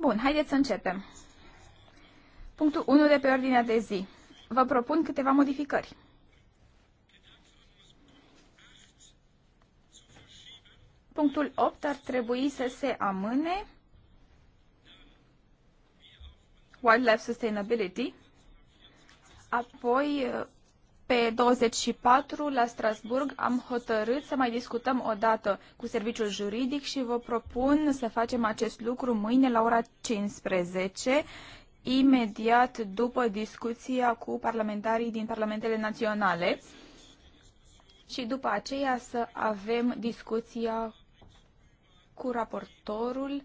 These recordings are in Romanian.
Bun, haideți să începem. Punctul 1 de pe ordinea de zi. Vă propun câteva modificări. Punctul 8 ar trebui să se amâne. Wildlife Sustainability. Apoi pe 24 la Strasburg am hotărât să mai discutăm o dată cu serviciul juridic și vă propun să facem acest lucru mâine la ora 15, imediat după discuția cu parlamentarii din parlamentele naționale și după aceea să avem discuția cu raportorul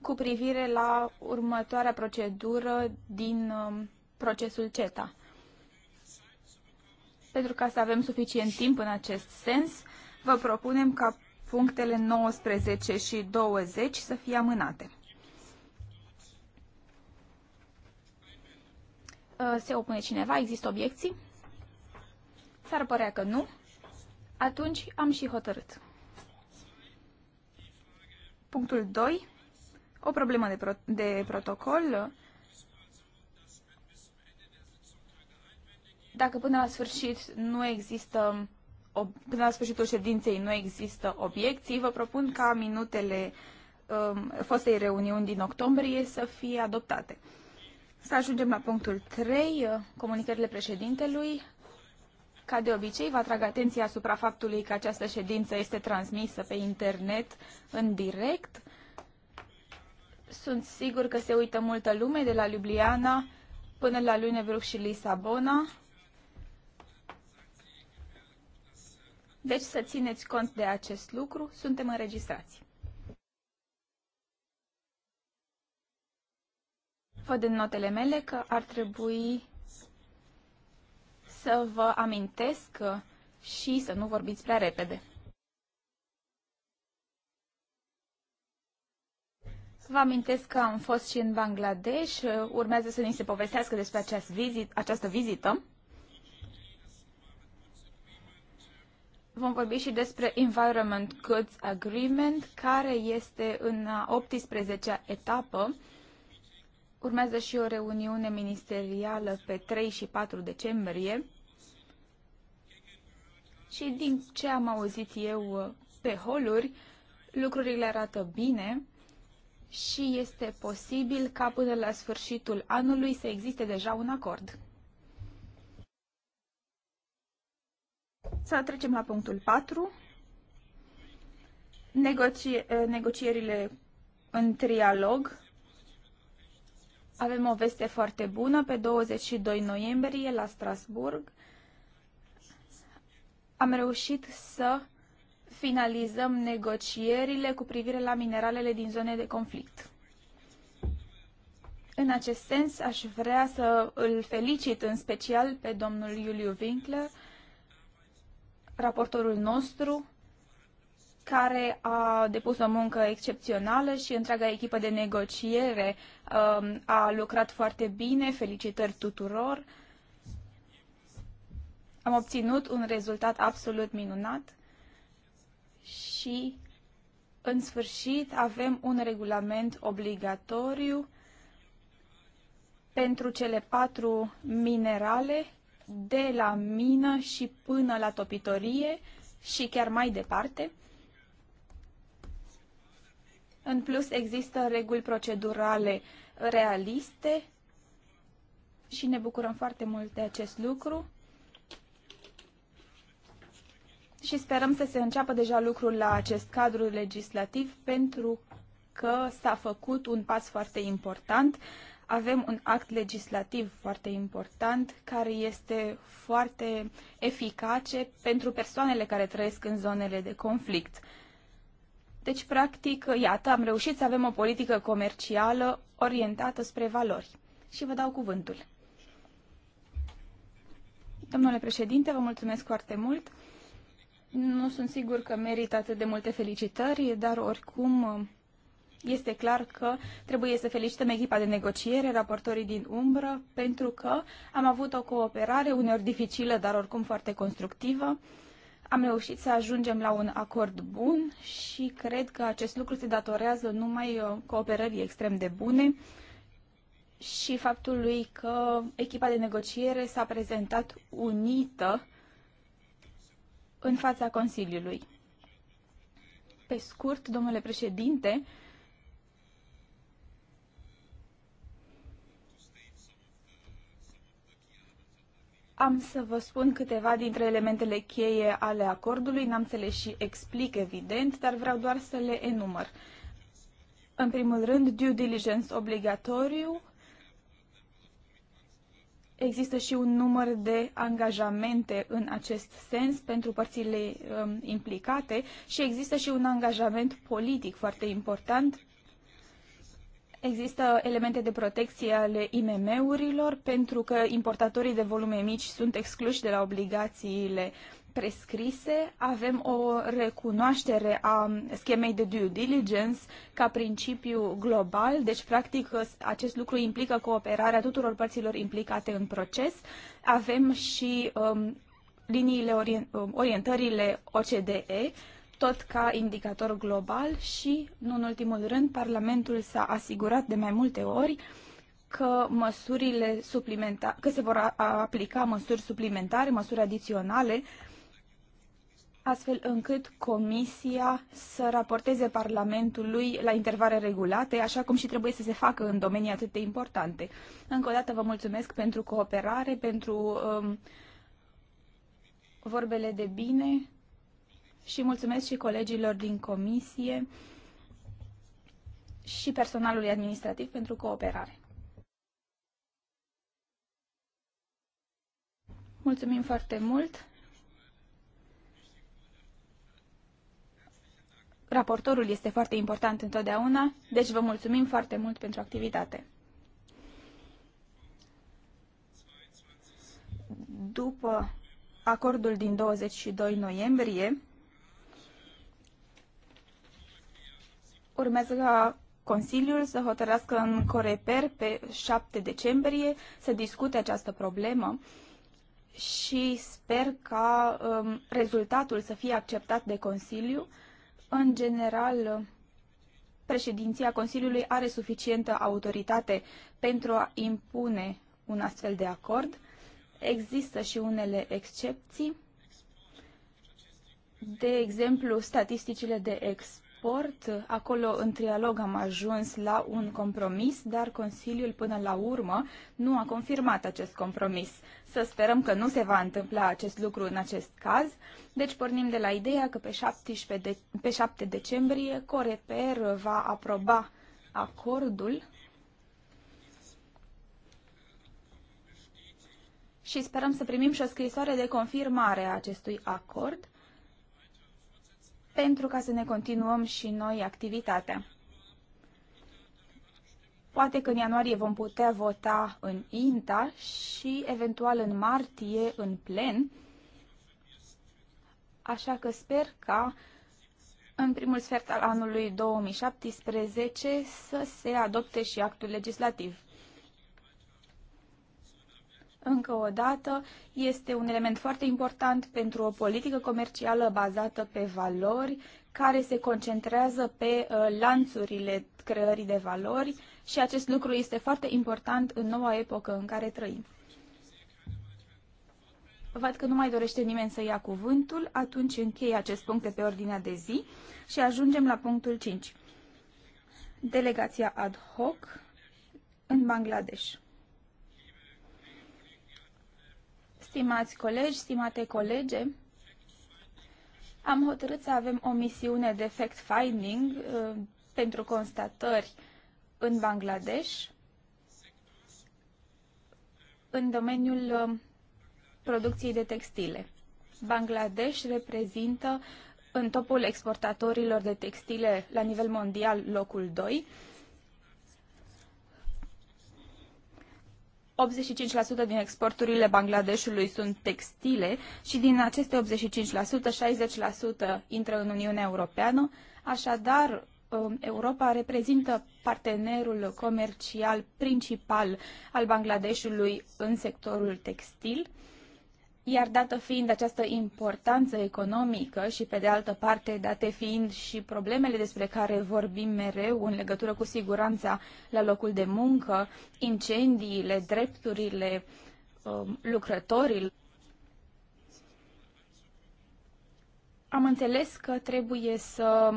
cu privire la următoarea procedură din um, procesul CETA. Pentru ca să avem suficient timp în acest sens, vă propunem ca punctele 19 și 20 să fie amânate. Ă, se opune cineva? Există obiecții? S-ar părea că nu. Atunci am și hotărât. Punctul 2. O problemă de, pro de protocol Dacă până la sfârșit nu există până la sfârșitul ședinței nu există obiecții, vă propun ca minutele um, fostei reuniuni din octombrie să fie adoptate. Să ajungem la punctul 3, uh, comunicările președintelui. Ca de obicei, vă atrag atenția asupra faptului că această ședință este transmisă pe internet în direct. Sunt sigur că se uită multă lume de la Ljubljana până la Luneburg și Lisabona Deci să țineți cont de acest lucru, suntem înregistrați. Văd în notele mele că ar trebui să vă amintesc și să nu vorbiți prea repede. Vă amintesc că am fost și în Bangladesh, urmează să ni se povestească despre această vizită. Vom vorbi și despre Environment Goods Agreement, care este în 18-a etapă. Urmează și o reuniune ministerială pe 3 și 4 decembrie. Și din ce am auzit eu uh, pe holuri, lucrurile arată bine și este posibil ca până la sfârșitul anului să existe deja un acord. Să trecem la punctul 4. Negoci negocierile în trialog. Avem o veste foarte bună. Pe 22 noiembrie la Strasburg am reușit să finalizăm negocierile cu privire la mineralele din zone de conflict. În acest sens, aș vrea să îl felicit în special pe domnul Iuliu Winkler raportorul nostru, care a depus o muncă excepțională și întreaga echipă de negociere um, a lucrat foarte bine. Felicitări tuturor! Am obținut un rezultat absolut minunat și, în sfârșit, avem un regulament obligatoriu pentru cele patru minerale de la mină și până la topitorie și chiar mai departe. În plus, există reguli procedurale realiste și ne bucurăm foarte mult de acest lucru. Și sperăm să se înceapă deja lucrul la acest cadru legislativ pentru că s-a făcut un pas foarte important avem un act legislativ foarte important care este foarte eficace pentru persoanele care trăiesc în zonele de conflict. Deci, practic, iată, am reușit să avem o politică comercială orientată spre valori. Și vă dau cuvântul. Domnule președinte, vă mulțumesc foarte mult. Nu sunt sigur că merită atât de multe felicitări, dar oricum este clar că trebuie să felicităm echipa de negociere, raportorii din umbră, pentru că am avut o cooperare, uneori dificilă, dar oricum foarte constructivă. Am reușit să ajungem la un acord bun și cred că acest lucru se datorează numai uh, cooperării extrem de bune și faptului că echipa de negociere s-a prezentat unită în fața Consiliului. Pe scurt, domnule președinte, Am să vă spun câteva dintre elementele cheie ale acordului, n-am să le și explic evident, dar vreau doar să le enumăr. În primul rând, due diligence obligatoriu. Există și un număr de angajamente în acest sens pentru părțile um, implicate și există și un angajament politic foarte important Există elemente de protecție ale IMM-urilor pentru că importatorii de volume mici sunt excluși de la obligațiile prescrise. Avem o recunoaștere a schemei de due diligence ca principiu global, deci practic acest lucru implică cooperarea tuturor părților implicate în proces. Avem și um, liniile orientările OCDE tot ca indicator global și, nu în ultimul rând, Parlamentul s-a asigurat de mai multe ori că măsurile suplimentare, că se vor aplica măsuri suplimentare, măsuri adiționale, astfel încât Comisia să raporteze Parlamentului la intervale regulate, așa cum și trebuie să se facă în domenii atât de importante. Încă o dată vă mulțumesc pentru cooperare, pentru um, vorbele de bine și mulțumesc și colegilor din comisie și personalului administrativ pentru cooperare. Mulțumim foarte mult. Raportorul este foarte important întotdeauna, deci vă mulțumim foarte mult pentru activitate. După acordul din 22 noiembrie, Urmează ca Consiliul să hotărească în Coreper pe 7 decembrie să discute această problemă și sper ca um, rezultatul să fie acceptat de Consiliu. În general, președinția Consiliului are suficientă autoritate pentru a impune un astfel de acord. Există și unele excepții, de exemplu statisticile de export transport, acolo în trialog am ajuns la un compromis, dar Consiliul până la urmă nu a confirmat acest compromis. Să sperăm că nu se va întâmpla acest lucru în acest caz. Deci pornim de la ideea că pe, 17 de, pe 7 decembrie Coreper va aproba acordul și sperăm să primim și o scrisoare de confirmare a acestui acord pentru ca să ne continuăm și noi activitatea. Poate că în ianuarie vom putea vota în INTA și eventual în martie în plen, așa că sper ca în primul sfert al anului 2017 să se adopte și actul legislativ încă o dată, este un element foarte important pentru o politică comercială bazată pe valori, care se concentrează pe uh, lanțurile creării de valori și acest lucru este foarte important în noua epocă în care trăim. Văd că nu mai dorește nimeni să ia cuvântul, atunci închei acest punct de pe ordinea de zi și ajungem la punctul 5. Delegația ad hoc în Bangladesh. Stimați colegi, stimate colege, am hotărât să avem o misiune de fact-finding uh, pentru constatări în Bangladesh, în domeniul uh, producției de textile. Bangladesh reprezintă în topul exportatorilor de textile la nivel mondial locul 2 85% din exporturile Bangladeshului sunt textile și din aceste 85%, 60% intră în Uniunea Europeană, așadar um, Europa reprezintă partenerul comercial principal al Bangladeshului în sectorul textil. Iar dată fiind această importanță economică și, pe de altă parte, date fiind și problemele despre care vorbim mereu în legătură cu siguranța la locul de muncă, incendiile, drepturile um, lucrătorilor, am înțeles că trebuie să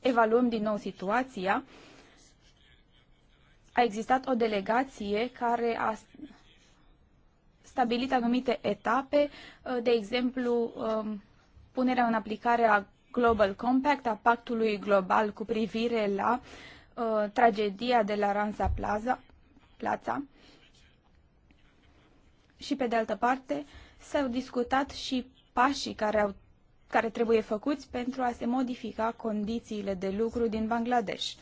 evaluăm din nou situația. A existat o delegație care a stabilit anumite etape, uh, de exemplu, um, punerea în aplicare a Global Compact, a pactului global cu privire la uh, tragedia de la Ransa Plaza, Plața. Și pe de altă parte, s-au discutat și pașii care, au, care trebuie făcuți pentru a se modifica condițiile de lucru din Bangladesh.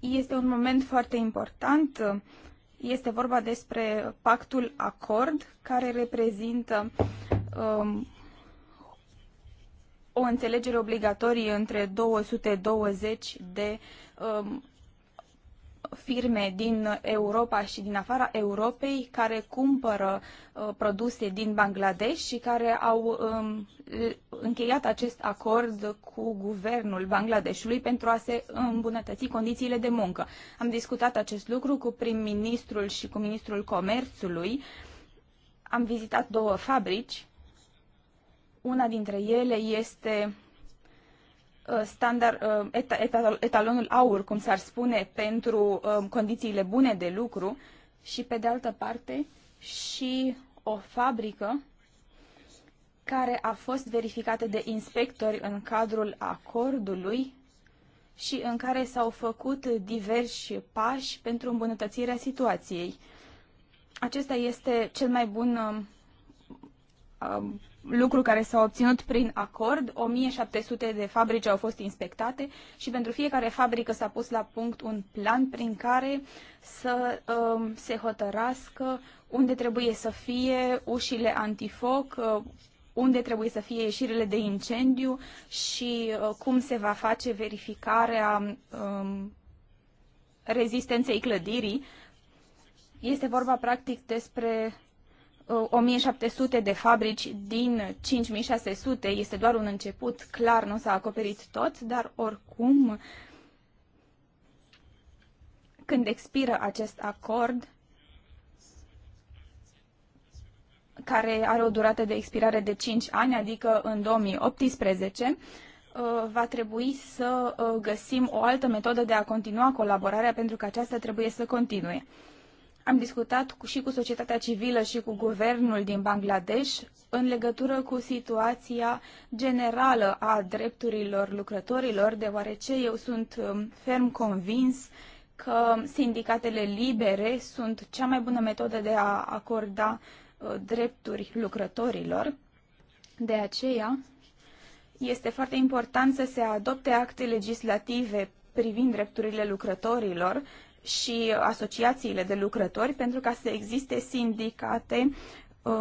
Este un moment foarte important. Este vorba despre pactul acord, care reprezintă um, o înțelegere obligatorie între 220 de um, firme din Europa și din afara Europei care cumpără uh, produse din Bangladesh și care au um, încheiat acest acord cu guvernul Bangladeshului pentru a se îmbunătăți condițiile de muncă. Am discutat acest lucru cu prim-ministrul și cu ministrul comerțului. Am vizitat două fabrici. Una dintre ele este Uh, standard, uh, etalonul aur, cum s-ar spune, pentru uh, condițiile bune de lucru și, pe de altă parte, și o fabrică care a fost verificată de inspectori în cadrul acordului și în care s-au făcut diversi pași pentru îmbunătățirea situației. Acesta este cel mai bun lucru care s-a obținut prin acord. 1700 de fabrici au fost inspectate și pentru fiecare fabrică s-a pus la punct un plan prin care să um, se hotărască unde trebuie să fie ușile antifoc, uh, unde trebuie să fie ieșirile de incendiu și uh, cum se va face verificarea um, rezistenței clădirii. Este vorba practic despre 1700 uh, de fabrici din 5600 este doar un început, clar nu s-a acoperit tot, dar oricum când expiră acest acord, care are o durată de expirare de 5 ani, adică în 2018, uh, va trebui să uh, găsim o altă metodă de a continua colaborarea pentru că aceasta trebuie să continue. Am discutat cu, și cu societatea civilă și cu guvernul din Bangladesh în legătură cu situația generală a drepturilor lucrătorilor, deoarece eu sunt um, ferm convins că sindicatele libere sunt cea mai bună metodă de a acorda uh, drepturi lucrătorilor. De aceea, este foarte important să se adopte acte legislative privind drepturile lucrătorilor și asociațiile de lucrători pentru ca să existe sindicate uh,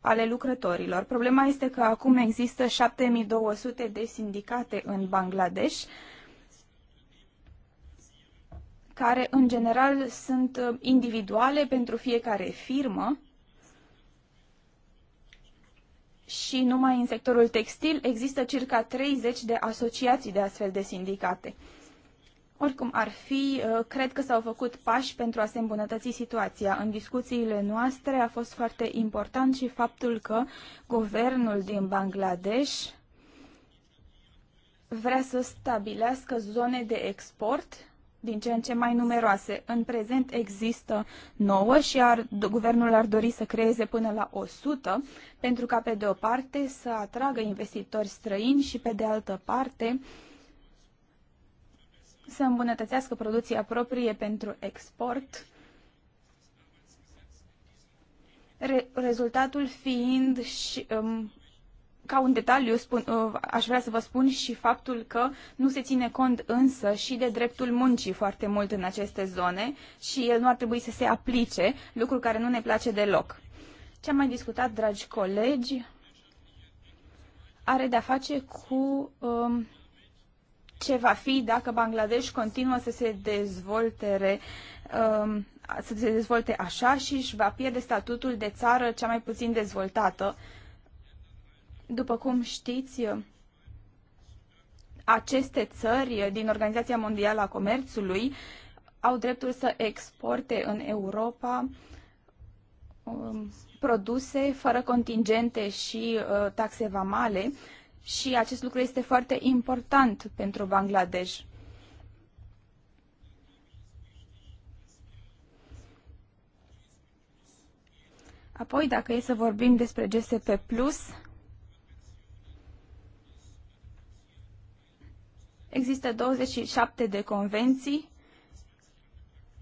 ale lucrătorilor. Problema este că acum există 7200 de sindicate în Bangladesh care în general sunt uh, individuale pentru fiecare firmă și numai în sectorul textil există circa 30 de asociații de astfel de sindicate. Oricum ar fi, uh, cred că s-au făcut pași pentru a se îmbunătăți situația. În discuțiile noastre a fost foarte important și faptul că guvernul din Bangladesh vrea să stabilească zone de export din ce în ce mai numeroase. În prezent există 9 și ar, guvernul ar dori să creeze până la 100 pentru ca pe de o parte să atragă investitori străini și pe de altă parte uh, să îmbunătățească producția proprie pentru export, re- rezultatul fiind și, um, ca un detaliu spun, uh, aș vrea să vă spun și faptul că nu se ține cont însă și de dreptul muncii foarte mult în aceste zone și el nu ar trebui să se aplice, lucru care nu ne place deloc. Ce am mai discutat, dragi colegi, are de-a face cu um, ce va fi dacă Bangladesh continuă să se dezvolte um, să se dezvolte așa și își va pierde statutul de țară cea mai puțin dezvoltată. După cum știți, aceste țări din Organizația Mondială a Comerțului au dreptul să exporte în Europa um, produse fără contingente și uh, taxe vamale, uh, și acest lucru este foarte important pentru Bangladesh. Apoi, dacă e să vorbim despre GSP+, există 27 de convenții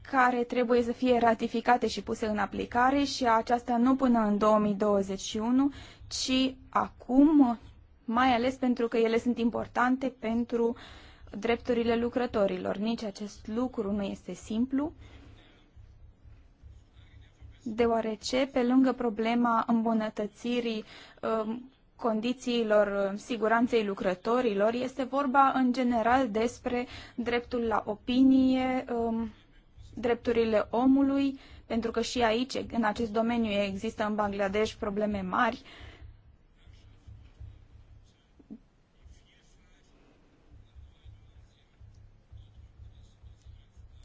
care trebuie să fie ratificate și puse în aplicare și aceasta nu până în 2021, ci acum, mai ales pentru că ele sunt importante pentru drepturile lucrătorilor. Nici acest lucru nu este simplu, deoarece, pe lângă problema îmbunătățirii um, condițiilor um, siguranței lucrătorilor, este vorba în general despre dreptul la opinie, um, drepturile omului, pentru că și aici, în acest domeniu, există în Bangladesh probleme mari.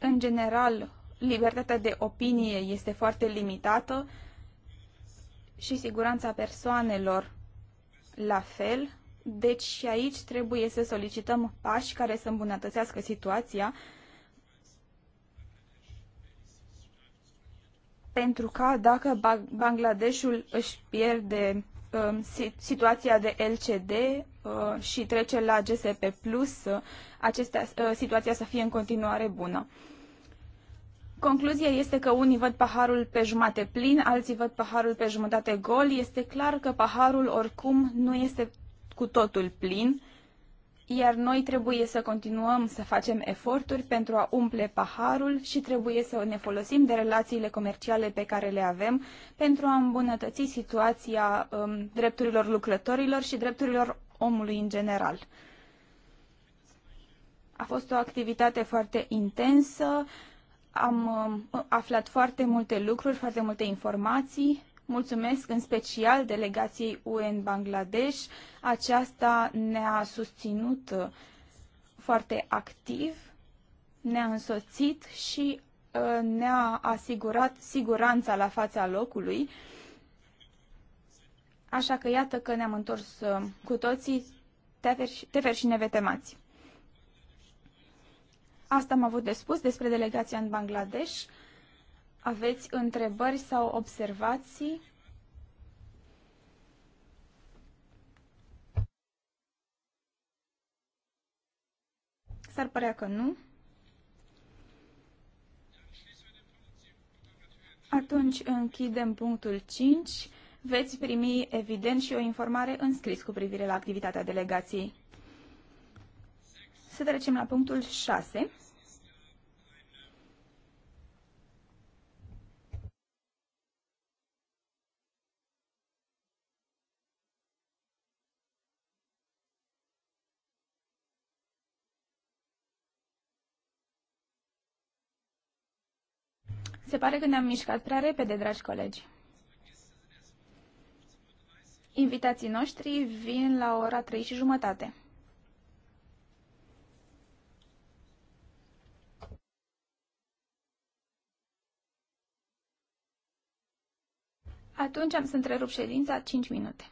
În general, libertatea de opinie este foarte limitată și siguranța persoanelor la fel. Deci și aici trebuie să solicităm pași care să îmbunătățească situația pentru că dacă Bangladeshul își pierde um, situația de LCD, Uh, și trece la GSP+, Plus, uh, acestea, uh, situația să fie în continuare bună. Concluzia este că unii văd paharul pe jumate plin, alții văd paharul pe jumătate gol. Este clar că paharul oricum nu este cu totul plin, iar noi trebuie să continuăm să facem eforturi pentru a umple paharul și trebuie să ne folosim de relațiile comerciale pe care le avem pentru a îmbunătăți situația um, drepturilor lucrătorilor și drepturilor omului în general. A fost o activitate foarte intensă, am uh, aflat foarte multe lucruri, foarte multe informații. Mulțumesc în special delegației U.N. Bangladesh. Aceasta ne-a susținut uh, foarte activ, ne-a însoțit și uh, ne-a asigurat siguranța la fața locului. Așa că iată că ne-am întors uh, cu toții teferi și nevetemați. Asta am avut de spus despre delegația în Bangladesh. Aveți întrebări sau observații? S-ar părea că nu. Atunci închidem punctul 5 veți primi, evident, și o informare în scris cu privire la activitatea delegației. Să trecem la punctul 6. Se pare că ne-am mișcat prea repede, dragi colegi. Invitații noștri vin la ora 3 și jumătate. Atunci am să întrerup ședința 5 minute.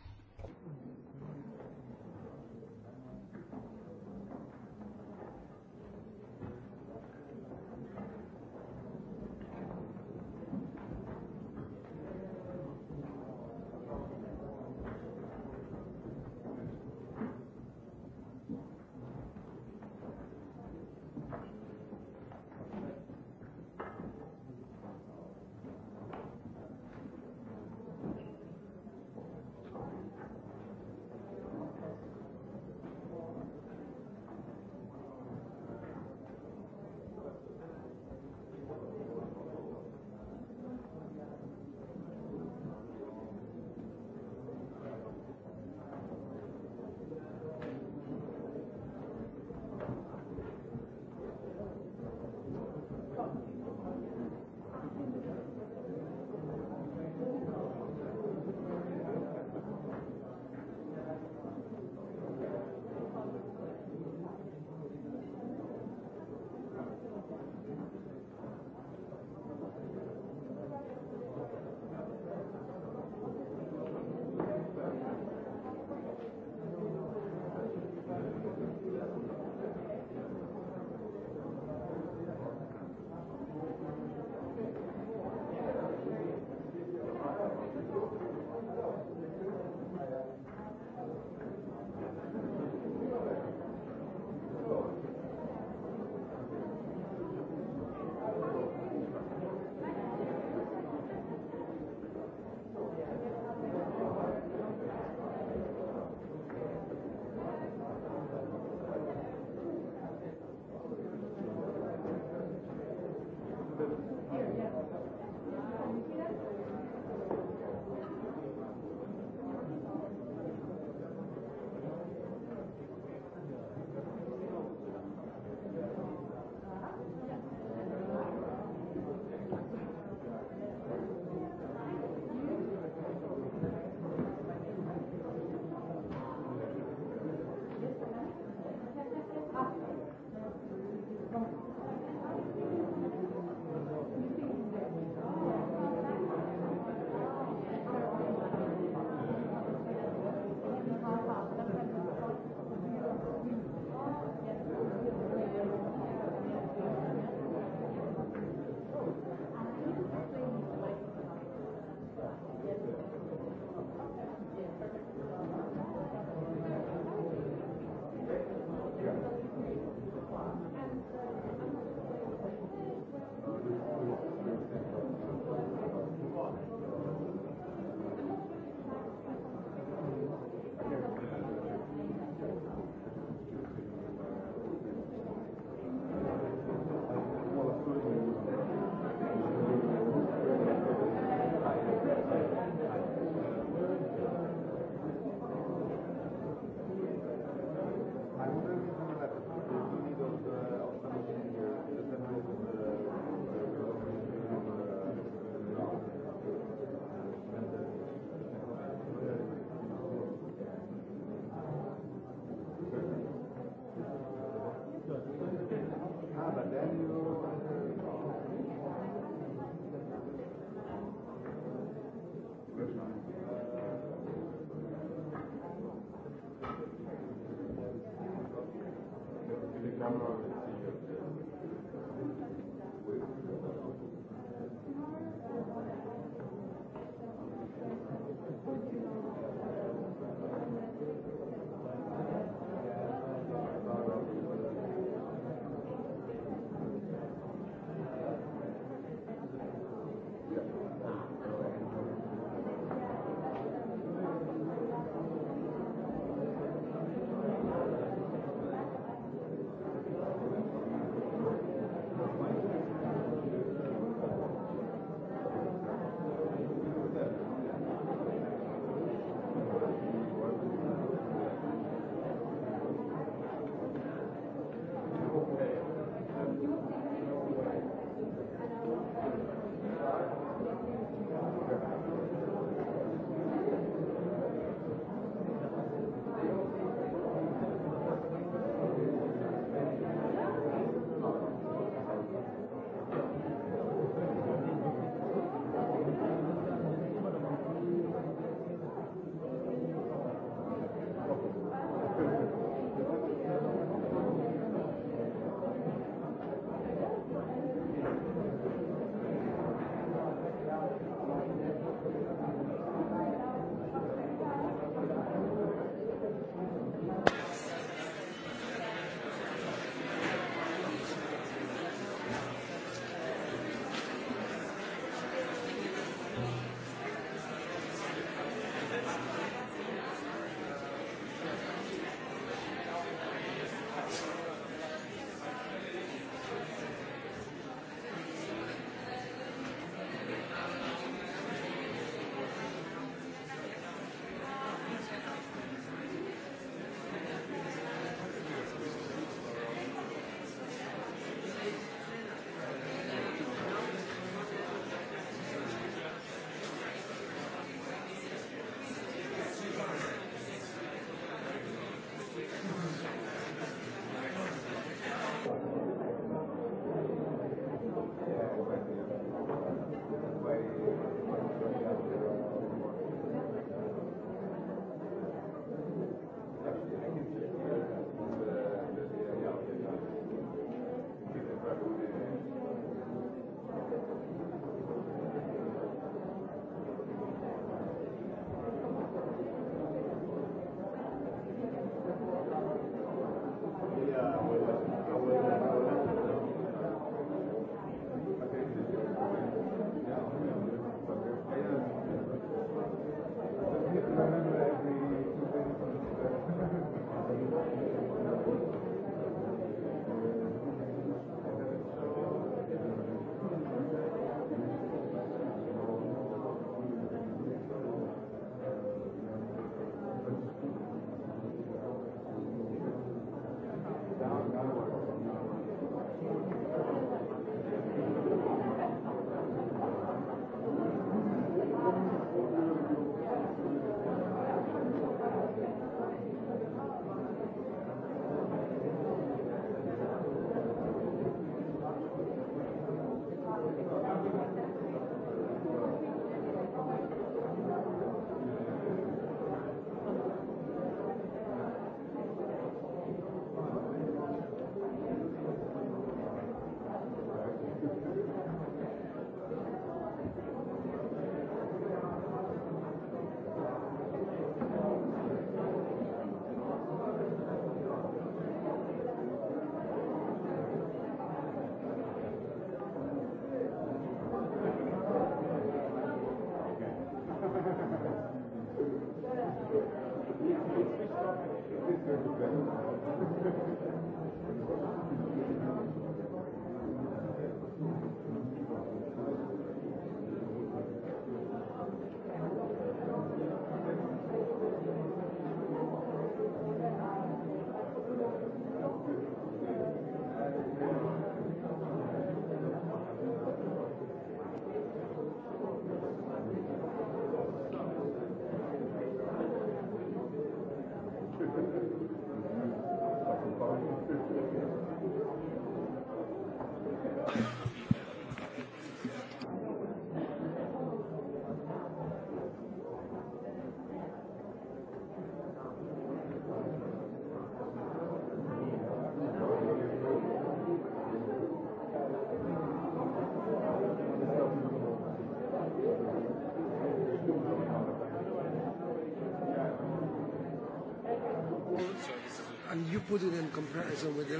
put in comparison with the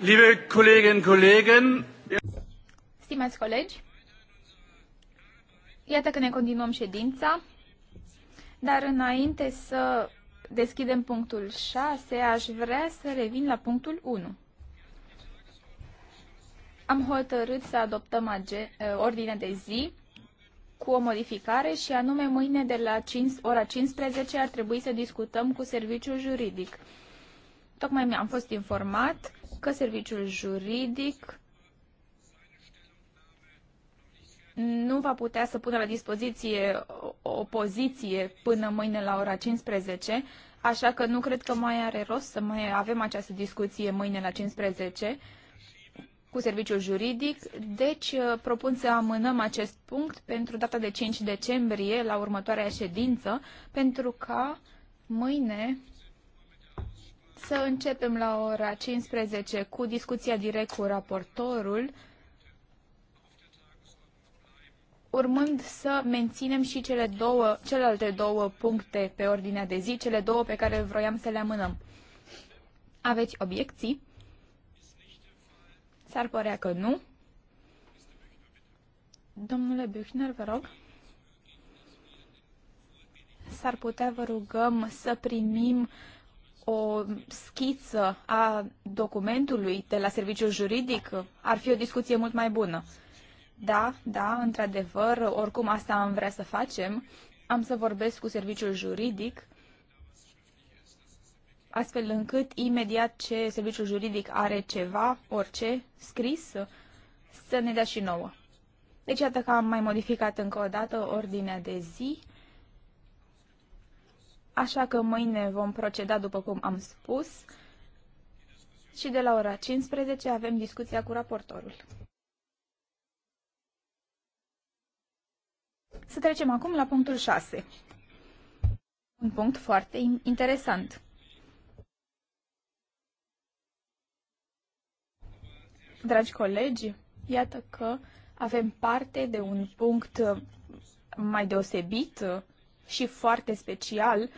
Liebe Kolleginnen und Kollegen, Stimați colegi, iată că ne continuăm ședința, dar înainte să deschidem punctul 6, aș vrea să revin la punctul 1. Am hotărât să adoptăm eh, ordinea de zi cu o modificare și anume mâine de la 5, ora 15 ar trebui să discutăm cu serviciul juridic. Tocmai mi-am fost informat că serviciul juridic nu va putea să pună la dispoziție o poziție până mâine la ora 15, așa că nu cred că mai are rost să mai avem această discuție mâine la 15 cu serviciul juridic, deci uh, propun să amânăm acest punct pentru data de 5 decembrie la următoarea ședință, pentru ca mâine să începem la ora 15 cu discuția direct cu raportorul, urmând să menținem și cele două, celelalte două puncte pe ordinea de zi, cele două pe care vroiam să le amânăm. Aveți obiecții? S-ar părea că nu. Domnule Büchner, vă rog. S-ar putea, vă rugăm, să primim o schiță a documentului de la serviciul juridic? Ar fi o discuție mult mai bună. Da, da, într-adevăr, oricum asta am vrea să facem. Am să vorbesc cu serviciul juridic astfel încât imediat ce serviciul juridic are ceva, orice, scris, să ne dea și nouă. Deci iată că am mai modificat încă o dată ordinea de zi, așa că mâine vom proceda după cum am spus și de la ora 15 avem discuția cu raportorul. Să trecem acum la punctul 6. Un punct foarte interesant. Dragi colegi, iată că avem parte de un punct mai deosebit și foarte special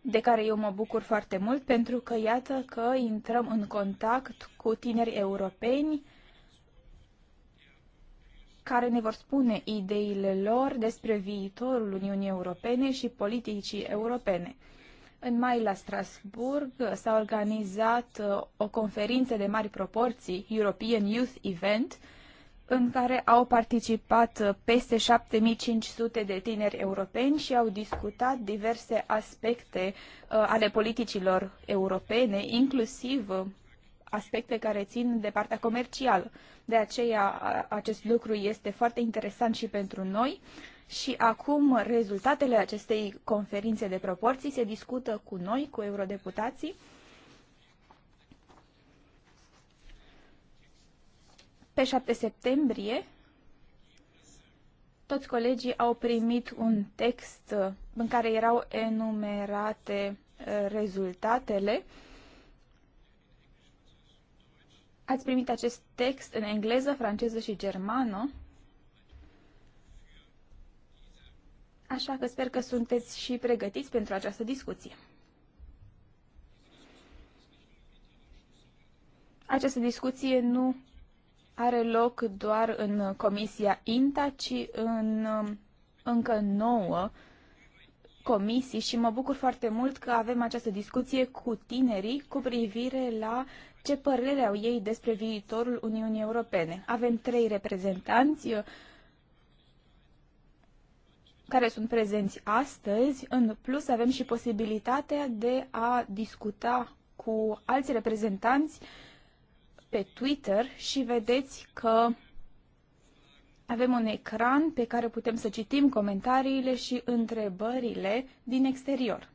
de care eu mă bucur foarte mult pentru că iată că intrăm în contact cu tineri europeni care ne vor spune ideile lor despre viitorul Uniunii Europene și politicii europene. În mai la Strasburg s-a organizat uh, o conferință de mari proporții, European Youth Event, în care au participat uh, peste 7500 de tineri europeni și au discutat diverse aspecte uh, ale politicilor europene, inclusiv aspecte care țin de partea comercială. De aceea acest lucru este foarte interesant și pentru noi și acum rezultatele acestei conferințe de proporții se discută cu noi, cu eurodeputații. Pe 7 septembrie, toți colegii au primit un text în care erau enumerate uh, rezultatele. Ați primit acest text în engleză, franceză și germană. așa că sper că sunteți și pregătiți pentru această discuție. Această discuție nu are loc doar în Comisia INTA, ci în um, încă nouă comisii și mă bucur foarte mult că avem această discuție cu tinerii cu privire la ce părere au ei despre viitorul Uniunii Europene. Avem trei reprezentanți care sunt prezenți astăzi. În plus, avem și posibilitatea de a discuta cu alți reprezentanți pe Twitter și vedeți că avem un ecran pe care putem să citim comentariile și întrebările din exterior.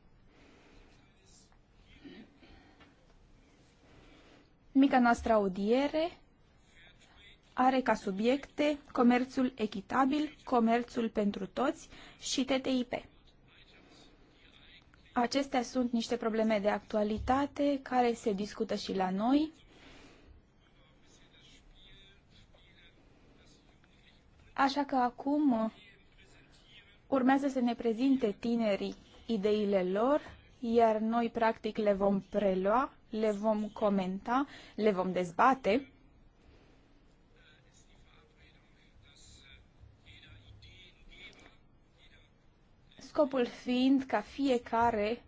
Mica noastră audiere are ca subiecte comerțul echitabil, comerțul pentru toți și TTIP. Acestea sunt niște probleme de actualitate care se discută și la noi. Așa că acum urmează să ne prezinte tinerii ideile lor, iar noi practic le vom prelua, le vom comenta, le vom dezbate scopul fiind ca fiecare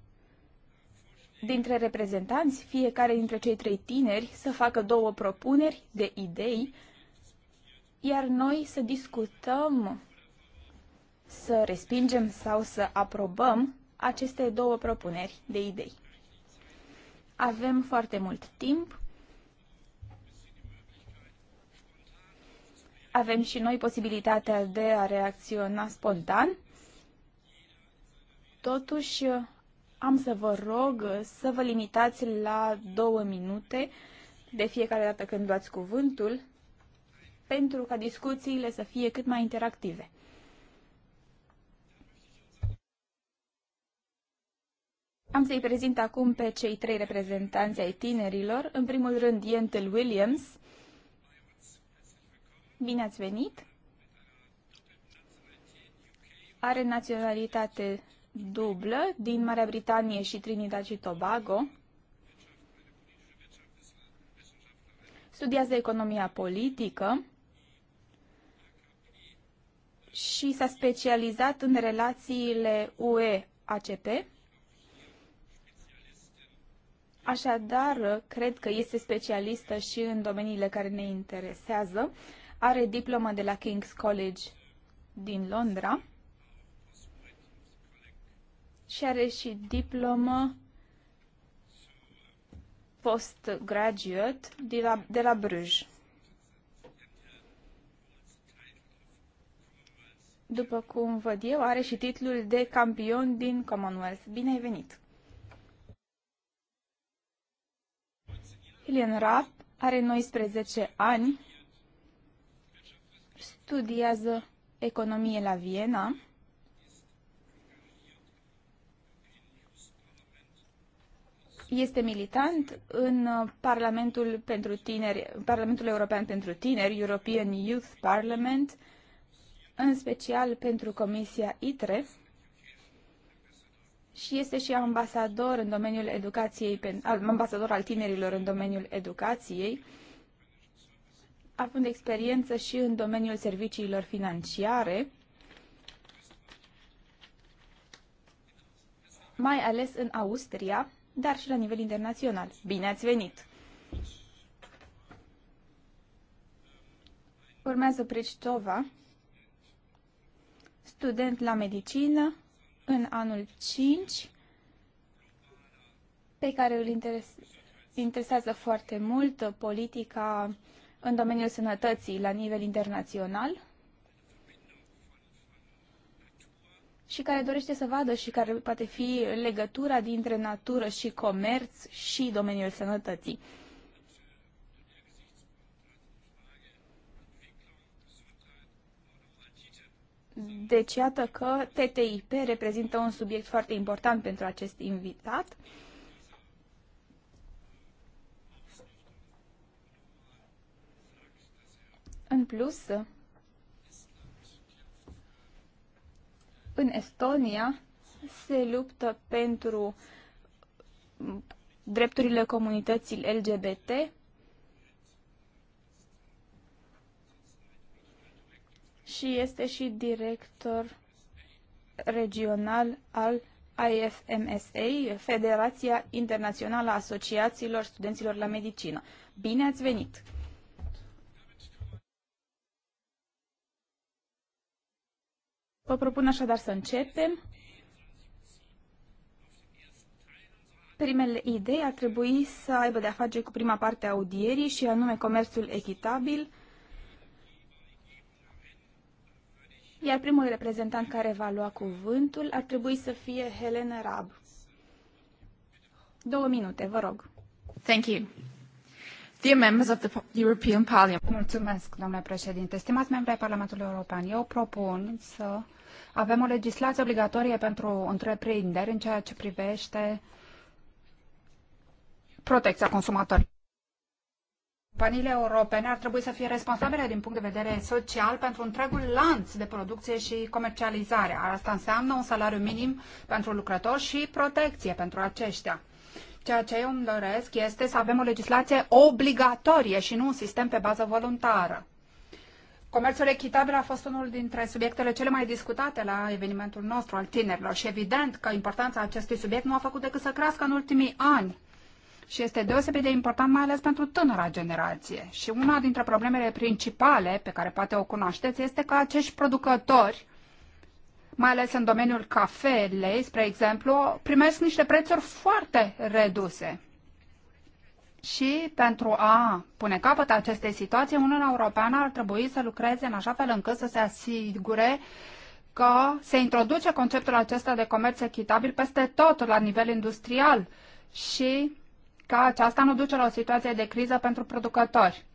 dintre reprezentanți, fiecare dintre cei trei tineri să facă două propuneri de idei, iar noi să discutăm, să respingem sau să aprobăm aceste două propuneri de idei. Avem foarte mult timp. Avem și noi posibilitatea de a reacționa spontan Totuși, am să vă rog să vă limitați la două minute de fiecare dată când luați cuvântul, pentru ca discuțiile să fie cât mai interactive. Am să-i prezint acum pe cei trei reprezentanți ai tinerilor. În primul rând, Yentel Williams. Bine ați venit! Are naționalitate dublă din Marea Britanie și Trinidad și Tobago. Studiază economia politică și s-a specializat în relațiile UE-ACP. Așadar, cred că este specialistă și în domeniile care ne interesează. Are diplomă de la King's College din Londra și are și diplomă postgraduate de la, de la Bruges. După cum văd eu, are și titlul de campion din Commonwealth. Bine ai venit! Helen Rapp are 19 ani, studiază economie la Viena, este militant în uh, Parlamentul pentru Tineri, Parlamentul European pentru Tineri, European Youth Parliament, în special pentru Comisia ITRE și este și ambasador în domeniul educației, ambasador al tinerilor în domeniul educației, având experiență și în domeniul serviciilor financiare, mai ales în Austria, dar și la nivel internațional. Bine ați venit! Urmează Pricitova, student la medicină în anul 5, pe care îl interesează foarte mult politica în domeniul sănătății la nivel internațional. și care dorește să vadă și care poate fi legătura dintre natură și comerț și domeniul sănătății. Deci iată că TTIP reprezintă un subiect foarte important pentru acest invitat. În plus, În Estonia se luptă pentru drepturile comunității LGBT. Și este și director regional al IFMSA, Federația Internațională a Asociațiilor Studenților la Medicină. Bine ați venit! Vă propun așadar să începem. Primele idei ar trebui să aibă de-a face cu prima parte a audierii și anume comerțul echitabil, iar primul reprezentant care va lua cuvântul ar trebui să fie Helen Rab. Două minute, vă rog. Thank you. Dear members of the European Parliament. Mulțumesc, domnule președinte. Stimați membri ai Parlamentului European, eu propun să avem o legislație obligatorie pentru întreprinderi în ceea ce privește protecția consumatorilor. Companiile europene ar trebui să fie responsabile din punct de vedere social pentru întregul lanț de producție și comercializare. Asta înseamnă un salariu minim pentru lucrători și protecție pentru aceștia. Ceea ce eu îmi doresc este să avem o legislație obligatorie și nu un sistem pe bază voluntară. Comerțul echitabil a fost unul dintre subiectele cele mai discutate la evenimentul nostru al tinerilor și evident că importanța acestui subiect nu a făcut decât să crească în ultimii ani și este deosebit de important mai ales pentru tânăra generație. Și una dintre problemele principale pe care poate o cunoașteți este că acești producători, mai ales în domeniul cafelei, spre exemplu, primesc niște prețuri foarte reduse. Și pentru a pune capăt acestei situații, Uniunea Europeană ar trebui să lucreze în așa fel încât să se asigure că se introduce conceptul acesta de comerț echitabil peste tot la nivel industrial și că aceasta nu duce la o situație de criză pentru producători.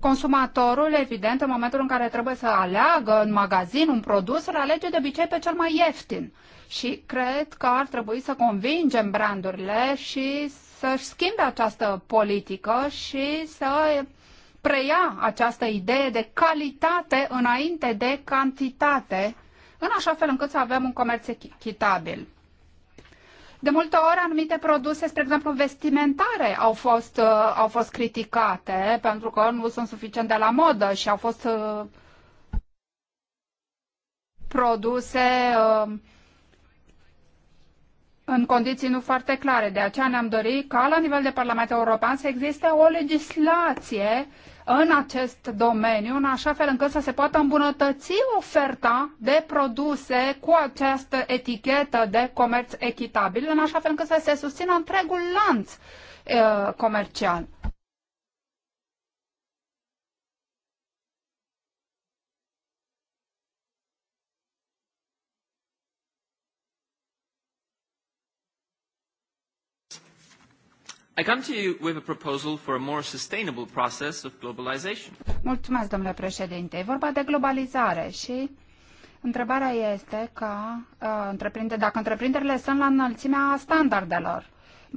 Consumatorul, evident, în momentul în care trebuie să aleagă în magazin un produs, îl alege de obicei pe cel mai ieftin. Și cred că ar trebui să convingem brandurile și să-și schimbe această politică și să preia această idee de calitate înainte de cantitate, în așa fel încât să avem un comerț echitabil. De multe ori, anumite produse, spre exemplu vestimentare, au fost, uh, au fost criticate pentru că nu sunt suficient de la modă și au fost uh, produse uh, în condiții nu foarte clare. De aceea ne-am dorit ca la nivel de Parlament European să existe o legislație în acest domeniu, în așa fel încât să se poată îmbunătăți oferta de produse cu această etichetă de comerț echitabil, în așa fel încât să se susțină întregul lanț uh, comercial. I come to you with a proposal for a more sustainable process of globalization. Mulțumesc, domnule președinte. E vorba de globalizare și întrebarea este că, uh, întreprinde, dacă întreprinderile sunt la înălțimea standardelor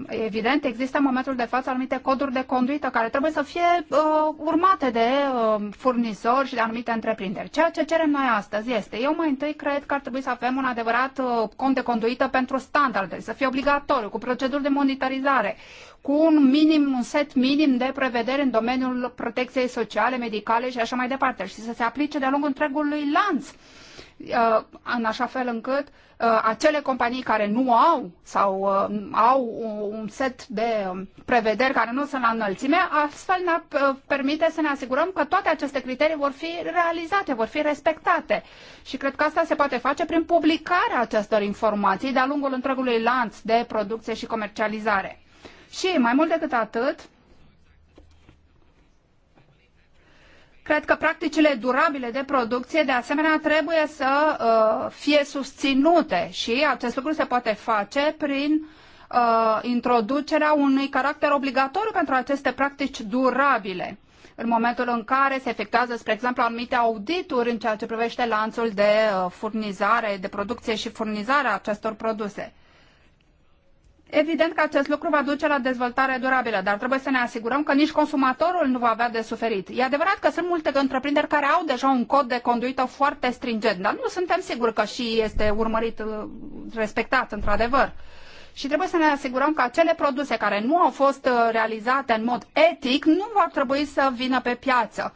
Evident, există în momentul de față anumite coduri de conduită care trebuie să fie uh, urmate de uh, furnizori și de anumite întreprinderi. Ceea ce cerem noi astăzi este, eu mai întâi cred că ar trebui să avem un adevărat uh, cont de conduită pentru standarde, să fie obligatoriu, cu proceduri de monitorizare, cu un minim, un set minim de prevedere în domeniul protecției sociale, medicale și așa mai departe și să se aplice de-a lungul întregului lanț Uh, în așa fel încât uh, acele companii care nu au sau uh, au un set de prevederi care nu sunt la înălțime, astfel ne permite să ne asigurăm că toate aceste criterii vor fi realizate, vor fi respectate. Și cred că asta se poate face prin publicarea acestor informații de-a lungul întregului lanț de producție și comercializare. Și mai mult decât atât, Cred că practicile durabile de producție, de asemenea, trebuie să uh, fie susținute și acest lucru se poate face prin uh, introducerea unui caracter obligatoriu pentru aceste practici durabile în momentul în care se efectuează, spre exemplu, anumite audituri în ceea ce privește lanțul de uh, furnizare, de producție și furnizare a acestor produse. Evident că acest lucru va duce la dezvoltare durabilă, dar trebuie să ne asigurăm că nici consumatorul nu va avea de suferit. E adevărat că sunt multe întreprinderi care au deja un cod de conduită foarte stringent, dar nu suntem siguri că și este urmărit, uh, respectat, într-adevăr. Și trebuie să ne asigurăm că acele produse care nu au fost uh, realizate în mod etic nu vor trebui să vină pe piață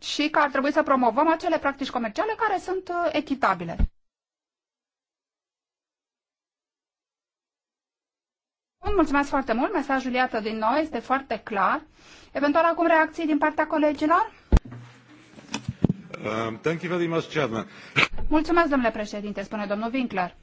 și că ar trebui să promovăm acele practici comerciale care sunt uh, echitabile. Mulțumesc foarte mult. Mesajul iată din nou este foarte clar. Eventual acum reacții din partea colegilor? Um, thank you very much, Chairman. Mulțumesc, domnule președinte, spune domnul Winkler.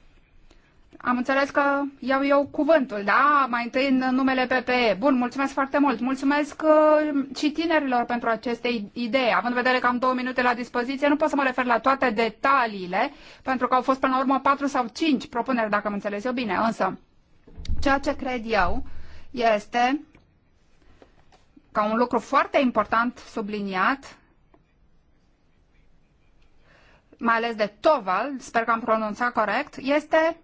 Am înțeles că iau eu cuvântul, da? Mai întâi în numele PPE. Bun, mulțumesc foarte mult. Mulțumesc uh, și tinerilor pentru aceste idei. Având în vedere că am două minute la dispoziție, nu pot să mă refer la toate detaliile, pentru că au fost până la urmă patru sau cinci propuneri, dacă am înțeles eu bine. Însă, Ceea ce cred eu este ca un lucru foarte important subliniat, mai ales de Toval, sper că am pronunțat corect, este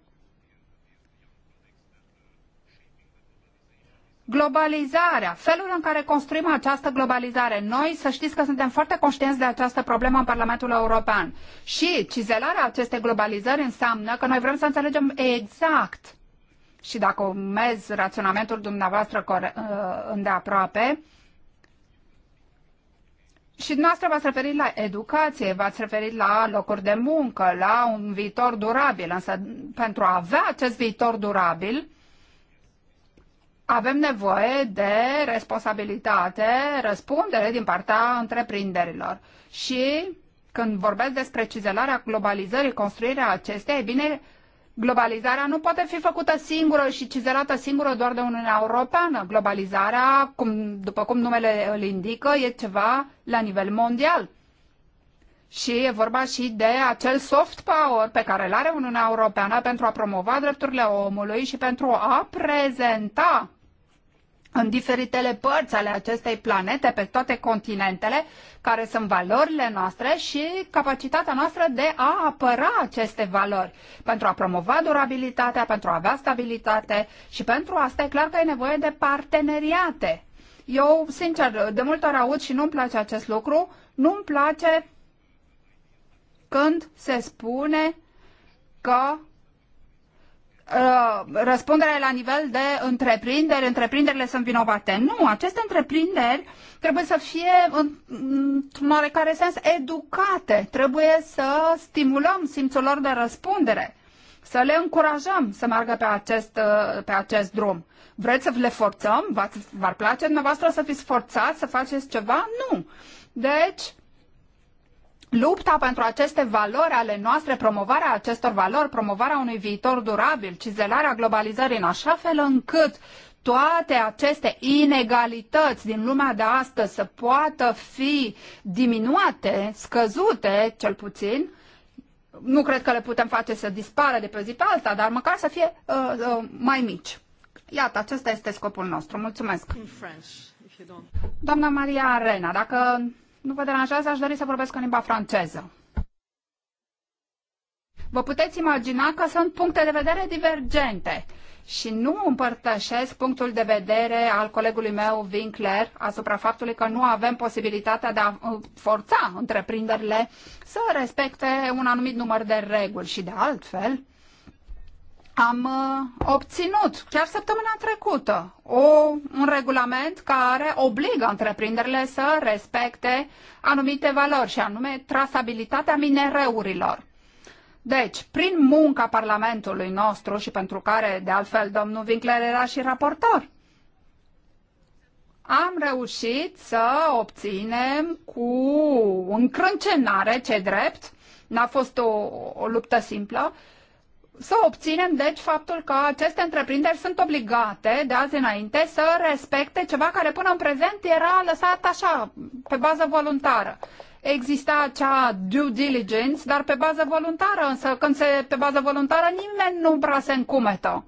globalizarea, felul în care construim această globalizare. Noi să știți că suntem foarte conștienți de această problemă în Parlamentul European. Și cizelarea acestei globalizări înseamnă că noi vrem să înțelegem exact și dacă urmez raționamentul dumneavoastră ă, îndeaproape, și dumneavoastră v-ați referit la educație, v-ați referit la locuri de muncă, la un viitor durabil, însă pentru a avea acest viitor durabil, avem nevoie de responsabilitate, răspundere din partea întreprinderilor. Și când vorbesc despre cizelarea globalizării, construirea acesteia, e bine, Globalizarea nu poate fi făcută singură și cizelată singură doar de Uniunea Europeană. Globalizarea, cum, după cum numele îl indică, e ceva la nivel mondial. Și e vorba și de acel soft power pe care îl are Uniunea Europeană pentru a promova drepturile omului și pentru a prezenta în diferitele părți ale acestei planete, pe toate continentele, care sunt valorile noastre și capacitatea noastră de a apăra aceste valori, pentru a promova durabilitatea, pentru a avea stabilitate și pentru asta e clar că e nevoie de parteneriate. Eu, sincer, de multe ori aud și nu-mi place acest lucru, nu-mi place când se spune că Uh, răspundere la nivel de întreprinderi, întreprinderile sunt vinovate. Nu, aceste întreprinderi trebuie să fie într-un oarecare sens educate, trebuie să stimulăm simțul lor de răspundere, să le încurajăm să meargă pe acest, uh, pe acest drum. Vreți să le forțăm? V-ar place dumneavoastră să fiți forțați să faceți ceva? Nu. Deci, lupta pentru aceste valori ale noastre, promovarea acestor valori, promovarea unui viitor durabil, cizelarea globalizării în așa fel încât toate aceste inegalități din lumea de astăzi să poată fi diminuate, scăzute cel puțin, nu cred că le putem face să dispară de pe zi pe alta, dar măcar să fie uh, uh, mai mici. Iată, acesta este scopul nostru. Mulțumesc. Doamna Maria Arena, dacă nu vă deranjează, aș dori să vorbesc în limba franceză. Vă puteți imagina că sunt puncte de vedere divergente și nu împărtășesc punctul de vedere al colegului meu, Winkler, asupra faptului că nu avem posibilitatea de a uh, forța întreprinderile să respecte un anumit număr de reguli și de altfel am uh, obținut chiar săptămâna trecută o, un regulament care obligă întreprinderile să respecte anumite valori și anume trasabilitatea minereurilor. Deci, prin munca Parlamentului nostru și pentru care, de altfel, domnul Winkler era și raportor, am reușit să obținem cu încrâncenare, ce drept, n-a fost o, o luptă simplă, să obținem, deci, faptul că aceste întreprinderi sunt obligate, de azi înainte, să respecte ceva care până în prezent era lăsat așa, pe bază voluntară. Exista acea due diligence, dar pe bază voluntară, însă când se, pe bază voluntară nimeni nu prea se încumetă.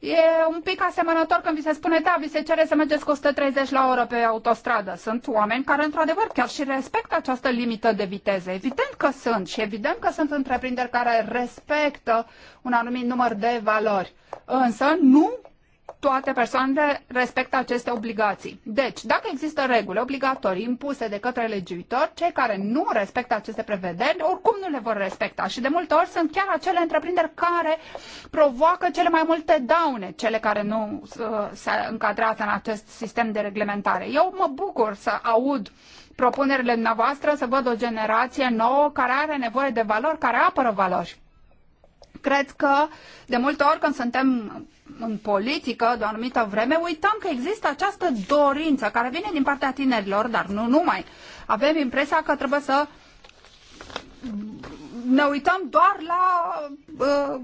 E un pic asemănător când vi se spune, da, vi se cere să mergeți cu 130 la oră pe autostradă. Sunt oameni care, într-adevăr, chiar și respectă această limită de viteză. Evident că sunt și evident că sunt întreprinderi care respectă un anumit număr de valori. Însă nu toate persoanele respectă aceste obligații. Deci, dacă există reguli obligatorii impuse de către legiuitor, cei care nu respectă aceste prevederi, oricum nu le vor respecta. Și de multe ori sunt chiar acele întreprinderi care provoacă cele mai multe daune, cele care nu uh, se încadrează în acest sistem de reglementare. Eu mă bucur să aud propunerile dumneavoastră, să văd o generație nouă care are nevoie de valori, care apără valori. Cred că de multe ori când suntem în politică de o anumită vreme, uităm că există această dorință care vine din partea tinerilor, dar nu numai. Avem impresia că trebuie să ne uităm doar la uh,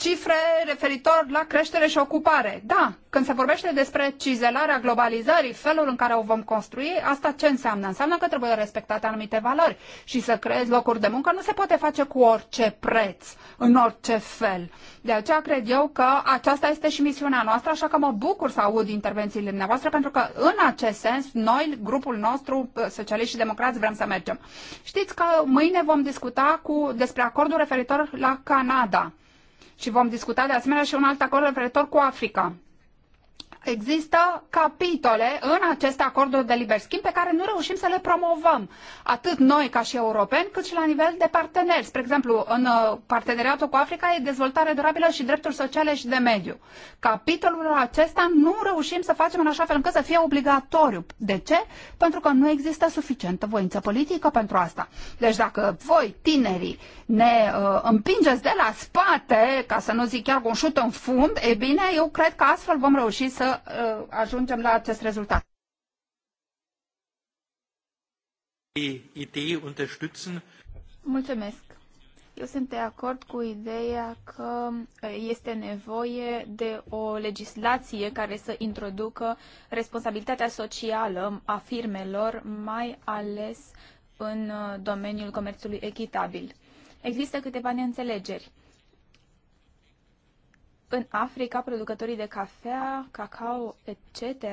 cifre referitor la creștere și ocupare. Da, când se vorbește despre cizelarea globalizării, felul în care o vom construi, asta ce înseamnă? Înseamnă că trebuie respectate anumite valori și să creezi locuri de muncă nu se poate face cu orice preț, în orice fel. De aceea cred eu că aceasta este și misiunea noastră, așa că mă bucur să aud intervențiile dumneavoastră, pentru că în acest sens, noi, grupul nostru, uh, socialiști și democrați, vrem să mergem. Știți că mâine vom discuta cu, despre acordul referitor la Canada. Și vom discuta de asemenea și un alt acord referitor cu Africa există capitole în aceste acorduri de liber schimb pe care nu reușim să le promovăm, atât noi ca și europeni, cât și la nivel de parteneri. Spre exemplu, în uh, parteneriatul cu Africa e dezvoltare durabilă și drepturi sociale și de mediu. Capitolul acesta nu reușim să facem în așa fel încât să fie obligatoriu. De ce? Pentru că nu există suficientă voință politică pentru asta. Deci dacă voi, tinerii, ne uh, împingeți de la spate, ca să nu zic chiar cu un șut în fund, e bine, eu cred că astfel vom reuși să uh, ajungem la acest rezultat. Mulțumesc. Eu sunt de acord cu ideea că uh, este nevoie de o legislație care să introducă responsabilitatea socială a firmelor, mai ales în uh, domeniul comerțului echitabil. Există câteva neînțelegeri. În Africa, producătorii de cafea, cacao, etc.,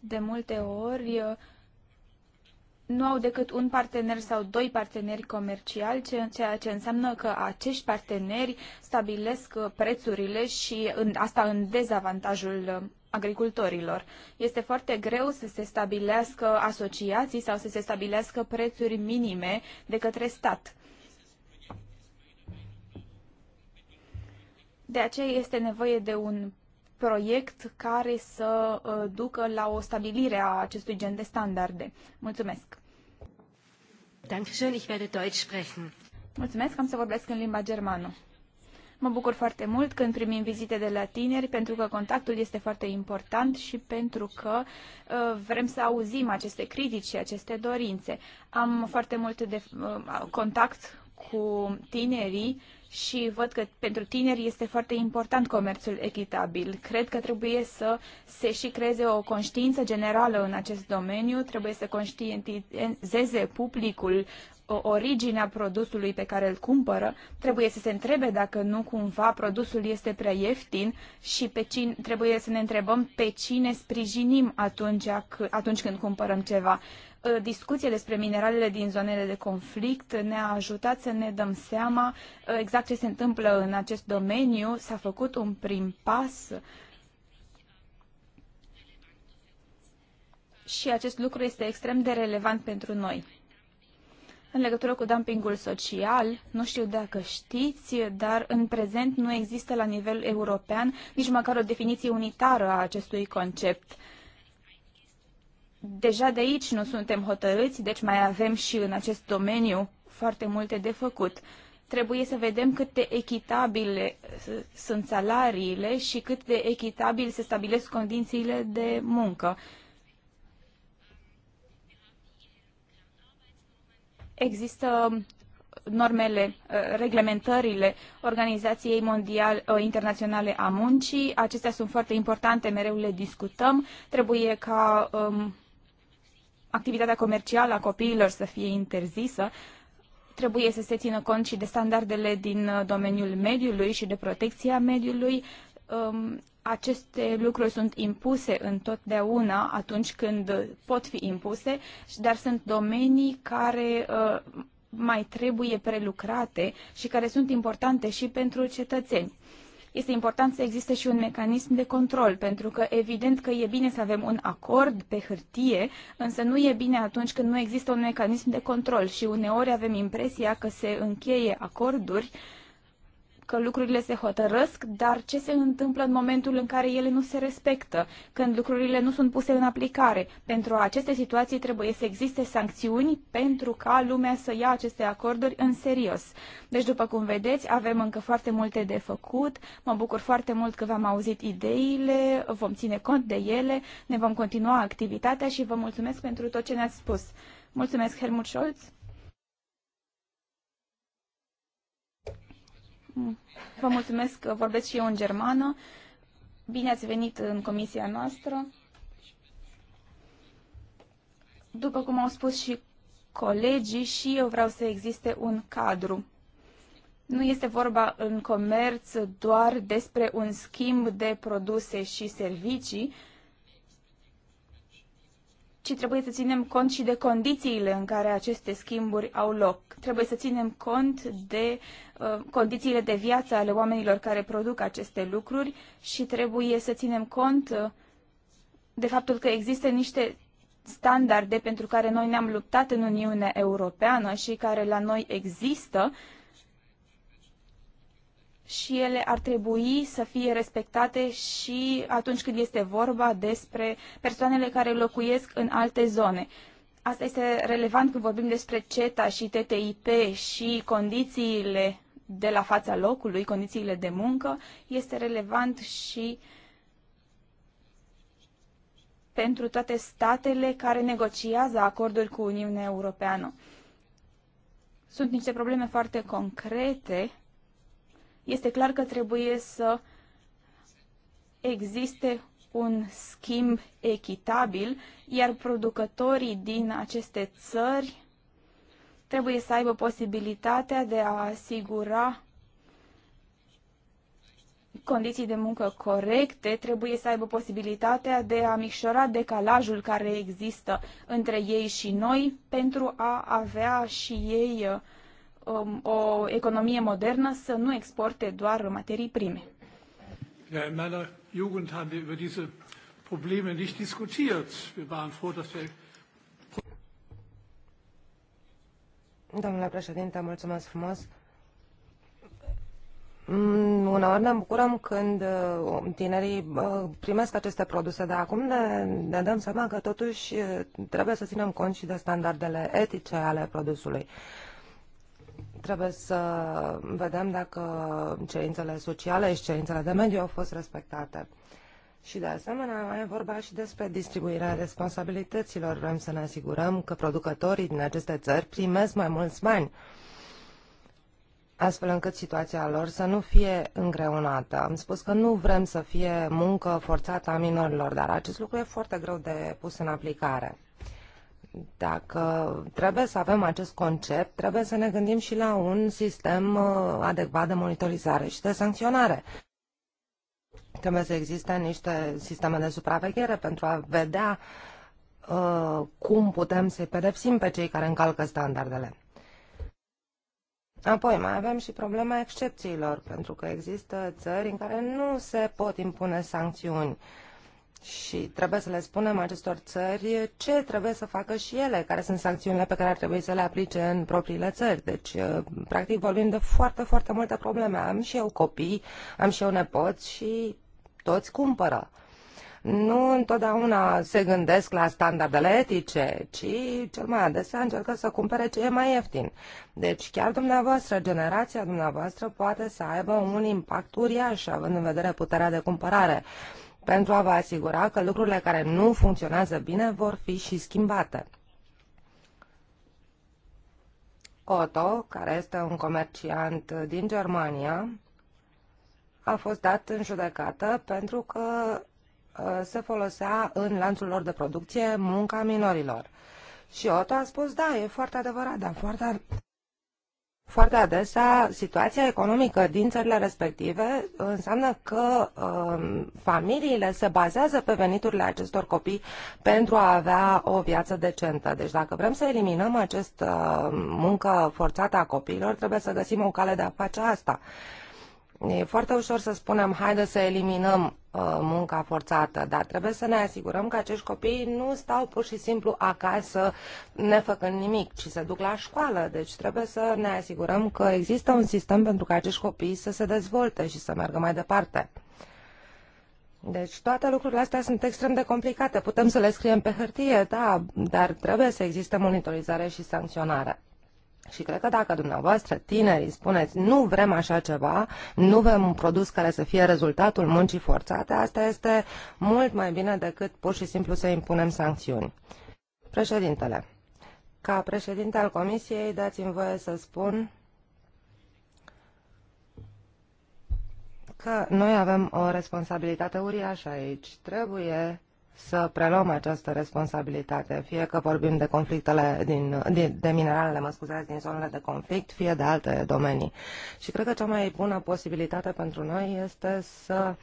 de multe ori uh, nu au decât un partener sau doi parteneri comerciali, ceea ce înseamnă că acești parteneri stabilesc uh, prețurile și în, asta în dezavantajul uh, agricultorilor. Este foarte greu să se stabilească asociații sau să se stabilească prețuri minime de către stat. De aceea este nevoie de un proiect care să uh, ducă la o stabilire a acestui gen de standarde. Mulțumesc! Dankeschön, ich werde Deutsch sprechen. Mulțumesc, am să vorbesc în limba germană. Mă bucur foarte mult când primim vizite de la tineri, pentru că contactul este foarte important și pentru că uh, vrem să auzim aceste critici și aceste dorințe. Am foarte mult de uh, contact cu tinerii și văd că pentru tineri este foarte important comerțul echitabil. Cred că trebuie să se și creeze o conștiință generală în acest domeniu, trebuie să conștientizeze publicul originea produsului pe care îl cumpără, trebuie să se întrebe dacă nu cumva produsul este prea ieftin și pe cine, trebuie să ne întrebăm pe cine sprijinim atunci, atunci când cumpărăm ceva. Uh, discuție despre mineralele din zonele de conflict ne-a ajutat să ne dăm seama uh, exact ce se întâmplă în acest domeniu. S-a făcut un prim pas și acest lucru este extrem de relevant pentru noi. În legătură cu dumpingul social, nu știu dacă știți, dar în prezent nu există la nivel european nici măcar o definiție unitară a acestui concept. Uh, Deja de aici nu suntem hotărâți, deci mai avem și în acest domeniu foarte multe de făcut. Trebuie să vedem cât de echitabile sunt salariile și cât de echitabil se stabilesc condițiile de muncă. Există normele, ă, reglementările Organizației Mondial, ă, Internaționale a Muncii. Acestea sunt foarte importante, mereu le discutăm. Trebuie ca um, activitatea comercială a copiilor să fie interzisă, trebuie să se țină cont și de standardele din uh, domeniul mediului și de protecția mediului. Um, aceste lucruri sunt impuse întotdeauna atunci când pot fi impuse, dar sunt domenii care uh, mai trebuie prelucrate și care sunt importante și pentru cetățeni este important să existe și un mecanism de control, pentru că evident că e bine să avem un acord pe hârtie, însă nu e bine atunci când nu există un mecanism de control și uneori avem impresia că se încheie acorduri uh, că lucrurile se hotărăsc, dar ce se întâmplă în momentul în care ele nu se respectă, când lucrurile nu sunt puse în aplicare. Pentru aceste situații trebuie să existe sancțiuni pentru ca lumea să ia aceste acorduri în serios. Deci, după cum vedeți, avem încă foarte multe de făcut. Mă bucur foarte mult că v-am auzit ideile, vom ține cont de ele, ne vom continua activitatea și vă mulțumesc pentru tot ce ne-ați spus. Mulțumesc, Helmut Scholz! Vă mulțumesc că vorbesc și eu în germană. Bine ați venit în comisia noastră. După cum au spus și colegii, și eu vreau să existe un cadru. Nu este vorba în comerț doar despre un schimb de produse și servicii, ci trebuie să ținem cont și de condițiile în care aceste schimburi au loc. Trebuie să ținem cont de uh, condițiile de viață ale oamenilor care produc aceste lucruri și trebuie să ținem cont uh, de faptul că există niște standarde pentru care noi ne-am luptat în Uniunea Europeană și care la noi există uh, și ele ar trebui să fie respectate și atunci când este vorba despre persoanele care locuiesc în alte zone. Asta este relevant când vorbim despre CETA și TTIP și condițiile de la fața locului, condițiile de muncă, este relevant și pentru toate statele care negociază acorduri cu Uniunea Europeană. Sunt niște probleme foarte concrete este clar că trebuie să existe un schimb echitabil, iar producătorii din aceste țări trebuie să aibă posibilitatea de a asigura condiții de muncă corecte, trebuie să aibă posibilitatea de a micșora decalajul care există între ei și noi pentru a avea și ei uh, um, o economie modernă să nu exporte doar materii prime. Ja, in meiner Jugend haben wir über diese Probleme nicht diskutiert. Wir waren froh, dass wir Domnule președinte, mulțumesc frumos. Mm, uneori ne bucurăm când uh, tinerii uh, primesc aceste produse, dar acum ne, ne dăm seama că totuși uh, trebuie să ținem cont și de standardele etice ale produsului. Trebuie să vedem dacă cerințele sociale și cerințele de mediu au fost respectate. Și de asemenea, mai e vorba și despre distribuirea responsabilităților. Vrem să ne asigurăm că producătorii din aceste țări primesc mai mulți bani, astfel încât situația lor să nu fie îngreunată. Am spus că nu vrem să fie muncă forțată a minorilor, dar acest lucru e foarte greu de pus în aplicare dacă trebuie să avem acest concept, trebuie să ne gândim și la un sistem uh, adecvat de monitorizare și de sancționare. Trebuie să existe niște sisteme de supraveghere pentru a vedea uh, cum putem să-i pedepsim pe cei care încalcă standardele. Apoi mai avem și problema excepțiilor, pentru că există țări în care nu se pot impune sancțiuni. Uh, și trebuie să le spunem acestor țări ce trebuie să facă și ele, care sunt sancțiunile pe care ar trebui să le aplice în propriile țări. Deci, uh, practic, vorbim de foarte, foarte multe probleme. Am și eu copii, am și eu nepoți și toți cumpără. Nu întotdeauna se gândesc la standardele etice, ci cel mai adesea încercă să cumpere ce e mai ieftin. Deci chiar dumneavoastră, generația dumneavoastră poate să aibă un impact uriaș, având în vedere puterea de cumpărare pentru a vă asigura că lucrurile care nu funcționează bine vor fi și schimbate. Otto, care este un comerciant din Germania, a fost dat în judecată pentru că uh, se folosea în lanțul lor de producție munca minorilor. Și Otto a spus, da, e foarte adevărat, dar foarte foarte adesea, situația economică din țările respective înseamnă că um, familiile se bazează pe veniturile acestor copii pentru a avea o viață decentă. Deci dacă vrem să eliminăm această uh, muncă forțată a copiilor, trebuie să găsim o cale de a face asta. E foarte ușor să spunem, haide să eliminăm Uh, munca forțată, dar trebuie să ne asigurăm că acești copii nu stau pur și simplu acasă nefăcând nimic, ci se duc la școală. Deci trebuie să ne asigurăm că există un sistem pentru ca acești copii să se dezvolte și să meargă mai departe. Deci toate lucrurile astea sunt extrem de complicate. Putem să le scriem pe hârtie, da, dar trebuie să existe monitorizare și sancționare. Și cred că dacă dumneavoastră, tinerii, spuneți nu vrem așa ceva, nu vrem un produs care să fie rezultatul muncii forțate, asta este mult mai bine decât pur și simplu să impunem sancțiuni. Președintele, ca președinte al Comisiei, dați-mi voie să spun că noi avem o responsabilitate uriașă aici. Trebuie să preluăm această responsabilitate, fie că vorbim de conflictele din, din de mineralele, mă scuzați, din zonele de conflict, fie de alte domenii. Și cred că cea mai bună posibilitate pentru noi este să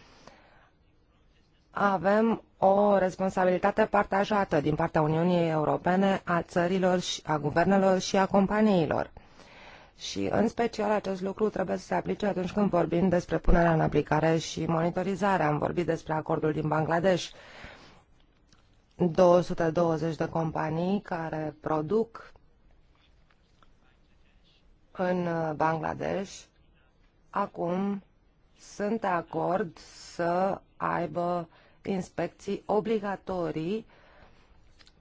avem o responsabilitate partajată din partea Uniunii Europene, a țărilor, a guvernelor și a companiilor. Și, în special, acest lucru trebuie să se aplice atunci când vorbim despre punerea în aplicare și monitorizarea. Am vorbit despre acordul din Bangladesh 220 de companii care produc în Bangladesh acum sunt de acord să aibă inspecții obligatorii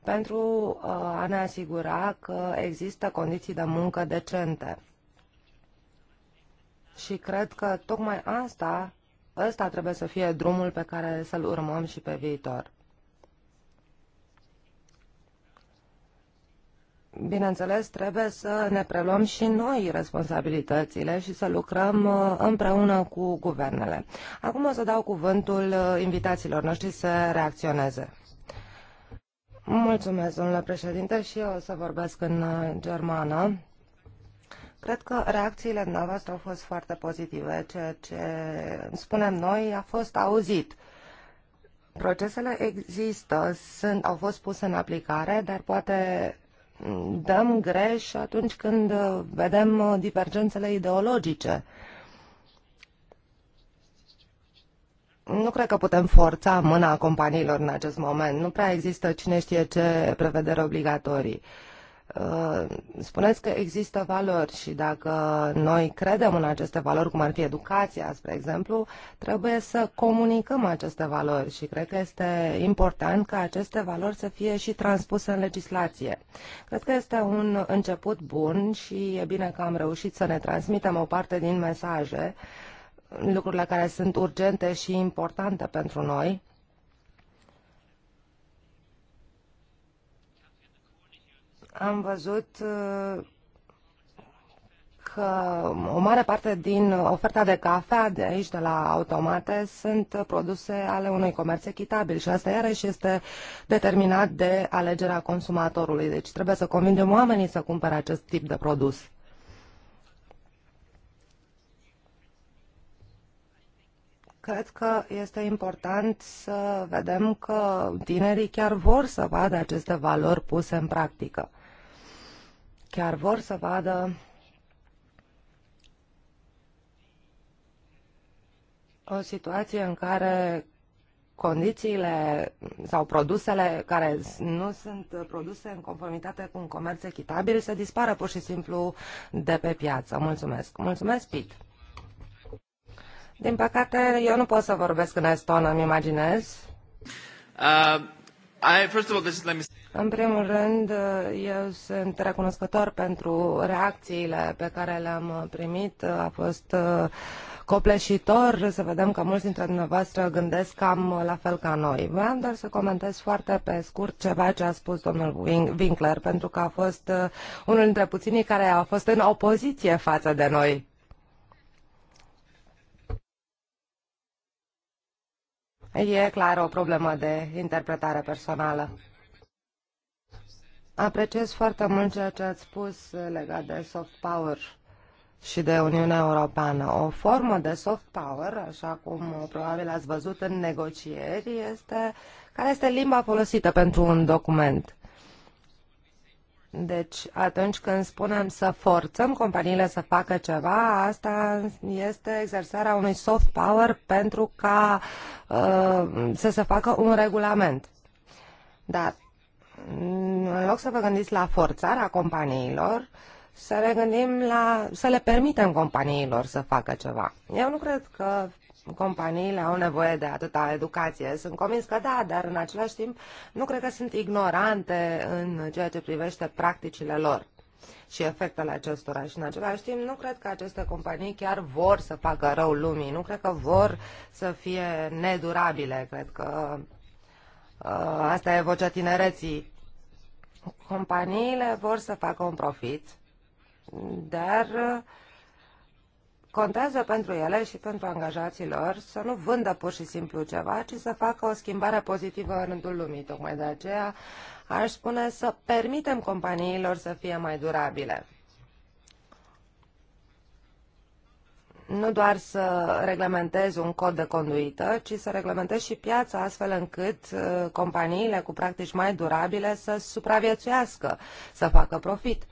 pentru uh, a ne asigura că există condiții de muncă decente. Și cred că tocmai asta, ăsta trebuie să fie drumul pe care să-l urmăm și pe viitor. bineînțeles, trebuie să ne preluăm și noi responsabilitățile și să lucrăm uh, împreună cu guvernele. Acum o să dau cuvântul uh, invitațiilor noștri să reacționeze. Mulțumesc, domnule președinte, și eu o să vorbesc în uh, germană. Cred că reacțiile dumneavoastră au fost foarte pozitive. Ceea ce spunem noi a fost auzit. Procesele există, sunt, au fost puse în aplicare, dar poate dăm greș atunci când uh, vedem uh, divergențele ideologice. Nu cred că putem forța mâna companiilor în acest moment. Nu prea există cine știe ce prevedere obligatorii. Uh, Uh, spuneți că există valori și dacă noi credem în aceste valori, cum ar fi educația, spre exemplu, trebuie să comunicăm aceste valori și cred că este important ca aceste valori să fie și transpuse în legislație. Cred că este un început bun și e bine că am reușit să ne transmitem o parte din mesaje, lucruri care sunt urgente și importante pentru noi am văzut uh, că o mare parte din oferta de cafea de aici, de la automate, sunt produse ale unui comerț echitabil și asta iarăși este determinat de alegerea consumatorului. Deci trebuie să convingem oamenii să cumpere acest tip de produs. cred că este important să vedem că tinerii chiar vor să vadă aceste valori puse în practică chiar vor să vadă o situație în care condițiile sau produsele care nu sunt produse în conformitate cu un comerț echitabil să dispară pur și simplu de pe piață. Mulțumesc. Mulțumesc, Pit. Din păcate, eu nu pot să vorbesc în estonă, îmi imaginez. Uh... În primul rând, eu sunt recunoscător pentru reacțiile pe care le-am primit. A fost uh, copleșitor să vedem că mulți dintre dumneavoastră gândesc cam la fel ca noi. Vreau doar să comentez foarte pe scurt ceva ce a spus domnul Winkler, pentru că a fost uh, unul dintre puținii care a fost în opoziție față de noi E clar o problemă de interpretare personală. Apreciez foarte mult ceea ce ați spus legat de soft power și de Uniunea Europeană. O formă de soft power, așa cum probabil ați văzut în negocieri, este care este limba folosită pentru un document. Deci, atunci când spunem să forțăm companiile să facă ceva, asta este exersarea unui soft power pentru ca uh, să se facă un regulament. Dar, în loc să vă gândiți la forțarea companiilor, să ne gândim la să le permitem companiilor să facă ceva. Eu nu cred că companiile au nevoie de atâta educație. Sunt convins că da, dar în același timp nu cred că sunt ignorante în ceea ce privește practicile lor și efectele acestora. Și în același timp, nu cred că aceste companii chiar vor să facă rău lumii, nu cred că vor să fie nedurabile. Cred că uh, asta e vocea tinereții. Companiile vor să facă un profit, dar uh, contează pentru ele și pentru angajații lor să nu vândă pur și simplu ceva, ci să facă o schimbare pozitivă în rândul lumii. Tocmai de aceea aș spune să permitem companiilor să fie mai durabile. nu doar să reglementezi un cod de conduită, ci să reglementezi și piața astfel încât uh, companiile cu practici mai durabile să supraviețuiască, să facă profit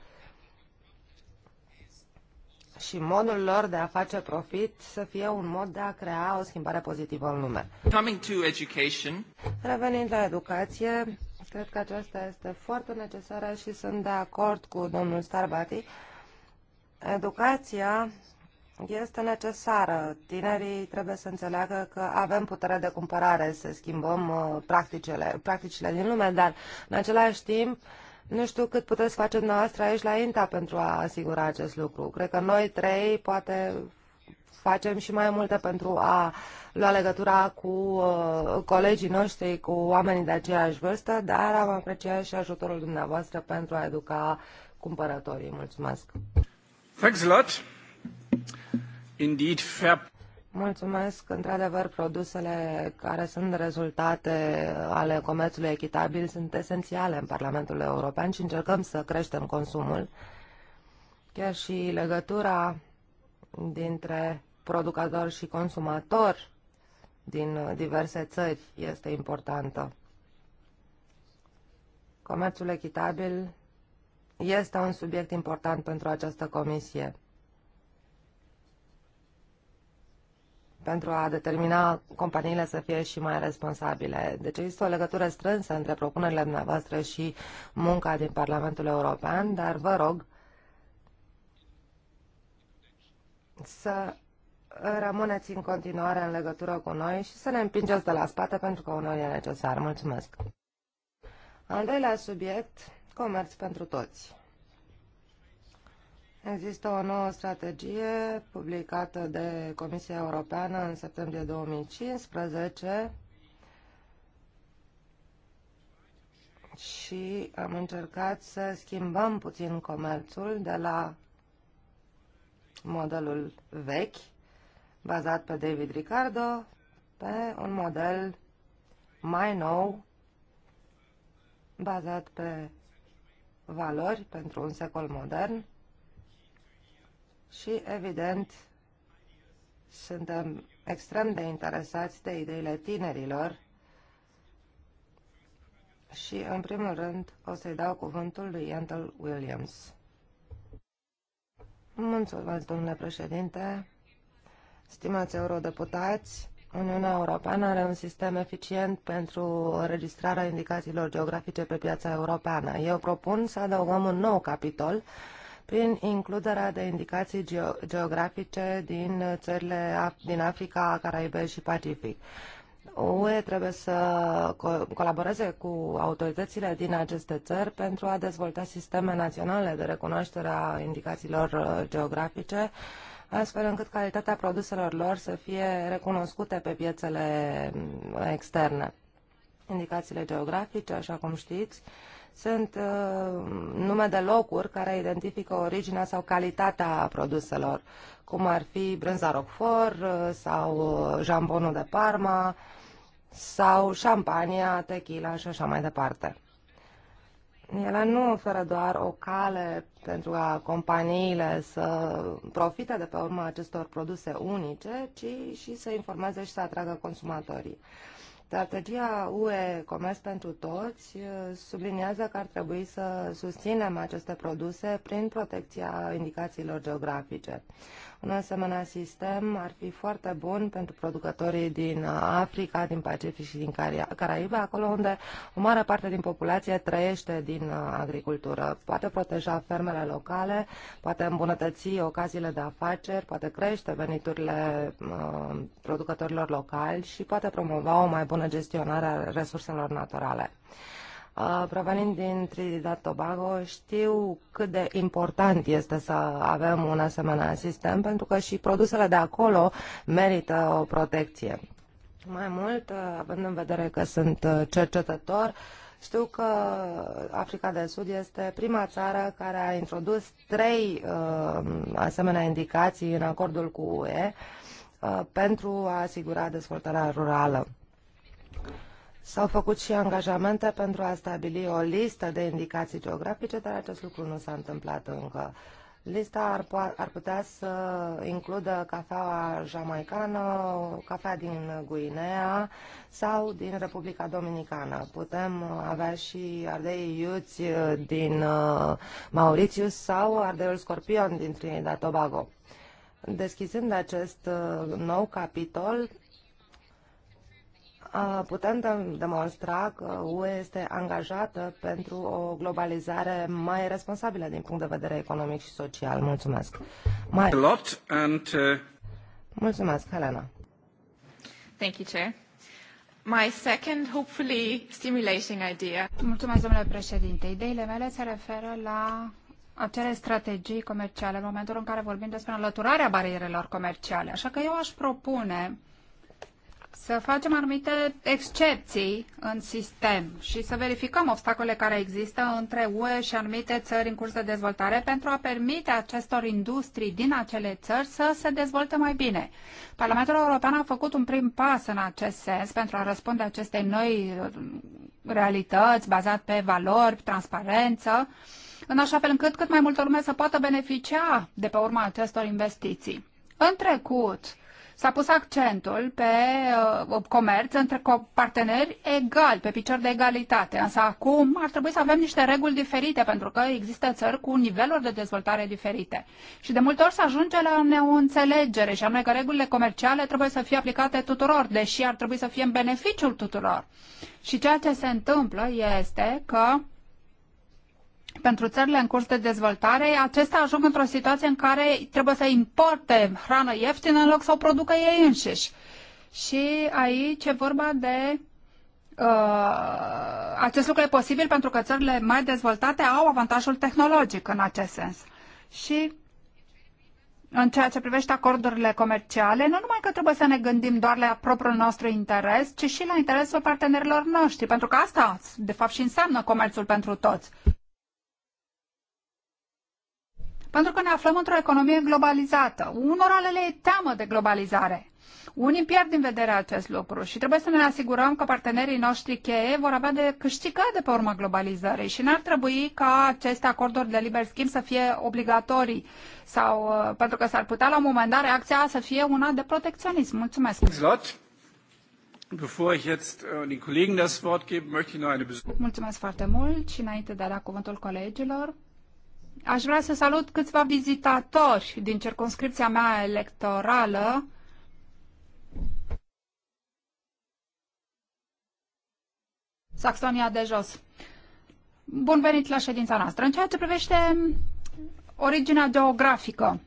și modul lor de a face profit să fie un mod de a crea o schimbare pozitivă în lume. Coming to education. Revenind la educație, cred că aceasta este foarte necesară și sunt de acord cu domnul Starbati. Educația este necesară. Tinerii trebuie să înțeleagă că avem putere de cumpărare să schimbăm uh, practicile, practicile din lume, dar în același timp nu știu cât puteți face dumneavoastră aici la INTA pentru a asigura acest lucru. Cred că noi trei poate facem și mai multe pentru a lua legătura cu uh, colegii noștri, cu oamenii de aceeași vârstă, dar am apreciat și ajutorul dumneavoastră pentru a educa cumpărătorii. Mulțumesc! Thanks a lot. Indeed, fair... Mulțumesc. Într-adevăr, produsele care sunt rezultate ale comerțului echitabil sunt esențiale în Parlamentul European și încercăm să creștem consumul. Chiar și legătura dintre producător și consumator din diverse țări este importantă. Comerțul echitabil este un subiect important pentru această comisie. pentru a determina companiile să fie și mai responsabile. Deci există o legătură strânsă între propunerile dumneavoastră și munca din Parlamentul European, dar vă rog să rămâneți în continuare în legătură cu noi și să ne împingeți de la spate pentru că unor e necesar. Mulțumesc! Al doilea subiect, comerț pentru toți. Există o nouă strategie publicată de Comisia Europeană în septembrie 2015 și am încercat să schimbăm puțin comerțul de la modelul vechi, bazat pe David Ricardo, pe un model mai nou, bazat pe valori pentru un secol modern, și, evident, suntem extrem de interesați de ideile tinerilor și, în primul rând, o să-i dau cuvântul lui Yandel Williams. Mulțumesc, domnule președinte, stimați eurodeputați, Uniunea Europeană are un sistem eficient pentru înregistrarea indicațiilor geografice pe piața europeană. Eu propun să adăugăm un nou capitol prin includerea de indicații geografice din țările din Africa, Caraibe și Pacific. UE trebuie să colaboreze cu autoritățile din aceste țări pentru a dezvolta sisteme naționale de recunoaștere a indicațiilor uh, geografice, astfel încât calitatea produselor lor să fie recunoscute pe piețele mm, externe. Indicațiile geografice, așa cum știți, uh, sunt uh, nume de locuri care identifică originea sau calitatea produselor, cum ar fi brânza roquefort uh, sau uh, jambonul de Parma sau șampania, tequila și așa mai departe. Ele nu oferă doar o cale pentru a companiile să profite de pe urma acestor produse unice, ci și să informeze și să atragă consumatorii. Strategia UE Comerț pentru Toți uh, subliniază că ar trebui să susținem aceste produse prin protecția indicațiilor geografice. Un asemenea sistem ar fi foarte bun pentru producătorii din Africa, din Pacific și din Caraibe, acolo unde o mare parte din populație trăiește din uh, agricultură. Poate proteja fermele locale, poate îmbunătăți ocaziile de afaceri, poate crește veniturile uh, producătorilor locali și poate promova o mai bună gestionare a resurselor naturale. Uh, provenind din Trinidad Tobago, știu cât de important este să avem un asemenea sistem, pentru că și produsele de acolo merită o protecție. Mai mult, uh, având în vedere că sunt uh, cercetător, știu că Africa de Sud este prima țară care a introdus trei uh, asemenea indicații în acordul cu UE uh, pentru a asigura dezvoltarea rurală. S-au făcut și angajamente pentru a stabili o listă de indicații geografice, dar acest lucru nu s-a întâmplat încă. Lista ar, ar putea să includă cafeaua jamaicană, cafea din Guinea sau din Republica Dominicană. Putem avea și ardei iuți din uh, Mauritius sau ardeiul scorpion din Trinidad Tobago. Deschizând acest uh, nou capitol, putem demonstra că UE este angajată pentru o globalizare mai responsabilă din punct de vedere economic și social. Mulțumesc. Mai... And, uh, Mulțumesc, Helena. Thank you, Chair. My second, hopefully stimulating idea. Mulțumesc, domnule președinte. Ideile mele se referă la acele strategii comerciale în momentul în care vorbim despre înlăturarea barierelor comerciale. Așa că eu aș propune să facem anumite excepții în sistem și să verificăm obstacole care există între UE și anumite țări în curs de dezvoltare pentru a permite acestor industrii din acele țări să se dezvolte mai bine. Parlamentul European a făcut un prim pas în acest sens pentru a răspunde acestei noi uh, realități bazate pe valori, transparență, în așa fel încât cât mai multă lume să poată beneficia de pe urma acestor investiții. În trecut, S-a pus accentul pe uh, comerț între parteneri egal, pe picior de egalitate. Însă acum ar trebui să avem niște reguli diferite, pentru că există țări cu niveluri de dezvoltare diferite. Și de multe ori se ajunge la o înțelegere, și anume că regulile comerciale trebuie să fie aplicate tuturor, deși ar trebui să fie în beneficiul tuturor. Și ceea ce se întâmplă este că pentru țările în curs de dezvoltare, acestea ajung într-o situație în care trebuie să importe hrană ieftină în loc să o producă ei înșiși. Și aici e vorba de Uh, acest lucru e posibil pentru că țările mai dezvoltate au avantajul tehnologic în acest sens. Și în ceea ce privește acordurile comerciale, nu numai că trebuie să ne gândim doar la propriul nostru interes, ci și la interesul partenerilor noștri, pentru că asta, de fapt, și înseamnă comerțul pentru toți. Pentru că ne aflăm într-o economie globalizată. Unora le e teamă de globalizare. Unii pierd din vedere acest lucru și trebuie să ne asigurăm că partenerii noștri cheie vor avea de câștigat de pe urma globalizării și n-ar trebui ca aceste acorduri de liber schimb să fie obligatorii sau uh, pentru că s-ar putea la un moment dat reacția să fie una de protecționism. Mulțumesc! Bevor ich jetzt uh, den Kollegen das Wort gebe, möchte ich noch eine Mulțumesc foarte mult și înainte de a da cuvântul colegilor, Aș vrea să salut câțiva vizitatori din circunscripția mea electorală. Saxonia de jos. Bun venit la ședința noastră. În ceea ce privește originea geografică,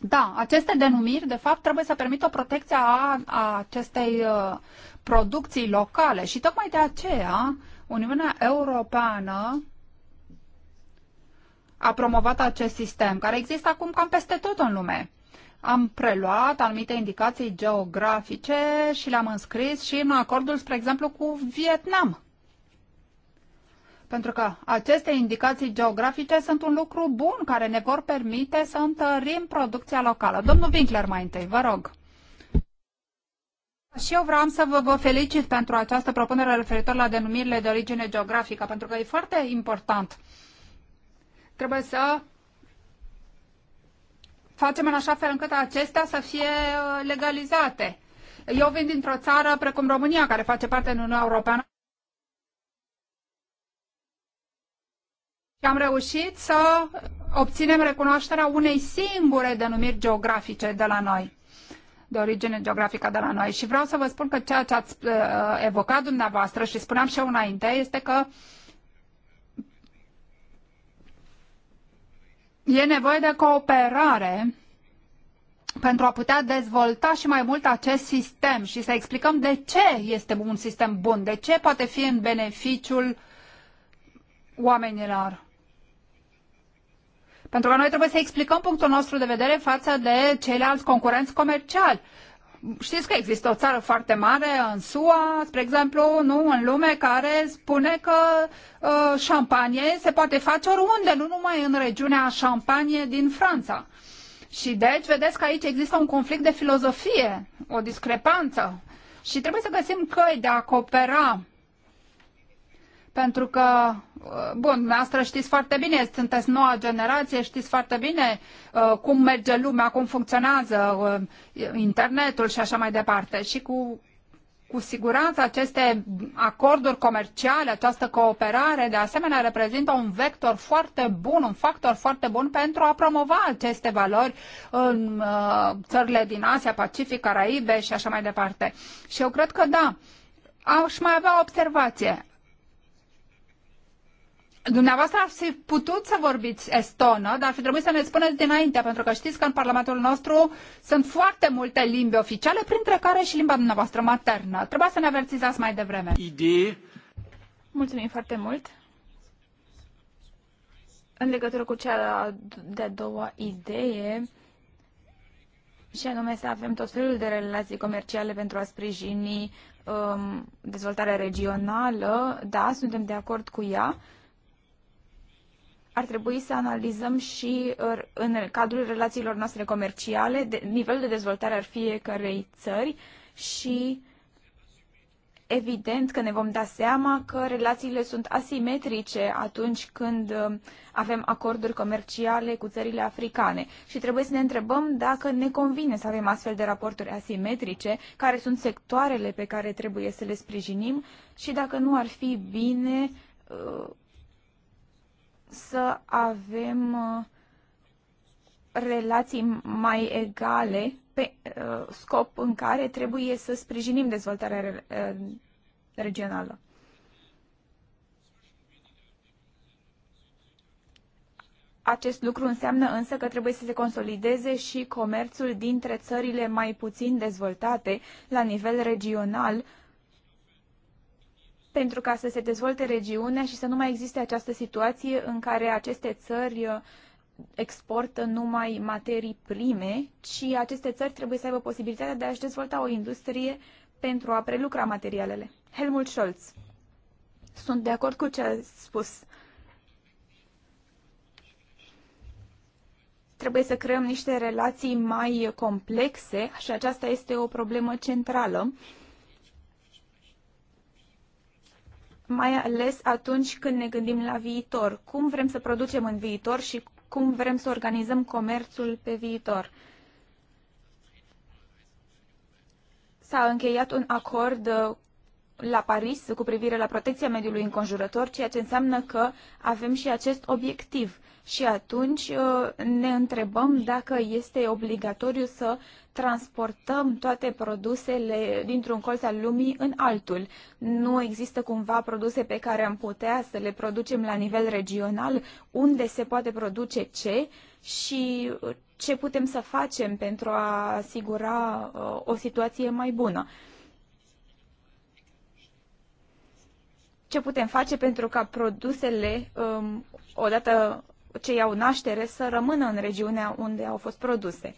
da, aceste denumiri, de fapt, trebuie să permită o protecție a, a acestei uh, producții locale și tocmai de aceea Uniunea Europeană a promovat acest sistem, care există acum cam peste tot în lume. Am preluat anumite indicații geografice și le-am înscris și în acordul, spre exemplu, cu Vietnam. Pentru că aceste indicații geografice sunt un lucru bun care ne vor permite să întărim producția locală. Domnul Winkler, mai întâi, vă rog. Și eu vreau să vă, vă felicit pentru această propunere referitor la denumirile de origine geografică, pentru că e foarte important Trebuie să facem în așa fel încât acestea să fie uh, legalizate. Eu vin dintr-o țară precum România, care face parte din Uniunea Europeană. Și am reușit să obținem recunoașterea unei singure denumiri geografice de la noi, de origine geografică de la noi. Și vreau să vă spun că ceea ce ați uh, evocat dumneavoastră și spuneam și eu înainte este că uh, e nevoie de cooperare pentru a putea dezvolta și mai mult acest sistem și să explicăm de ce este un sistem bun, de ce poate fi în beneficiul oamenilor. Pentru că noi trebuie să explicăm punctul nostru de vedere față de ceilalți concurenți comerciali. Știți că există o țară foarte mare în SUA, spre exemplu, nu, în lume, care spune că uh, șampanie se poate face oriunde, nu numai în regiunea șampanie din Franța. Și deci, vedeți că aici există un conflict de filozofie, o discrepanță. Și trebuie să găsim căi de a coopera pentru că, bun, dumneavoastră știți foarte bine, sunteți noua generație, știți foarte bine uh, cum merge lumea, cum funcționează uh, internetul și așa mai departe. Și cu, cu siguranță aceste acorduri comerciale, această cooperare, de asemenea, reprezintă un vector foarte bun, un factor foarte bun pentru a promova aceste valori în uh, țările din Asia, Pacific, Caraibe și așa mai departe. Și eu cred că da, aș mai avea o observație. Dumneavoastră ați fi putut să vorbiți estonă, dar ar fi trebuit să ne spuneți dinainte, pentru că știți că în Parlamentul nostru sunt foarte multe limbi oficiale, printre care și limba dumneavoastră maternă. Trebuia să ne avertizați mai devreme. Idee. Mulțumim foarte mult. În legătură cu cea de-a doua idee, și anume să avem tot felul de relații comerciale pentru a sprijini um, dezvoltarea regională, da, suntem de acord cu ea, ar trebui să analizăm și uh, în cadrul relațiilor noastre comerciale de, nivelul de dezvoltare al fiecărei țări și evident că ne vom da seama că relațiile sunt asimetrice atunci când uh, avem acorduri comerciale cu țările africane și trebuie să ne întrebăm dacă ne convine să avem astfel de raporturi asimetrice, care sunt sectoarele pe care trebuie să le sprijinim și dacă nu ar fi bine uh, să avem uh, relații mai egale pe uh, scop în care trebuie să sprijinim dezvoltarea uh, regională. Acest lucru înseamnă însă că trebuie să se consolideze și comerțul dintre țările mai puțin dezvoltate la nivel regional pentru ca să se dezvolte regiunea și să nu mai existe această situație în care aceste țări uh, exportă numai materii prime, ci aceste țări trebuie să aibă posibilitatea de a-și dezvolta o industrie pentru a prelucra materialele. Helmut Scholz. Sunt de acord cu ce a spus. Trebuie să creăm niște relații mai complexe și aceasta este o problemă centrală mai ales atunci când ne gândim la viitor. Cum vrem să producem în viitor și cum vrem să organizăm comerțul pe viitor. S-a încheiat un acord uh, la Paris cu privire la protecția mediului înconjurător, ceea ce înseamnă că avem și acest obiectiv. Și atunci uh, ne întrebăm dacă este obligatoriu să transportăm toate produsele dintr-un colț al lumii în altul. Nu există cumva produse pe care am putea să le producem la nivel regional, unde se poate produce ce și uh, ce putem să facem pentru a asigura uh, o situație mai bună. Ce putem face pentru ca produsele, um, odată ce iau naștere, să rămână în regiunea unde au fost produse.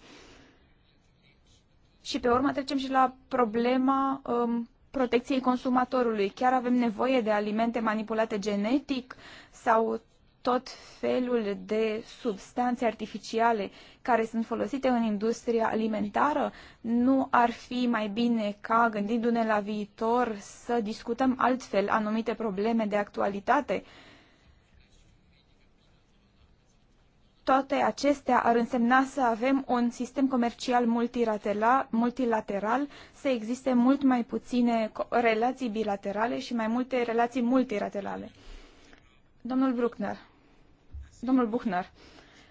Și pe urmă trecem și la problema um, protecției consumatorului. Chiar avem nevoie de alimente manipulate genetic sau tot felul de substanțe artificiale care sunt folosite în industria alimentară, nu ar fi mai bine ca, gândindu-ne la viitor, să discutăm altfel anumite probleme de actualitate? Uh, toate acestea ar însemna să avem un sistem comercial multilateral, multilateral, să existe mult mai puține relații bilaterale și mai multe relații multilaterale. Domnul Bruckner, domnul Buchner,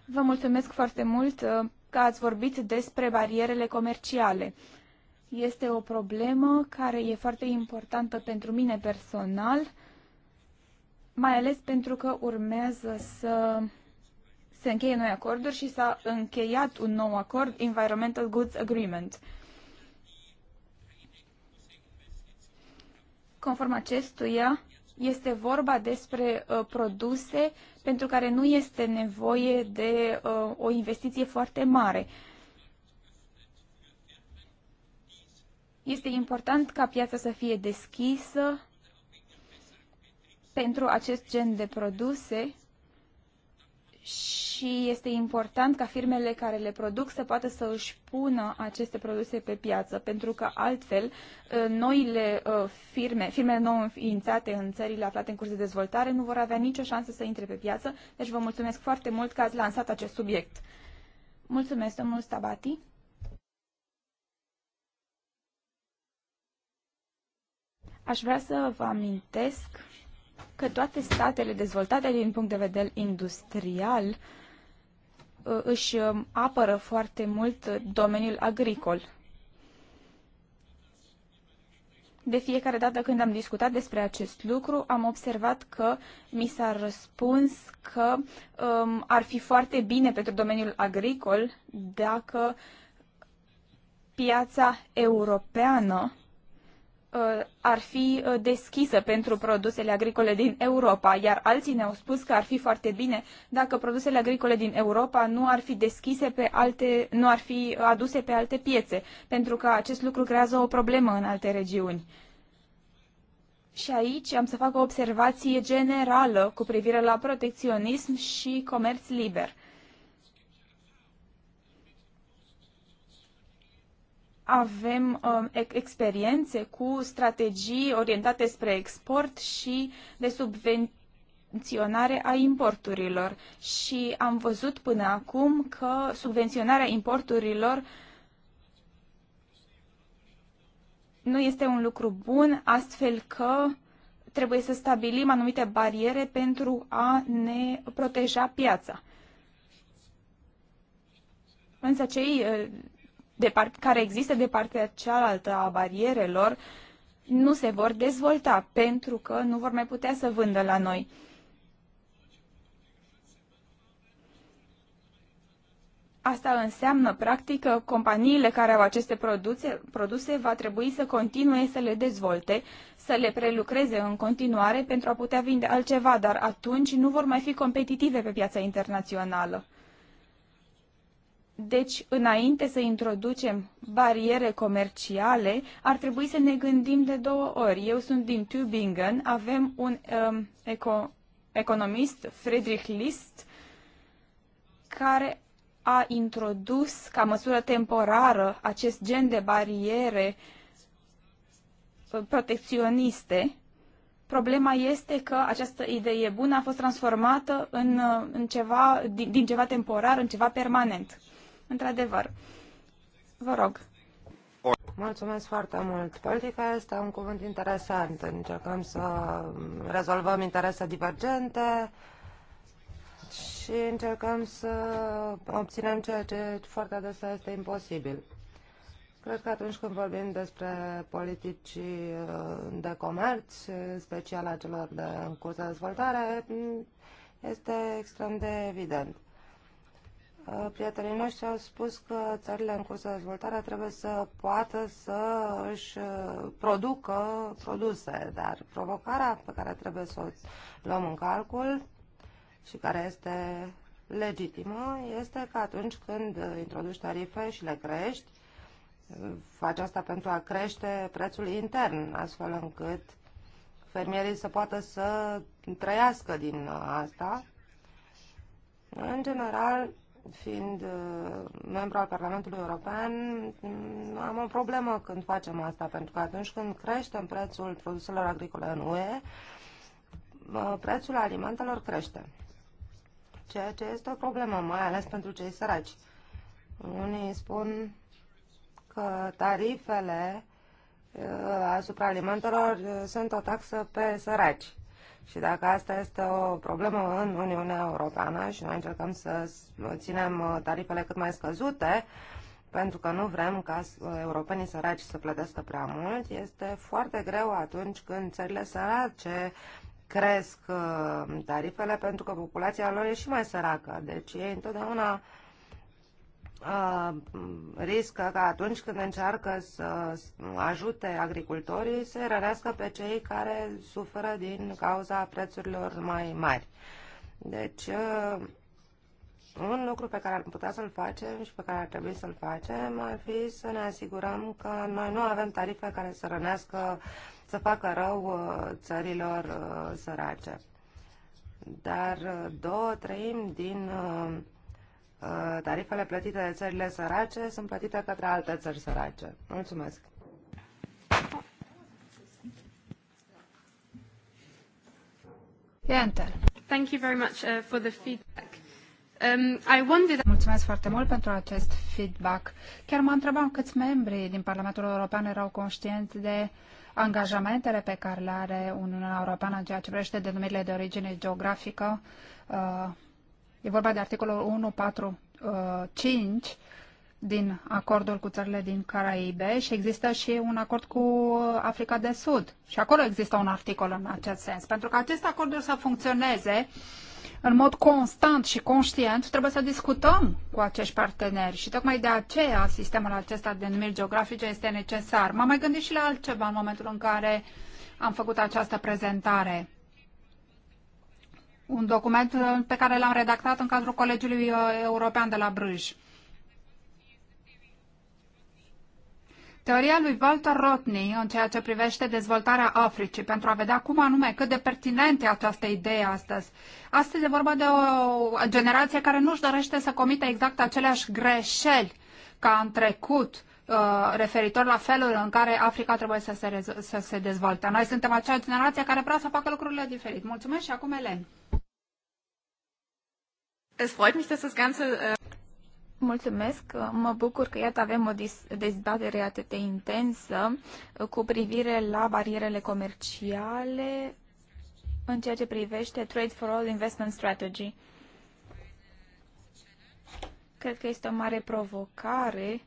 vă mulțumesc foarte mult uh, că ați vorbit despre barierele comerciale. Este o problemă care e foarte importantă pentru mine personal, mai ales pentru că urmează să se încheie noi acorduri și s-a încheiat un nou acord, Environmental Goods Agreement. Conform acestuia, este vorba despre uh, produse pentru care nu este nevoie de uh, o investiție foarte mare. Este important ca piața să fie deschisă pentru acest gen de produse și este important ca firmele care le produc să poată să își pună aceste produse pe piață, pentru că altfel uh, noile uh, firme, firmele nou înființate în țările aflate în curs de dezvoltare nu vor avea nicio șansă să intre pe piață, deci vă mulțumesc foarte mult că ați lansat acest subiect. Mulțumesc, domnul Stabati. Aș vrea să vă amintesc că toate statele dezvoltate din punct de vedere industrial uh, își um, apără foarte mult domeniul agricol. De fiecare dată când am discutat despre acest lucru, am observat că mi s-a răspuns că um, ar fi foarte bine pentru domeniul agricol dacă piața europeană Uh, ar fi uh, deschisă pentru produsele agricole din Europa, iar alții ne-au spus că ar fi foarte bine dacă produsele agricole din Europa nu ar fi deschise pe alte, nu ar fi uh, aduse pe alte piețe, pentru că acest lucru creează o problemă în alte regiuni. Și aici am să fac o observație generală cu privire la protecționism și comerț liber. avem uh, experiențe cu strategii orientate spre export și de subvenționare a importurilor. Și am văzut până acum că subvenționarea importurilor nu este un lucru bun, astfel că trebuie să stabilim anumite bariere pentru a ne proteja piața. Însă cei uh, de care există de partea cealaltă a barierelor nu se vor dezvolta pentru că nu vor mai putea să vândă la noi. Asta înseamnă, practic, că companiile care au aceste produse, produse va trebui să continue să le dezvolte, să le prelucreze în continuare pentru a putea vinde altceva, dar atunci nu vor mai fi competitive pe piața internațională. Deci, înainte să introducem bariere comerciale, ar trebui să ne gândim de două ori. Eu sunt din Tübingen, avem un um, eco, economist, Friedrich List, care a introdus ca măsură temporară acest gen de bariere uh, protecționiste. Problema este că această idee bună a fost transformată în, uh, în ceva, din, din ceva temporar în ceva permanent într-adevăr. Vă rog. Mulțumesc foarte mult. Politica este un cuvânt interesant. Încercăm să rezolvăm interese divergente și încercăm să obținem ceea ce foarte adesea este imposibil. Cred că atunci când vorbim despre politici uh, de comerț, special a celor de în curs de dezvoltare, mm, este extrem de evident. Uh, prietenii noștri au spus că țările în curs de dezvoltare trebuie să poată să își uh, producă produse, dar provocarea pe care trebuie să o luăm în calcul și care este legitimă este că atunci când introduci tarife și le crești, faci asta pentru a crește prețul intern, astfel încât fermierii să poată să trăiască din uh, asta. În general, fiind uh, membru al Parlamentului European, mm, am o problemă când facem asta, pentru că atunci când creștem prețul produselor agricole în UE, uh, prețul alimentelor crește, ceea ce este o problemă, mai ales pentru cei săraci. Unii spun că tarifele uh, asupra alimentelor sunt o taxă pe săraci. Și dacă asta este o problemă în Uniunea Europeană și noi încercăm să ținem uh, tarifele cât mai scăzute, pentru că nu vrem ca uh, europenii săraci să plătească prea mult, este foarte greu atunci când țările sărace cresc uh, tarifele pentru că populația lor e și mai săracă. Deci ei întotdeauna Uh, riscă că atunci când încearcă să ajute agricultorii, se rărească pe cei care suferă din cauza prețurilor mai mari. Deci, uh, un lucru pe care ar putea să-l facem și pe care ar trebui să-l facem ar fi să ne asigurăm că noi nu avem tarife care să rănească, să facă rău uh, țărilor sărace. Dar două treimi din Uh, tarifele plătite de țările sărace sunt plătite către alte țări sărace. Mulțumesc! Thank you very much uh, for the feedback. Um, I wondered... Mulțumesc foarte mult pentru acest feedback. Chiar mă întrebam câți membri din Parlamentul European erau conștienți de angajamentele pe care le are Uniunea Europeană în ceea ce privește denumirile de origine geografică uh, E vorba de articolul 145 uh, din acordul cu țările din Caraibe și există și un acord cu uh, Africa de Sud. Și acolo există un articol în acest sens. Pentru că acest acord să funcționeze în mod constant și conștient, trebuie să discutăm cu acești parteneri și tocmai de aceea sistemul acesta de numiri geografice este necesar. M-am mai gândit și la altceva în momentul în care am făcut această prezentare un document uh, pe care l-am redactat în cadrul Colegiului uh, European de la Bruj. Teoria lui Walter Rodney în ceea ce privește dezvoltarea Africii, pentru a vedea cum anume, cât de pertinentă e această idee astăzi. Astăzi e vorba de o generație care nu-și dorește să comită exact aceleași greșeli ca în trecut, uh, referitor la felul în care Africa trebuie să se, să se dezvolte. Noi suntem acea generație care vrea să facă lucrurile diferit. Mulțumesc și acum Elen. Es freut mich, dass das Ganze... Äh, Mulțumesc, mă bucur că iată avem o dezbatere atât de intensă uh, cu privire la barierele comerciale în ceea ce privește Trade for All Investment Strategy. Cred că este o mare provocare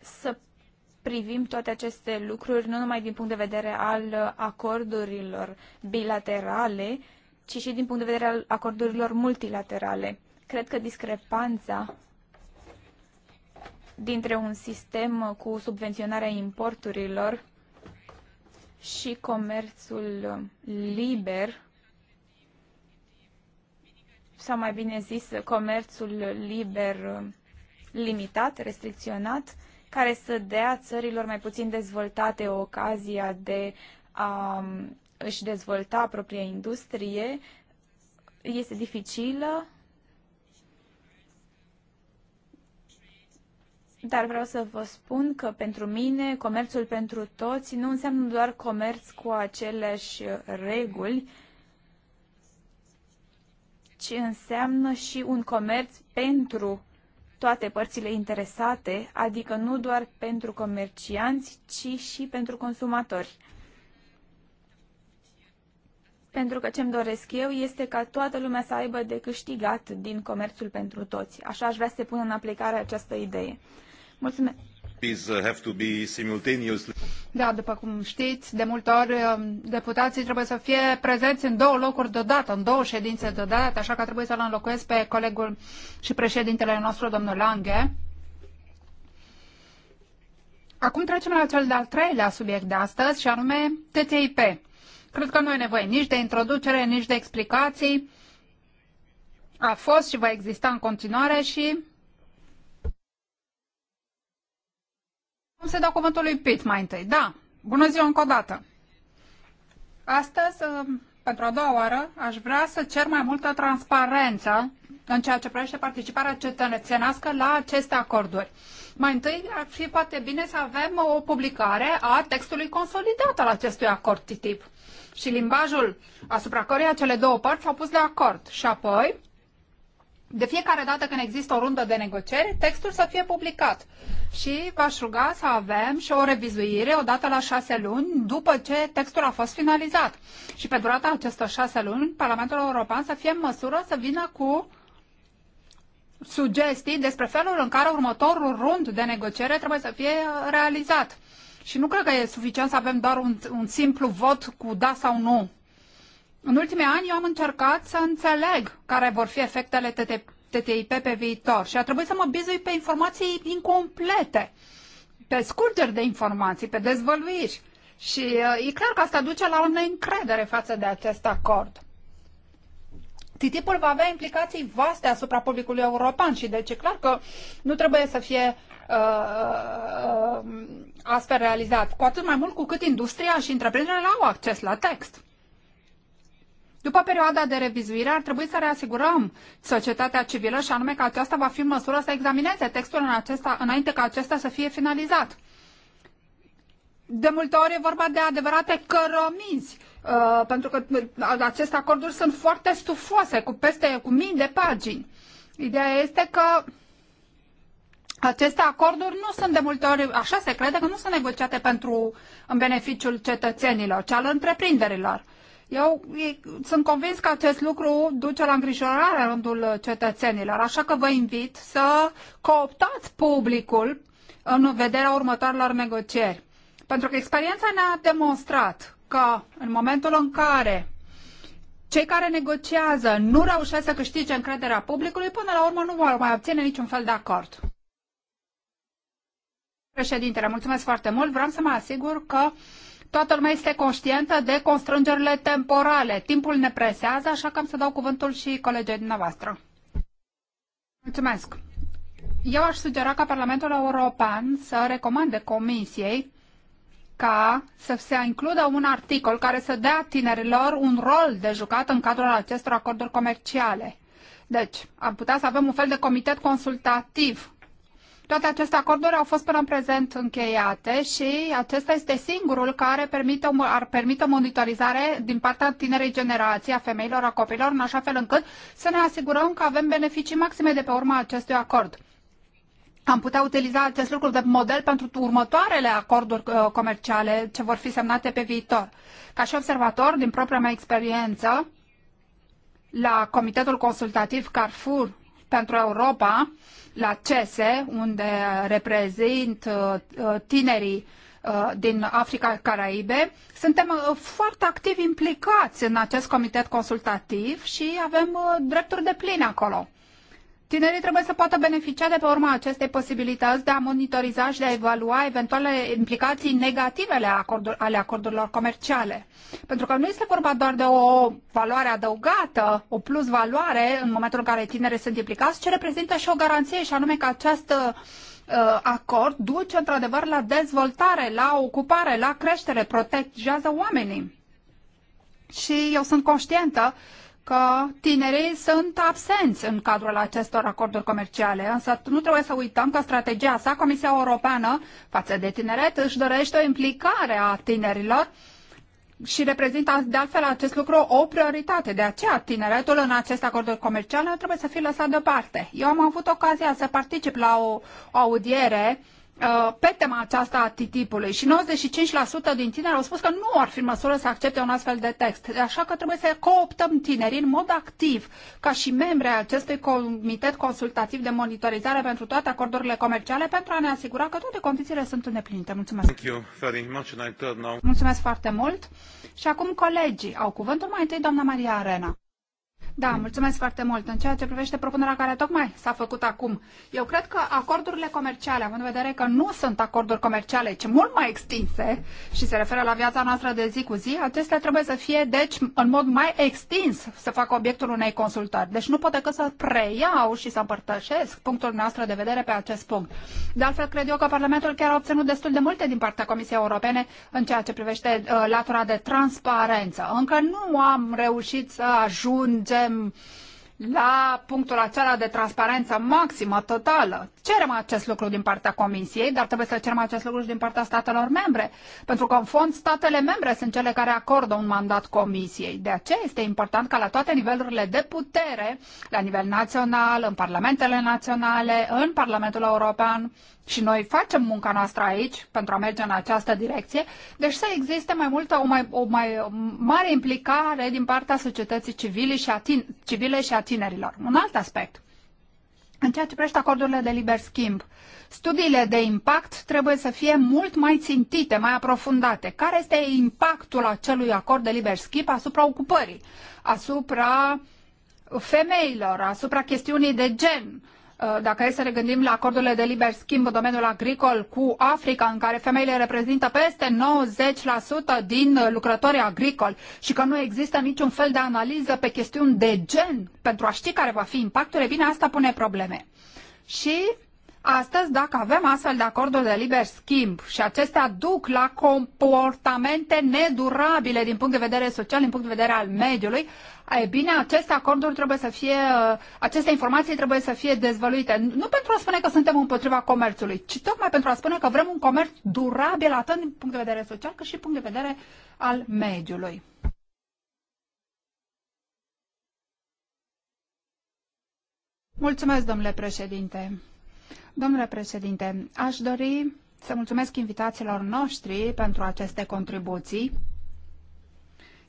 să privim toate aceste lucruri nu numai din punct de vedere al uh, acordurilor bilaterale, ci și din punct de vedere al acordurilor multilaterale. Cred că discrepanța dintre un sistem cu subvenționarea importurilor și comerțul um, liber, sau mai bine zis, comerțul liber um, limitat, restricționat, care să dea țărilor mai puțin dezvoltate ocazia de a um, își dezvolta propria industrie este dificilă, dar vreau să vă spun că pentru mine comerțul pentru toți nu înseamnă doar comerț cu aceleași reguli, ci înseamnă și un comerț pentru toate părțile interesate, adică nu doar pentru comercianți, ci și pentru consumatori pentru că ce-mi doresc eu este ca toată lumea să aibă de câștigat din comerțul pentru toți. Așa aș vrea să se pună în aplicare această idee. Mulțumesc! Uh, da, după cum știți, de multe ori um, deputații trebuie să fie prezenți în două locuri deodată, în două ședințe deodată, așa că trebuie să-l înlocuiesc pe colegul și președintele nostru, domnul Lange. Acum trecem la cel de-al treilea subiect de astăzi, și anume TTIP. Cred că nu e nevoie nici de introducere, nici de explicații. A fost și va exista în continuare și... Cum se dau cuvântul lui Pitt mai întâi? Da, bună ziua încă o dată! Astăzi, uh, pentru a doua oară, aș vrea să cer mai multă transparență în ceea ce privește participarea cetățenească la aceste acorduri. Mai întâi ar fi poate bine să avem o publicare a textului consolidat al acestui acord TTIP și limbajul asupra căruia cele două părți au pus de acord. Și apoi, de fiecare dată când există o rundă de negocieri, textul să fie publicat. Și v-aș ruga să avem și o revizuire odată la șase luni după ce textul a fost finalizat. Și pe durata acestor șase luni, Parlamentul European să fie în măsură să vină cu sugestii despre felul în care următorul rund de negociere trebuie să fie realizat. Și nu cred că e suficient să avem doar un, un simplu vot cu da sau nu. În ultimii ani eu am încercat să înțeleg care vor fi efectele TTIP pe viitor și a trebuit să mă bizui pe informații incomplete, pe scurgeri de informații, pe dezvăluiri. Și uh, e clar că asta duce la o neîncredere față de acest acord. TTIP-ul va avea implicații vaste asupra publicului european și deci e clar că nu trebuie să fie Uh, uh, astfel realizat. Cu atât mai mult cu cât industria și întreprinderile au acces la text. După perioada de revizuire, ar trebui să reasigurăm societatea civilă și anume că aceasta va fi în măsură să examineze textul în acesta, înainte ca acesta să fie finalizat. De multe ori e vorba de adevărate cărămizi, uh, pentru că uh, aceste acorduri sunt foarte stufoase, cu peste cu mii de pagini. Ideea este că aceste acorduri nu sunt de multe ori, așa se crede, că nu sunt negociate pentru, în beneficiul cetățenilor, ci al întreprinderilor. Eu sunt convins că acest lucru duce la îngrijorare în rândul cetățenilor, așa că vă invit să cooptați publicul în vederea următoarelor negocieri. Pentru că experiența ne-a demonstrat că în momentul în care cei care negociază nu reușesc să câștige încrederea publicului, până la urmă nu vor mai obține niciun fel de acord. Președintele, mulțumesc foarte mult. Vreau să mă asigur că toată lumea este conștientă de constrângerile temporale. Timpul ne presează, așa că am să dau cuvântul și colegii dumneavoastră. Mulțumesc. Eu aș sugera ca Parlamentul European să recomande Comisiei ca să se includă un articol care să dea tinerilor un rol de jucat în cadrul acestor acorduri comerciale. Deci, am putea să avem un fel de comitet consultativ toate aceste acorduri au fost până în prezent încheiate și acesta este singurul care permite, ar permite o monitorizare din partea tinerei generații, a femeilor, a copiilor, în așa fel încât să ne asigurăm că avem beneficii maxime de pe urma acestui acord. Am putea utiliza acest lucru de model pentru următoarele acorduri uh, comerciale ce vor fi semnate pe viitor. Ca și observator, din propria mea experiență, la Comitetul Consultativ Carrefour pentru Europa la CESE, unde reprezint uh, tinerii uh, din Africa Caraibe. Suntem uh, foarte activ implicați în acest comitet consultativ și avem drepturi de plin acolo. Tinerii trebuie să poată beneficia de pe urma acestei posibilități de a monitoriza și de a evalua eventuale implicații negative ale, ale acordurilor comerciale. Pentru că nu este vorba doar de o valoare adăugată, o plus valoare în momentul în care tinerii sunt implicați, ci reprezintă și o garanție și anume că acest uh, acord duce într-adevăr la dezvoltare, la ocupare, la creștere, protejează oamenii. Și eu sunt conștientă uh, că tinerii sunt absenți în cadrul acestor acorduri comerciale, însă nu trebuie să uităm că strategia sa, Comisia Europeană față de tineret, își dorește o implicare a tinerilor și reprezintă de altfel acest lucru o prioritate. De aceea, tineretul în aceste acorduri comerciale trebuie să fie lăsat deoparte. Eu am avut ocazia să particip la o, o audiere uh, Uh, pe tema aceasta a TTIP-ului și 95% din tineri au spus că nu ar fi în măsură să accepte un astfel de text. Așa că trebuie să cooptăm tinerii în mod activ ca și membri ai acestui comitet consultativ de monitorizare pentru toate acordurile comerciale pentru a ne asigura că toate condițiile sunt îndeplinite. Mulțumesc! Mulțumesc foarte mult! Și acum colegii au cuvântul mai întâi doamna Maria Arena. Da, mulțumesc foarte mult. În ceea ce privește propunerea care tocmai s-a făcut acum, eu cred că acordurile comerciale, având în vedere că nu sunt acorduri comerciale, ci mult mai extinse și se referă la viața noastră de zi cu zi, acestea trebuie să fie, deci, în mod mai extins să facă obiectul unei consultări. Deci nu pot decât să preiau și să împărtășesc punctul noastră de vedere pe acest punct. De altfel, cred eu că Parlamentul chiar a obținut destul de multe din partea Comisiei Europene în ceea ce privește uh, latura de transparență. Încă nu am reușit să ajungem putem la punctul acela de transparență maximă, totală. Cerem acest lucru din partea Comisiei, dar trebuie să cerem acest lucru și din partea statelor membre, pentru că, în fond, statele membre sunt cele care acordă un mandat Comisiei. De aceea este important ca la toate nivelurile de putere, la nivel național, în parlamentele naționale, în Parlamentul European, și noi facem munca noastră aici pentru a merge în această direcție, deci să existe mai multă, o mai, o mai mare implicare din partea societății civile și a, tin, civile și a tinerilor. Un alt aspect. În ceea ce privește acordurile de liber schimb, studiile de impact trebuie să fie mult mai țintite, mai aprofundate. Care este impactul acelui acord de liber schimb asupra ocupării, asupra femeilor, asupra chestiunii de gen, Uh, dacă e să ne gândim la acordurile de liber schimb în domeniul agricol cu Africa, în care femeile reprezintă peste 90% din uh, lucrătorii agricoli și că nu există niciun fel de analiză pe chestiuni de gen pentru a ști care va fi impactul, e bine, asta pune probleme. Și Astăzi, dacă avem astfel de acorduri de liber schimb și acestea duc la comportamente nedurabile din punct de vedere social, din punct de vedere al mediului, e bine, aceste acorduri trebuie să fie, aceste informații trebuie să fie dezvăluite. Nu pentru a spune că suntem împotriva comerțului, ci tocmai pentru a spune că vrem un comerț durabil atât din punct de vedere social cât și din punct de vedere al mediului. Mulțumesc, domnule președinte. Domnule președinte, aș dori să mulțumesc invitațiilor noștri pentru aceste contribuții.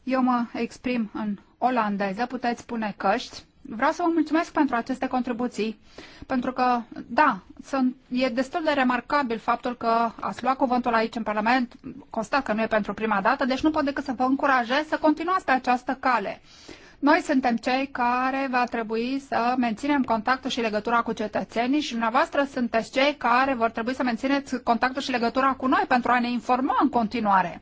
Eu mă exprim în olandeză, puteți spune căști. Vreau să vă mulțumesc pentru aceste contribuții, pentru că, da, sunt, e destul de remarcabil faptul că ați luat cuvântul aici în Parlament, constat că nu e pentru prima dată, deci nu pot decât să vă încurajez să continuați pe această cale. Uh, noi suntem cei care va trebui să menținem contactul și legătura cu cetățenii și dumneavoastră sunteți cei care vor trebui să mențineți contactul și legătura cu noi pentru a ne informa în continuare.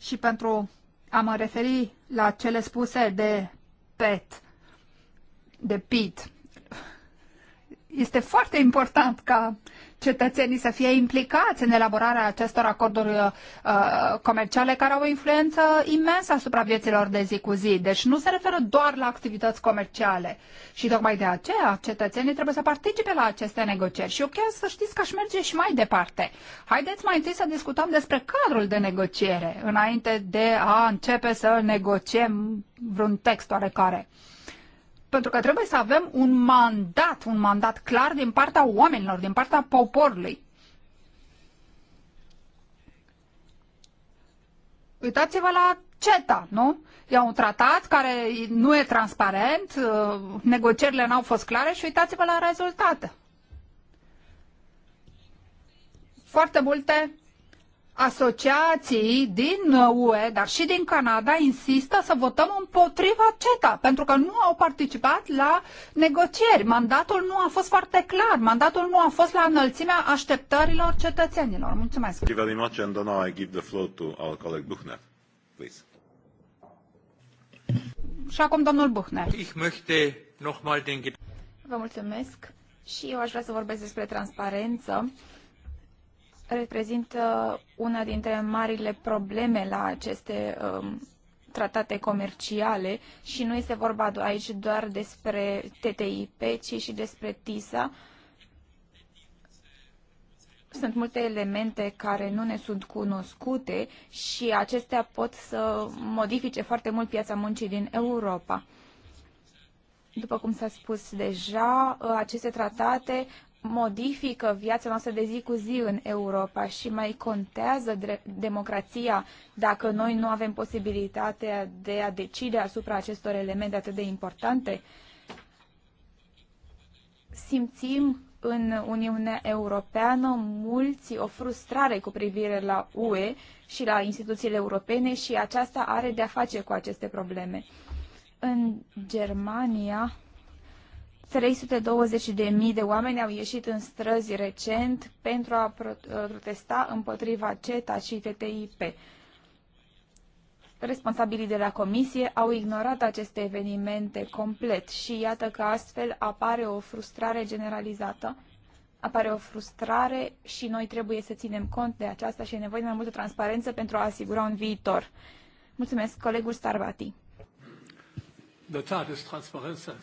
Și pentru a mă referi la cele spuse de PET, de PIT, este foarte important ca cetățenii să fie implicați în elaborarea acestor acorduri uh, comerciale care au o influență imensă asupra vieților de zi cu zi. Deci nu se referă doar la activități comerciale. Și tocmai de aceea cetățenii trebuie să participe la aceste negocieri. Și eu chiar să știți că aș merge și mai departe. Haideți mai întâi să discutăm despre cadrul de negociere înainte de a începe să negociem vreun text oarecare. care pentru că trebuie să avem un mandat, un mandat clar din partea oamenilor, din partea poporului. Uitați-vă la CETA, nu? E un tratat care nu e transparent, uh, negocierile n-au fost clare și uitați-vă la rezultate. Foarte multe asociații din UE, uh, dar și din Canada, insistă să votăm împotriva CETA, pentru că nu au participat la negocieri. Mandatul nu a fost foarte clar, mandatul nu a fost la înălțimea așteptărilor cetățenilor. Mulțumesc. Thank you very much and now I give the floor to our colleague Buchner, please. Și acum domnul Buchner. Ich möchte noch mal den... Vă mulțumesc și eu aș vrea să vorbesc despre transparență reprezintă una dintre marile probleme la aceste um, tratate comerciale și nu este vorba aici doar despre TTIP, ci și despre TISA. Sunt multe elemente care nu ne sunt cunoscute și acestea pot să modifice foarte mult piața muncii din Europa. După cum s-a spus deja, aceste tratate modifică viața noastră de zi cu zi în Europa și mai contează democrația dacă noi nu avem posibilitatea de a decide asupra acestor elemente atât de importante? Simțim în Uniunea Europeană mulți o frustrare cu privire la UE și la instituțiile europene și aceasta are de-a face cu aceste probleme. În Germania, 320.000 de oameni au ieșit în străzi recent pentru a protesta împotriva CETA și TTIP. Responsabilii de la comisie au ignorat aceste evenimente complet și iată că astfel apare o frustrare generalizată. Apare o frustrare și noi trebuie să ținem cont de aceasta și e nevoie de mai multă transparență pentru a asigura un viitor. Mulțumesc, colegul Starbati. Da, das transparență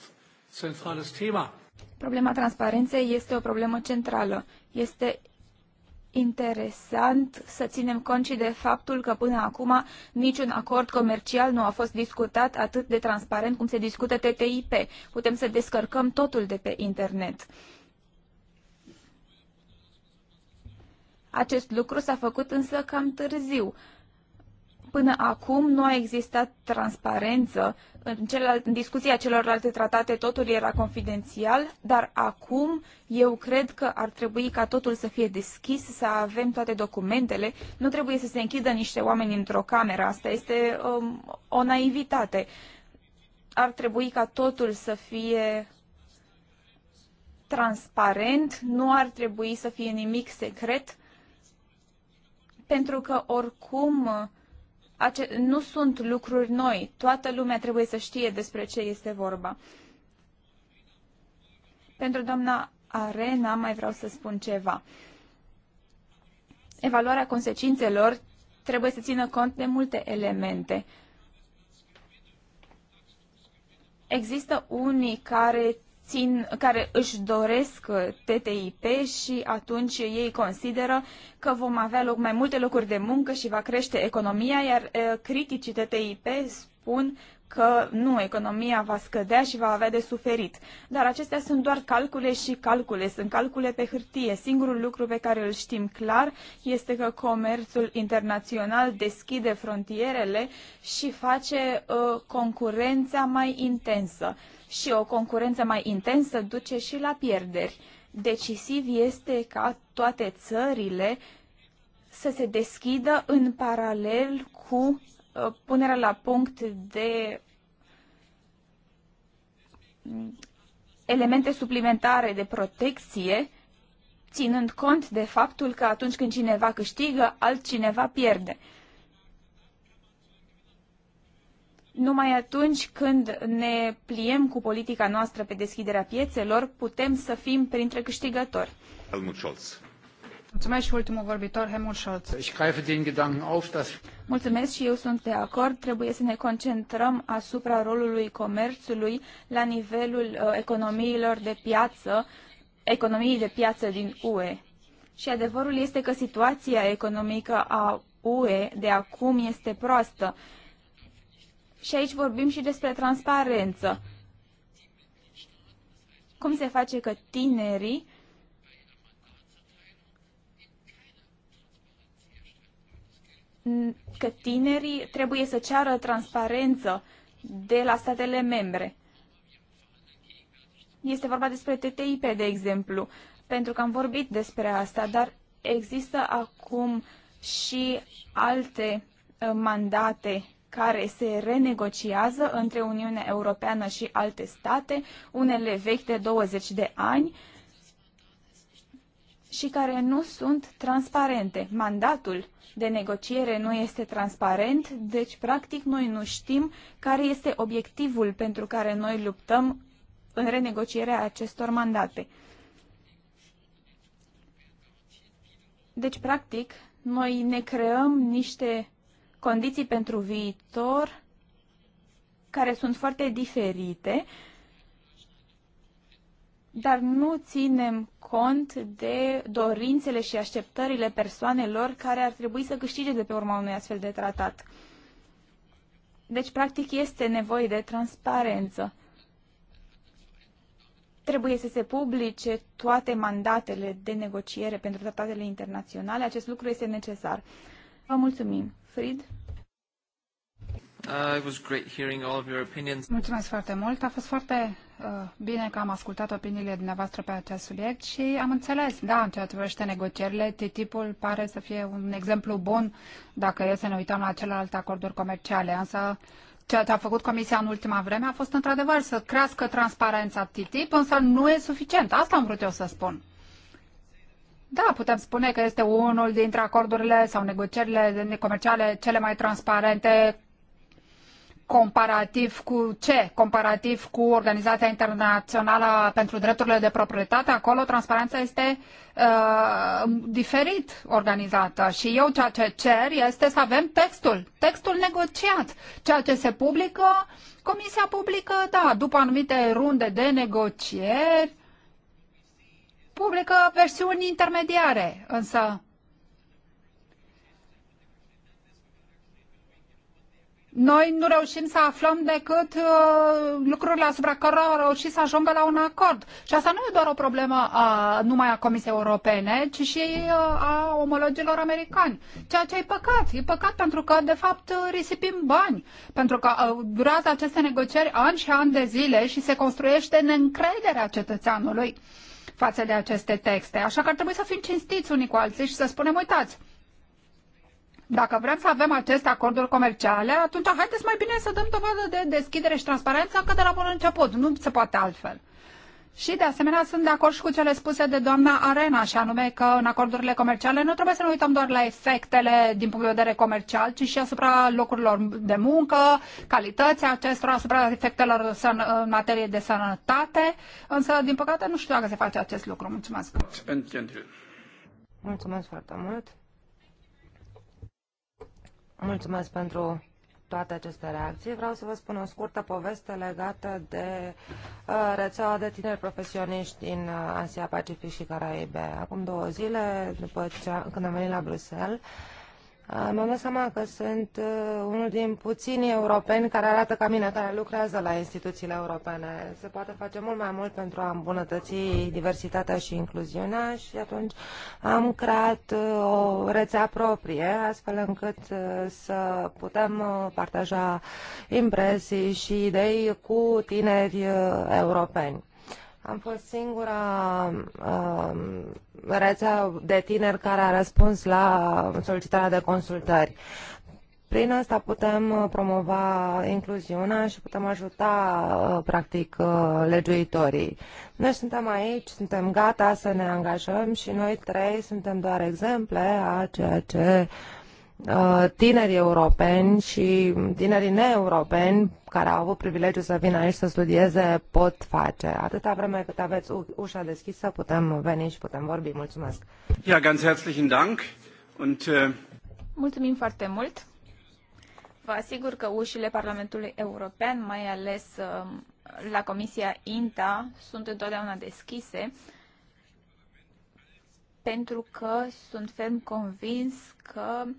zentrales Thema. Problema transparenței este o problemă centrală. Este interesant să ținem cont și de faptul că până acum niciun acord comercial nu a fost discutat atât de transparent cum se discută TTIP. Putem să descărcăm totul de pe internet. Acest lucru s-a făcut însă cam târziu. Până acum nu a existat transparență. În, celălalt, în discuția celorlalte tratate totul era confidențial, dar acum eu cred că ar trebui ca totul să fie deschis, să avem toate documentele. Nu trebuie să se închidă niște oameni într-o cameră. Asta este um, o naivitate. Ar trebui ca totul să fie transparent, nu ar trebui să fie nimic secret, pentru că oricum Ace- nu sunt lucruri noi. Toată lumea trebuie să știe despre ce este vorba. Pentru doamna Arena mai vreau să spun ceva. Evaluarea consecințelor trebuie să țină cont de multe elemente. Există unii care țin, care își doresc TTIP și atunci ei consideră că vom avea loc, mai multe locuri de muncă și va crește economia, iar criticii TTIP spun că nu, economia va scădea și va avea de suferit. Dar acestea sunt doar calcule și calcule, sunt calcule pe hârtie. Singurul lucru pe care îl știm clar este că comerțul internațional deschide frontierele și face uh, concurența mai intensă și o concurență mai intensă duce și la pierderi. Decisiv este ca toate țările să se deschidă în paralel cu uh, punerea la punct de mm, elemente suplimentare de protecție, ținând cont de faptul că atunci când cineva câștigă, altcineva pierde. Numai atunci când ne pliem cu politica noastră pe deschiderea piețelor, putem să fim printre câștigători. Helmut Scholz. Mulțumesc și ultimul vorbitor, Helmut Scholz. Ich greife den Gedanken auf, dass... Mulțumesc și eu sunt de acord. Trebuie să ne concentrăm asupra rolului comerțului la nivelul uh, economiilor de piață, economiei de piață din UE. Și adevărul este că situația economică a UE de acum este proastă și aici vorbim și despre transparență. Cum se face că tinerii că tinerii trebuie să ceară transparență de la statele membre. Este vorba despre TTIP, de exemplu, pentru că am vorbit despre asta, dar există acum și alte uh, mandate care se renegociază între Uniunea Europeană și alte state, unele vechi de 20 de ani, și care nu sunt transparente. Mandatul de negociere nu este transparent, deci practic noi nu știm care este obiectivul pentru care noi luptăm în renegocierea acestor mandate. Deci practic noi ne creăm niște condiții pentru viitor care sunt foarte diferite, dar nu ținem cont de dorințele și așteptările persoanelor care ar trebui să câștige de pe urma unui astfel de tratat. Deci, practic, este nevoie de transparență. Trebuie să se publice toate mandatele de negociere pentru tratatele internaționale. Acest lucru este necesar. Vă mulțumim! Siegfried. Uh, it was great hearing all of your opinions. Mulțumesc foarte mult. A fost foarte uh, bine că am ascultat opiniile dumneavoastră pe acest subiect și am înțeles, da, în ceea ce privește negocierile, TTIP-ul pare să fie un exemplu bun dacă e să ne uităm la celelalte acorduri comerciale, însă ceea ce a făcut Comisia în ultima vreme a fost într-adevăr să crească transparența TTIP, însă nu e suficient. Asta am vrut eu să spun. Da, putem spune că este unul dintre acordurile sau negocierile comerciale cele mai transparente comparativ cu ce? Comparativ cu Organizația Internațională pentru Drepturile de Proprietate, acolo transparența este uh, diferit organizată și eu ceea ce cer este să avem textul, textul negociat. Ceea ce se publică, Comisia publică, da, după anumite runde de negocieri, publică versiuni intermediare, însă noi nu reușim să aflăm decât uh, lucrurile asupra cărora au reușit să ajungă la un acord. Și asta nu e doar o problemă a, numai a Comisiei Europene, ci și uh, a omologilor americani. Ceea ce e păcat. E păcat pentru că, de fapt, risipim bani. Pentru că uh, durează aceste negocieri ani și ani de zile și se construiește neîncrederea cetățeanului. Uh, față de aceste texte. Așa că ar trebui să fim cinstiți unii cu alții și să spunem, uitați, dacă vrem să avem aceste acorduri comerciale, atunci haideți mai bine să dăm dovadă de deschidere și transparență încă de la bun început. Nu se poate altfel. Și, de asemenea, sunt de acord și cu cele spuse de doamna Arena, și anume că în acordurile comerciale nu trebuie să ne uităm doar la efectele din punct de vedere comercial, ci și asupra locurilor de muncă, calitatea acestora, asupra efectelor în materie de sănătate. Însă, din păcate, nu știu dacă se face acest lucru. Mulțumesc! Mulțumesc foarte mult! Mulțumesc pentru toate aceste reacții, vreau să vă spun o scurtă poveste legată de uh, rețeaua de tineri profesioniști din uh, Asia Pacific și Caraibe. Acum două zile, după ce, când am venit la Bruxelles, mi-am dat seama că sunt uh, unul din puținii europeni care arată ca mine, care lucrează la instituțiile europene. Se poate face mult mai mult pentru a îmbunătăți diversitatea și incluziunea și atunci am creat uh, o rețea proprie, astfel încât uh, să putem partaja impresii și idei cu tineri europeni. Am fost singura uh, rețea de tineri care a răspuns la solicitarea de consultări. Prin asta putem uh, promova incluziunea și putem ajuta, uh, practic, uh, legiuitorii. Noi suntem aici, suntem gata să ne angajăm și noi trei suntem doar exemple a ceea ce uh, Uh, tineri europeni și tinerii neeuropeni care au avut privilegiul să vină aici să studieze pot face. Atâta vreme cât aveți ușa deschisă, putem veni și putem vorbi. Mulțumesc! Ja, ganz herzlichen Dank und, uh... Mulțumim foarte mult! Vă asigur că ușile Parlamentului European, mai ales uh, la Comisia INTA, sunt întotdeauna deschise pentru că sunt ferm convins că uh,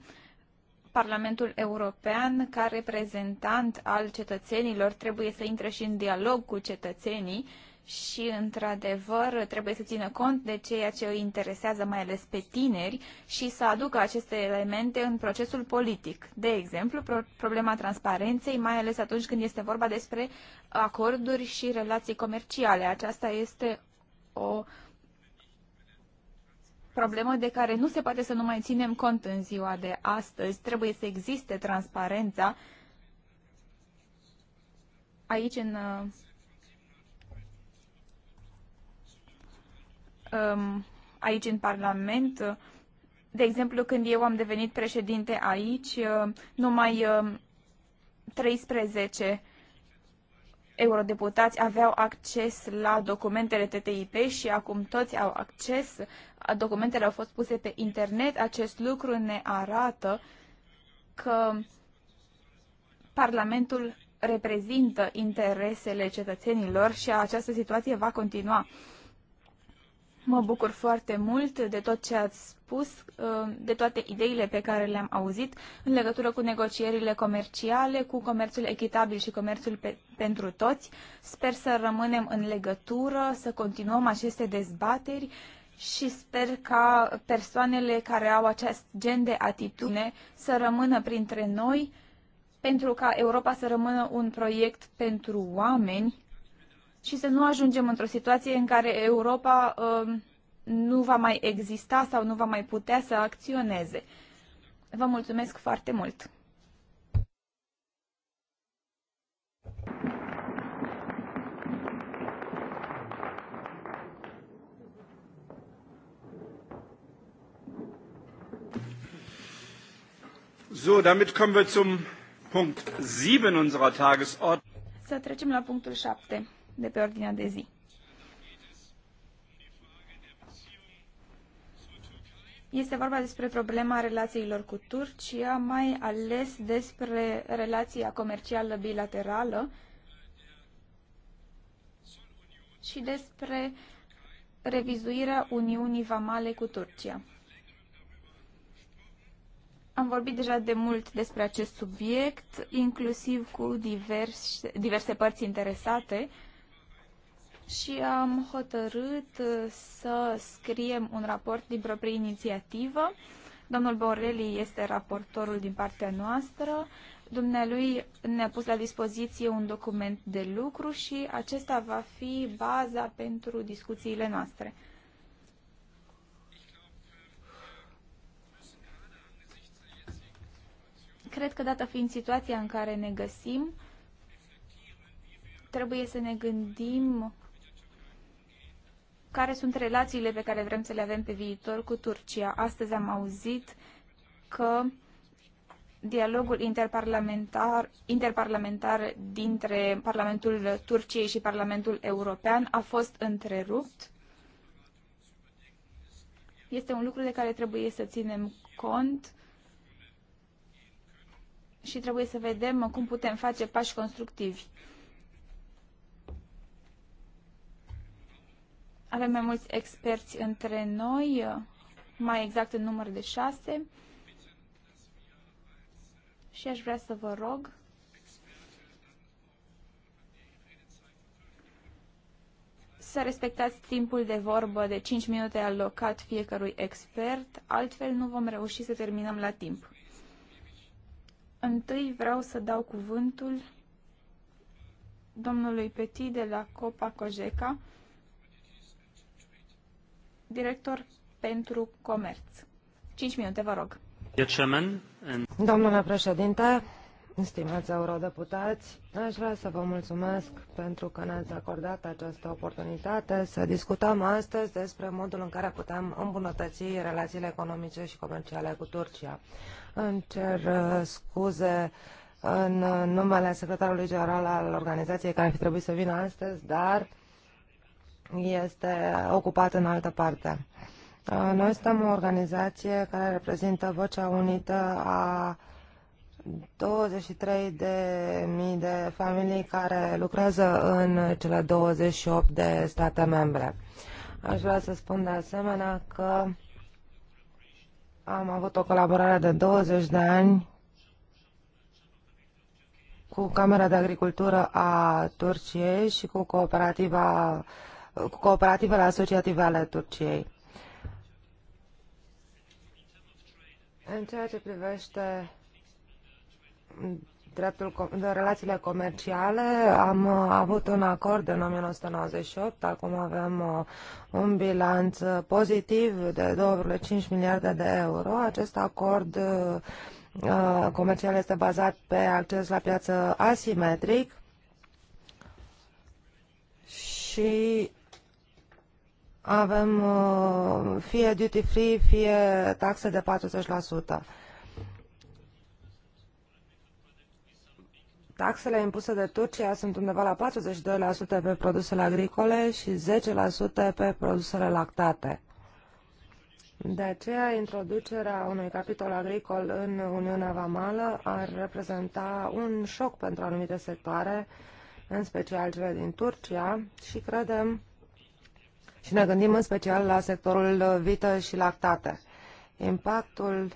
Parlamentul European, ca reprezentant al cetățenilor, trebuie să intre și în dialog cu cetățenii și, într-adevăr, trebuie să țină cont de ceea ce îi interesează, mai ales pe tineri, și să aducă aceste elemente în procesul politic. De exemplu, pro problema transparenței, mai ales atunci când este vorba despre acorduri și relații comerciale. Aceasta este o problemă de care nu se poate să nu mai ținem cont în ziua de astăzi. Trebuie să existe transparența aici în um, aici în Parlament. De exemplu, când eu am devenit președinte aici, uh, numai 13 uh, eurodeputați aveau acces la documentele TTIP și acum toți au acces, documentele au fost puse pe internet, acest lucru ne arată că Parlamentul reprezintă interesele cetățenilor și această situație va continua. Mă bucur foarte mult de tot ce ați spus, uh, de toate ideile pe care le-am auzit în legătură cu negocierile comerciale, cu comerțul echitabil și comerțul pe, pentru toți. Sper să rămânem în legătură, să continuăm aceste dezbateri și sper ca persoanele care au acest gen de atitudine să rămână printre noi pentru ca Europa să rămână un proiect pentru oameni și să nu ajungem într-o situație în care Europa um, nu va mai exista sau nu va mai putea să acționeze. Vă mulțumesc foarte mult! So, damit kommen wir zum Punkt 7 unserer Tagesordnung. Să trecem la punctul 7 de pe ordinea de zi. Este vorba despre problema relațiilor cu Turcia, mai ales despre relația comercială bilaterală și despre revizuirea Uniunii Vamale cu Turcia. Am vorbit deja de mult despre acest subiect, inclusiv cu diverse, diverse părți interesate, și am hotărât uh, să scriem un raport din proprie inițiativă. Domnul Borelli este raportorul din partea noastră. Dumnealui ne-a pus la dispoziție un document de lucru și acesta va fi baza pentru discuțiile noastre. Cred că, dată fiind situația în care ne găsim, trebuie să ne gândim care sunt relațiile pe care vrem să le avem pe viitor cu Turcia. Astăzi am auzit că dialogul interparlamentar, interparlamentar dintre Parlamentul Turciei și Parlamentul European a fost întrerupt. Este un lucru de care trebuie să ținem cont și trebuie să vedem cum putem face pași constructivi. Avem mai mulți experți între noi, mai exact în număr de șase. Și aș vrea să vă rog să respectați timpul de vorbă de 5 minute alocat fiecărui expert, altfel nu vom reuși să terminăm la timp. Întâi vreau să dau cuvântul domnului Petit de la Copa Cojeca, director pentru comerț. 5 minute, vă rog. Domnule președinte, stimați eurodeputați, aș vrea să vă mulțumesc pentru că ne-ați acordat această oportunitate să discutăm astăzi despre modul în care putem îmbunătăți relațiile economice și comerciale cu Turcia. Îmi cer uh, scuze în numele secretarului general al organizației care ar fi trebuit să vină astăzi, dar este ocupat în altă parte. Uh, noi suntem o organizație care reprezintă vocea unită a 23.000 de mii de familii care lucrează în cele 28 de state membre. Aș vrea să spun de asemenea că am avut o colaborare de 20 de ani cu Camera de Agricultură a Turciei și cu Cooperativa cooperativele asociative ale Turciei. În ceea ce privește dreptul de relațiile comerciale, am uh, avut un acord în 1998, acum avem uh, un bilanț pozitiv de 2,5 miliarde de euro. Acest acord uh, comercial este bazat pe acces la piață asimetric și avem uh, fie duty free, fie taxe de 40%. Taxele impuse de Turcia sunt undeva la 42% pe produsele agricole și 10% pe produsele lactate. De aceea, introducerea unui capitol agricol în Uniunea Vamală ar reprezenta un șoc pentru anumite sectoare, în special cele din Turcia, și credem și ne gândim în special la sectorul uh, vită și lactate. Impactul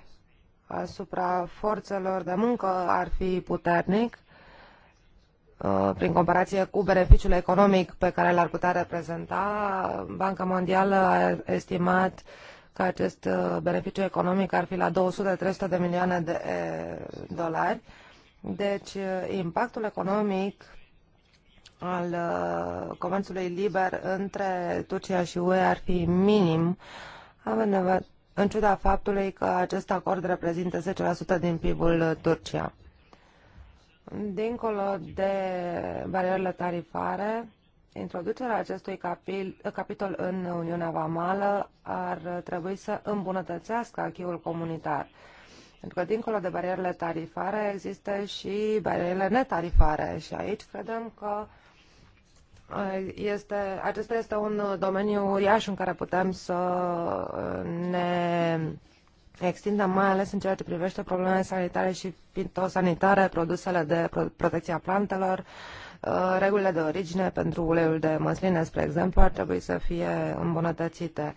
asupra forțelor de muncă ar fi puternic uh, prin comparație cu beneficiul economic pe care l-ar putea reprezenta. Banca Mondială a estimat că acest uh, beneficiu economic ar fi la 200-300 de milioane de dolari. Deci impactul economic al uh, comerțului liber între Turcia și UE ar fi minim, având în ciuda faptului că acest acord reprezintă 10% din PIB-ul Turcia. Dincolo de barierele tarifare, introducerea acestui capil, capitol în Uniunea Vamală ar trebui să îmbunătățească acquis comunitar. Pentru că, dincolo de barierele tarifare, există și barierele netarifare și aici credem că este, acesta este un domeniu uriaș în care putem să ne extindem, mai ales în ceea ce privește problemele sanitare și fitosanitare, produsele de protecție a plantelor, uh, regulile de origine pentru uleiul de măsline, spre exemplu, ar trebui să fie îmbunătățite.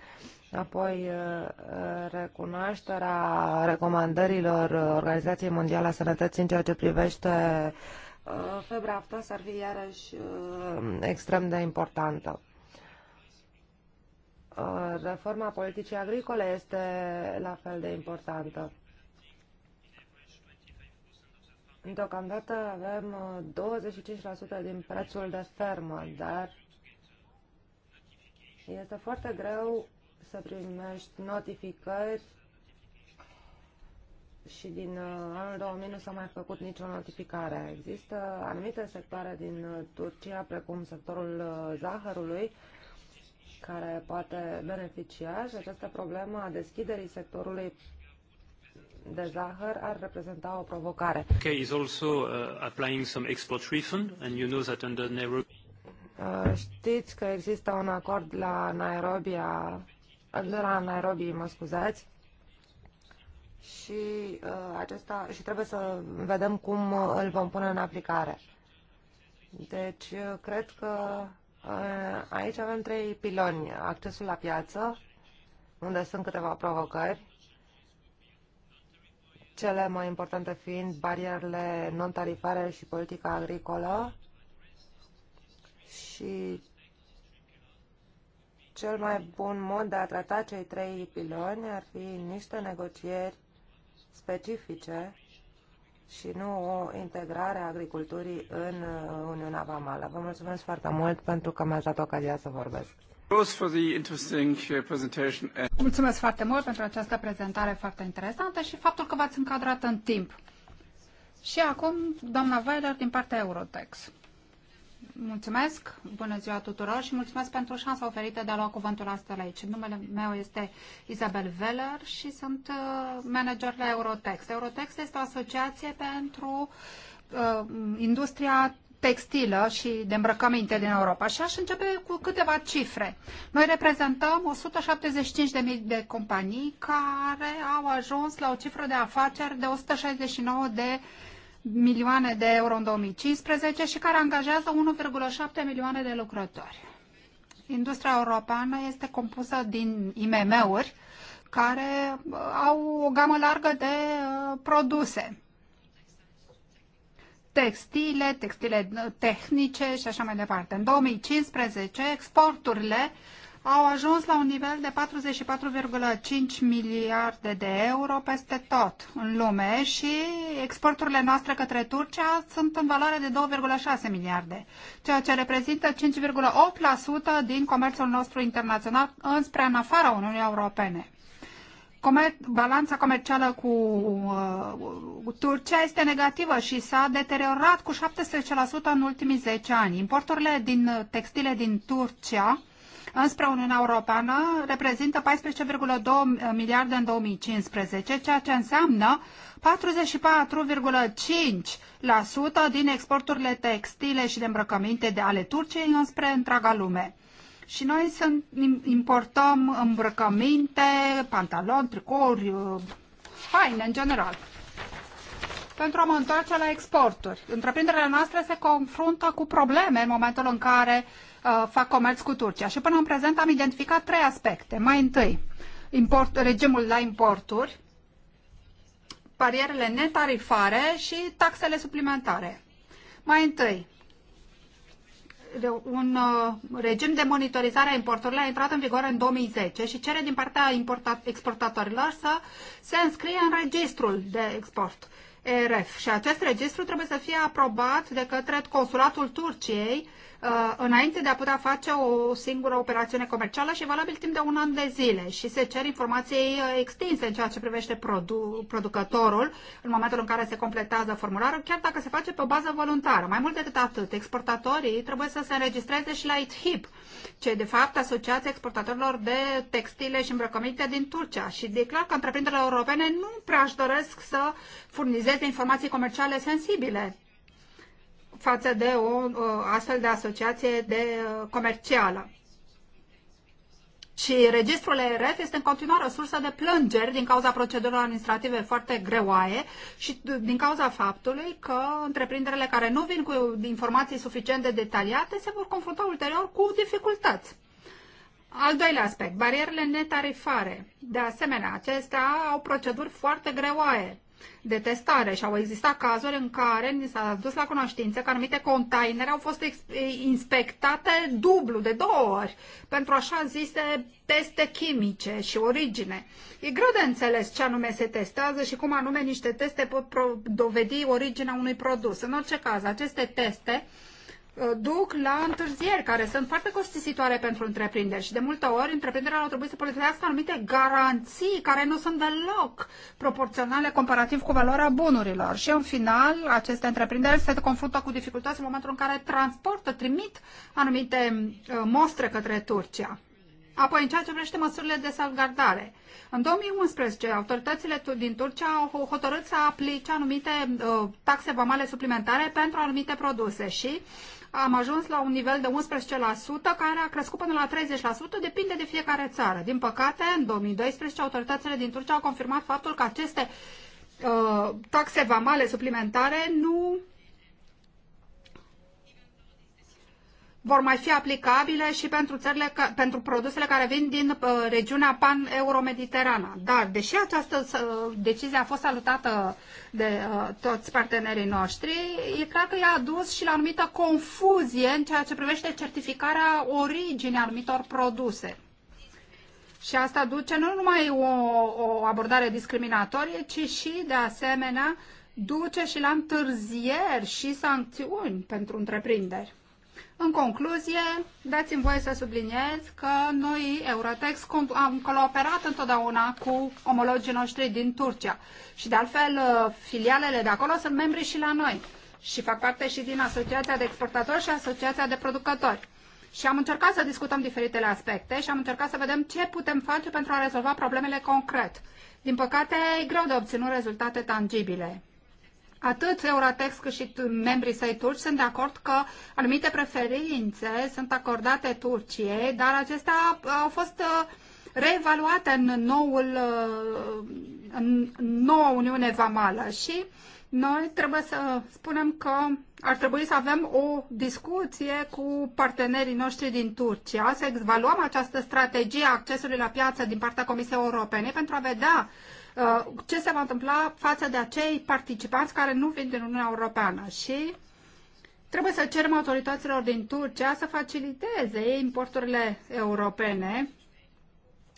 Apoi, uh, recunoașterea recomandărilor Organizației Mondiale a Sănătății în ceea ce privește uh, febra s ar fi iarăși uh, extrem de importantă. Uh, reforma politicii agricole este la fel de importantă. Deocamdată avem uh, 25% din prețul de fermă, dar este foarte greu să primești notificări și din uh, anul 2000 nu s-a mai făcut nicio notificare. Există anumite sectoare din uh, Turcia, precum sectorul uh, zahărului, care poate beneficia și această problemă a deschiderii sectorului de zahăr ar reprezenta o provocare. Okay, is also uh, applying some export refund and you know that under Nairobi uh, Știți că există un acord la Nairobi, de la Nairobi, mă scuzați, și, uh, acesta, și trebuie să vedem cum uh, îl vom pune în aplicare. Deci, uh, cred că uh, aici avem trei piloni. Accesul la piață, unde sunt câteva provocări, cele mai importante fiind barierele non-tarifare și politica agricolă și cel mai bun mod de a trata cei trei piloni ar fi niște negocieri specifice și nu o integrare a agriculturii în uh, Uniunea Vamală. Vă mulțumesc foarte mult pentru că mi-ați dat ocazia să vorbesc. Uh, mulțumesc foarte mult pentru această prezentare foarte interesantă și faptul că v-ați încadrat în timp. Și acum, doamna Weiler, din partea Eurotex. Mulțumesc, bună ziua tuturor și mulțumesc pentru șansa oferită de a lua cuvântul astăzi aici. Numele meu este Isabel Veller și sunt uh, manager la Eurotext. Eurotext este o asociație pentru uh, industria textilă și de îmbrăcăminte din Europa. Și aș începe cu câteva cifre. Noi reprezentăm 175.000 de companii care au ajuns la o cifră de afaceri de 169 de milioane de euro în 2015 și care angajează 1,7 milioane de lucrători. Industria europeană este compusă din IMM-uri care uh, au o gamă largă de uh, produse. Textile, textile uh, tehnice și așa mai departe. În 2015, exporturile uh, au ajuns la un nivel de 44,5 miliarde de euro peste tot în lume și exporturile noastre către Turcia sunt în valoare de 2,6 miliarde, ceea ce reprezintă 5,8% din comerțul nostru internațional înspre în afara Uniunii Europene. Comer balanța comercială cu uh, Turcia este negativă și s-a deteriorat cu 17% în ultimii 10 ani. Importurile din textile din Turcia înspre Uniunea Europeană reprezintă 14,2 miliarde în 2015, ceea ce înseamnă 44,5% din exporturile textile și de îmbrăcăminte de ale Turciei înspre întreaga lume. Și noi importăm îmbrăcăminte, pantaloni, tricouri, uh, haine în general pentru a mă întoarce la exporturi. Întreprinderile noastre se confruntă cu probleme în momentul în care Uh, fac comerț cu Turcia. Și până în prezent am identificat trei aspecte. Mai întâi, import, regimul la importuri, barierele netarifare și taxele suplimentare. Mai întâi, un uh, regim de monitorizare a importurilor a intrat în vigoare în 2010 și cere din partea exportatorilor să se înscrie în registrul de export. ERF și acest registru trebuie să fie aprobat de către Consulatul Turciei Uh, înainte de a putea face o singură operațiune comercială și valabil timp de un an de zile și se cer informații uh, extinse în ceea ce privește produ- producătorul în momentul în care se completează formularul, chiar dacă se face pe o bază voluntară. Mai mult decât atât, exportatorii trebuie să se înregistreze și la ITHIP, ce de fapt Asociația Exportatorilor de Textile și Îmbrăcăminte din Turcia și declar că întreprinderile europene nu prea își doresc să furnizeze informații comerciale sensibile față de o astfel de asociație de uh, comercială. Și registrul ERF este în continuare o sursă de plângeri din cauza procedurilor administrative foarte greoaie și din cauza faptului că întreprinderile care nu vin cu informații suficient de detaliate se vor confrunta ulterior cu dificultăți. Al doilea aspect, barierele netarifare. De asemenea, acestea au proceduri foarte greoaie de testare și au existat cazuri în care ni s-a dus la cunoștință că anumite containere au fost inspectate dublu, de două ori, pentru așa zise teste chimice și origine. E greu de înțeles ce anume se testează și cum anume niște teste pot dovedi originea unui produs. În orice caz, aceste teste uh, Uh, duc la întârzieri care sunt foarte costisitoare pentru întreprinderi și de multe ori întreprinderile au trebuit să plătească anumite garanții care nu sunt deloc proporționale comparativ cu valoarea bunurilor și în final aceste întreprinderi se confruntă cu dificultăți în momentul în care transportă, trimit anumite uh, mostre către Turcia. Apoi, în ceea ce privește măsurile de salvgardare. În 2011, autoritățile din Turcia au hotărât să aplice anumite uh, taxe vamale suplimentare pentru anumite produse și am ajuns la un nivel de 11% care a crescut până la 30%, depinde de fiecare țară. Din păcate, în 2012, autoritățile din Turcia au confirmat faptul că aceste uh, taxe vamale suplimentare nu vor mai fi aplicabile și pentru, țările, pentru produsele care vin din uh, regiunea pan-euromediterana. Dar, deși această uh, decizie a fost salutată de uh, toți partenerii noștri, e clar că i a dus și la anumită confuzie în ceea ce privește certificarea originii anumitor produse. Și asta duce nu numai o, o abordare discriminatorie, ci și, de asemenea, duce și la întârzieri și sancțiuni pentru întreprinderi. În concluzie, dați-mi voie să subliniez că noi, Eurotex, am cooperat întotdeauna cu omologii noștri din Turcia. Și de altfel, uh, filialele de acolo sunt membri și la noi. Și fac parte și din Asociația de Exportatori și Asociația de Producători. Și am încercat să discutăm diferitele aspecte și am încercat să vedem ce putem face pentru a rezolva problemele concret. Din păcate, e greu de obținut rezultate tangibile. Atât Euratex cât și membrii săi turci sunt de acord că anumite preferințe sunt acordate Turciei, dar acestea au fost uh, reevaluate în, noul, uh, în noua Uniune Vamală și noi trebuie să spunem că ar trebui să avem o discuție cu partenerii noștri din Turcia, să evaluăm această strategie a accesului la piață din partea Comisiei Europene pentru a vedea Uh, ce se va întâmpla față de acei participanți care nu vin din Uniunea Europeană și trebuie să cerem autorităților din Turcia să faciliteze importurile europene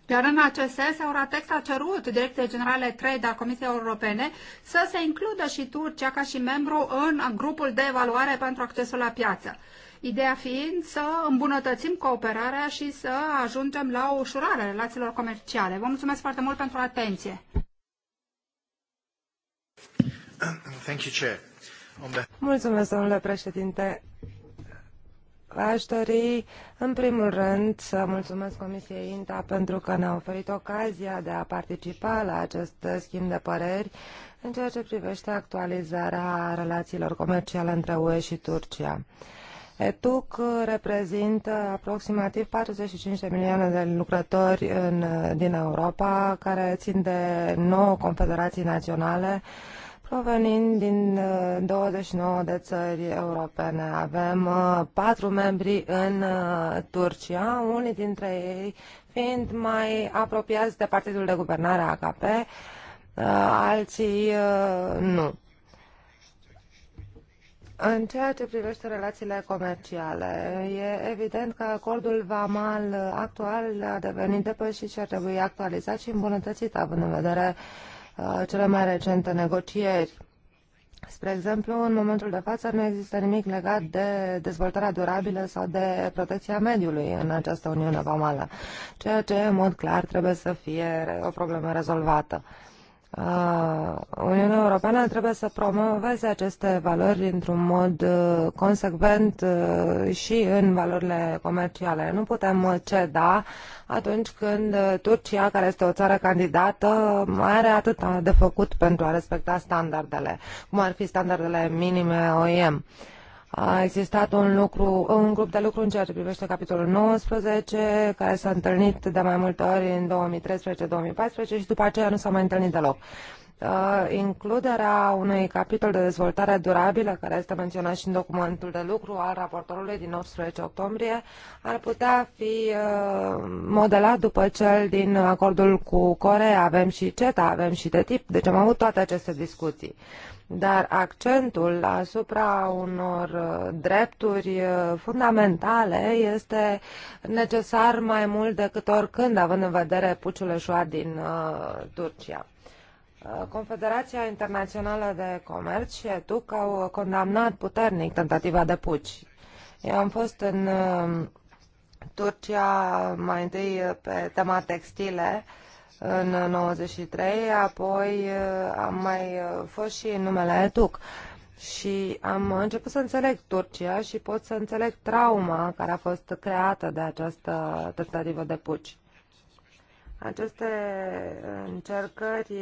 iar în acest sens, Euratex a cerut Direcției Generale 3 de a Comisiei Europene să se includă și Turcia ca și membru în grupul de evaluare pentru accesul la piață. Ideea fiind să îmbunătățim cooperarea și să ajungem la o ușurare relațiilor comerciale. Vă mulțumesc foarte mult pentru atenție. Mulțumesc, domnule președinte. Aș dori, în primul rând, să mulțumesc Comisiei INTA pentru că ne-a oferit ocazia de a participa la acest schimb de păreri în ceea ce privește actualizarea relațiilor comerciale între UE și Turcia. Uh, ETUC reprezintă aproximativ 45 de milioane de lucrători în, din Europa, care țin de 9 confederații naționale, provenind din 29 uh, de țări europene. Avem uh, patru membri în uh, Turcia, unii dintre ei fiind mai apropiați de partidul de guvernare AKP, alții nu. În ceea ce privește relațiile comerciale, e evident că acordul VAMAL actual a devenit depășit și ar trebui actualizat și îmbunătățit, având în vedere uh, cele mai recente negocieri. Spre exemplu, în momentul de față nu există nimic legat de dezvoltarea durabilă sau de protecția mediului în această Uniune Vamală, ceea ce, în mod clar, trebuie să fie o problemă rezolvată. Uh, Uniunea Europeană trebuie să promoveze aceste valori într-un mod uh, consecvent uh, și în valorile comerciale. Nu putem ceda atunci când Turcia, care este o țară candidată, are atât de făcut pentru a respecta standardele, cum ar fi standardele minime OIM. Uh, a existat un, lucru, un grup de lucru în ceea ce privește capitolul 19, care s-a întâlnit de mai multe ori în 2013-2014 și după aceea nu s-a mai întâlnit deloc. Uh, includerea unui capitol de dezvoltare durabilă, care este menționat și în documentul de lucru al raportorului din 18 octombrie, ar putea fi uh, modelat după cel din acordul cu Corea. Avem și CETA, avem și de tip, deci am avut toate aceste discuții. Dar accentul asupra unor uh, drepturi fundamentale este necesar mai mult decât oricând, având în vedere puciul eșuat din Turcia. Uh, Confederația Internațională de Comerț și ETUC au condamnat puternic tentativa de puci. Eu am fost în uh, Turcia mai întâi uh, pe tema textile în 93, apoi am mai fost și în numele ETUC. Și am început să înțeleg Turcia și pot să înțeleg trauma care a fost creată de această tentativă de puci. Aceste încercări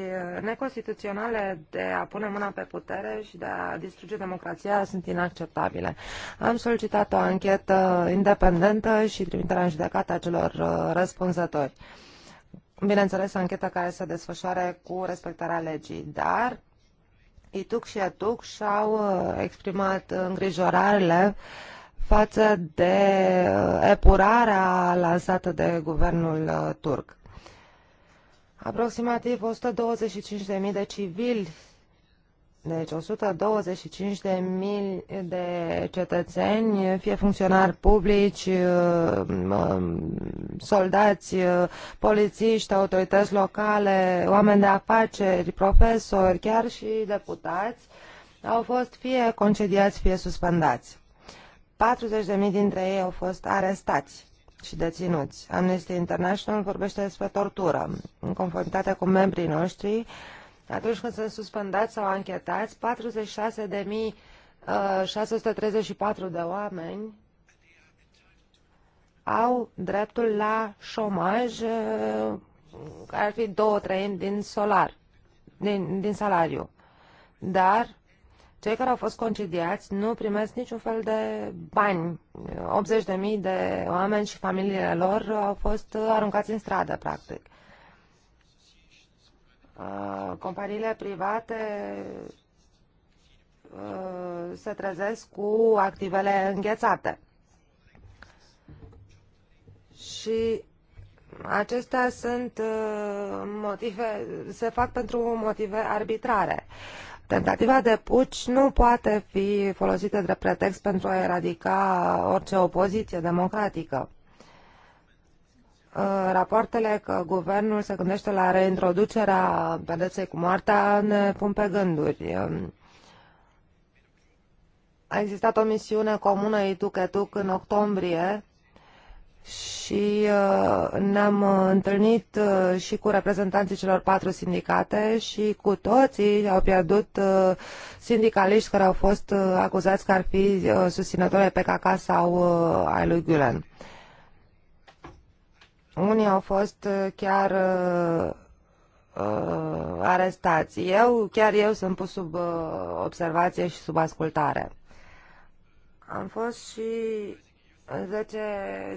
neconstituționale de a pune mâna pe putere și de a distruge democrația sunt inacceptabile. Am solicitat o anchetă independentă și trimiterea în judecată a celor uh, răspunzători. Bineînțeles, ancheta care se desfășoare cu respectarea legii, dar Ituc și Atuc și-au uh, exprimat îngrijorările față de uh, epurarea lansată de guvernul turc. Aproximativ 125.000 de civili, deci 125.000 de, de cetățeni, fie funcționari publici, uh, um, soldați, uh, polițiști, autorități locale, oameni de afaceri, profesori, chiar și deputați, au fost fie concediați, fie suspendați. 40.000 dintre ei au fost arestați și deținuți. Amnesty International vorbește despre tortură. În conformitate cu membrii noștri, atunci când sunt suspendați sau anchetați, 46.634 uh, de oameni au dreptul la șomaj, uh, care ar fi două treimi din, solar, din, din salariu. Dar cei care au fost concediați nu primesc niciun fel de bani. 80.000 de oameni și familiile lor au fost aruncați în stradă, practic. Uh, companiile private uh, se trezesc cu activele înghețate. Și acestea sunt uh, motive, se fac pentru motive arbitrare. Tentativa de puci nu poate fi folosită drept pretext pentru a eradica orice opoziție democratică. Rapoartele că guvernul se gândește la reintroducerea pedeței cu moartea ne pun pe gânduri. A existat o misiune comună ituc în octombrie și uh, ne-am uh, întâlnit uh, și cu reprezentanții celor patru sindicate și cu toții au pierdut sindicaliști care au fost acuzați că ar fi susținători ai PKK sau ai lui Gülen. Unii au fost chiar uh, arestați. Eu, chiar eu sunt pus sub uh, observație și sub ascultare. Am fost și 10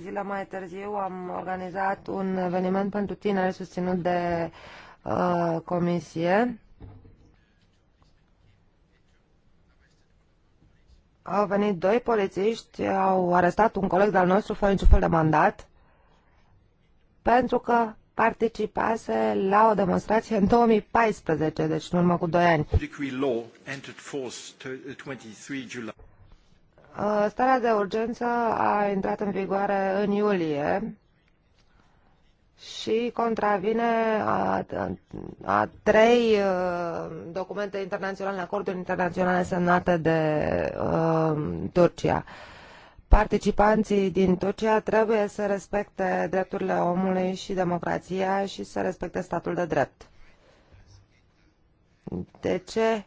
zile mai târziu am organizat un eveniment pentru tineri susținut de uh, comisie. Au venit doi polițiști, au arestat un coleg al nostru fără niciun fel de mandat pentru că participase la o demonstrație în 2014, deci în urmă cu 2 ani. Uh, starea de urgență a intrat în vigoare în iulie și contravine a, a, a trei uh, documente internaționale, acorduri internaționale semnate de a, uh, Turcia. Participanții din Turcia trebuie să respecte drepturile omului și democrația și să respecte statul de drept. De ce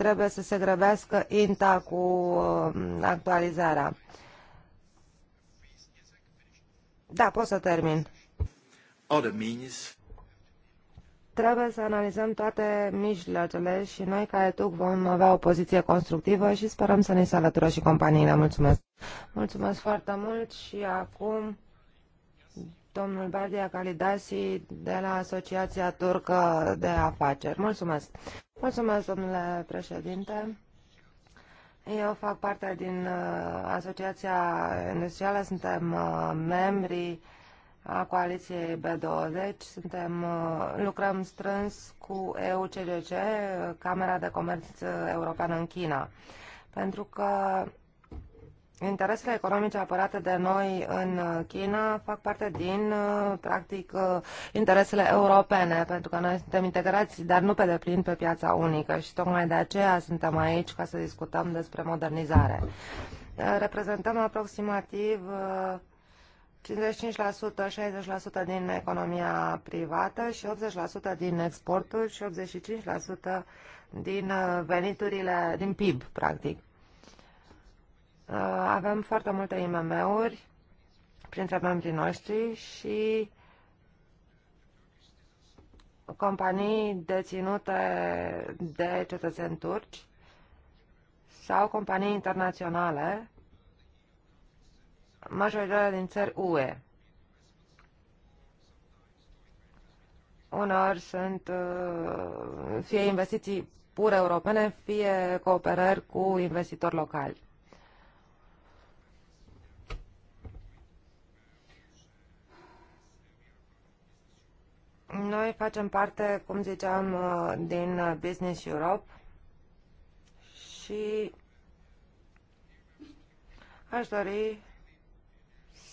trebuie să se grăbească INTA cu um, actualizarea. Da, pot să termin. Trebuie să analizăm toate mijloacele și noi ca ETUC vom avea o poziție constructivă și sperăm să ne se alătură și companiile. Mulțumesc! Mulțumesc foarte mult și acum domnul Bardia Calidasi de la Asociația Turcă de Afaceri. Mulțumesc! domnule președinte. Eu fac parte din uh, Asociația Industrială, suntem uh, membri a coaliției B20, suntem, uh, lucrăm strâns cu EUCGC, Camera de Comerț Europeană în China, pentru că Interesele economice apărate de noi în uh, China fac parte din, uh, practic, uh, interesele europene, pentru că noi suntem integrați, dar nu pe deplin pe piața unică și tocmai de aceea suntem aici ca să discutăm despre modernizare. Reprezentăm aproximativ 55%, 60% din economia privată și 80% din exporturi și 85% din veniturile, din PIB, practic. Uh, avem foarte multe IMM-uri printre membrii noștri și companii deținute de cetățeni turci sau companii internaționale, majoritatea din țări UE. Uneori sunt uh, fie investiții pur europene, fie cooperări cu investitori locali. Noi facem parte, cum ziceam, uh, din Business Europe și aș dori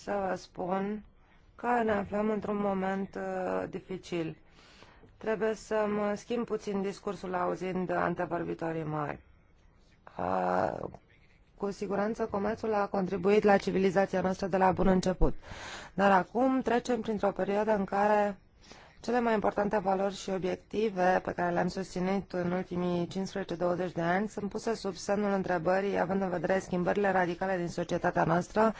să vă spun că ne aflăm într-un moment uh, dificil. Trebuie să mă schimb puțin discursul auzind antevorbitorii mari. Uh, cu siguranță comerțul a contribuit la civilizația noastră de la bun început. Dar acum trecem printr-o perioadă în care cele mai importante valori și obiective pe care le-am susținut în ultimii 15-20 de ani sunt puse sub semnul întrebării, având în vedere schimbările radicale din societatea noastră,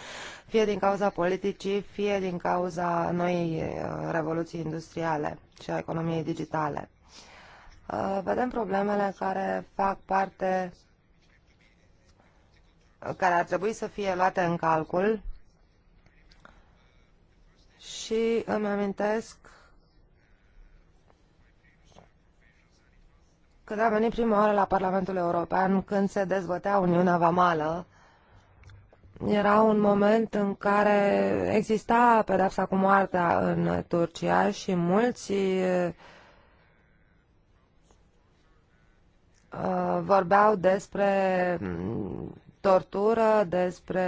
fie din cauza politicii, fie din cauza noii uh, revoluții industriale și a economiei digitale. Uh, vedem problemele care fac parte, uh, care ar trebui să fie luate în calcul și îmi amintesc Când am venit prima oară la Parlamentul European, când se dezbătea Uniunea Vamală, era un moment în care exista pedepsa cu moartea în Turcia și mulți uh, vorbeau despre tortură, despre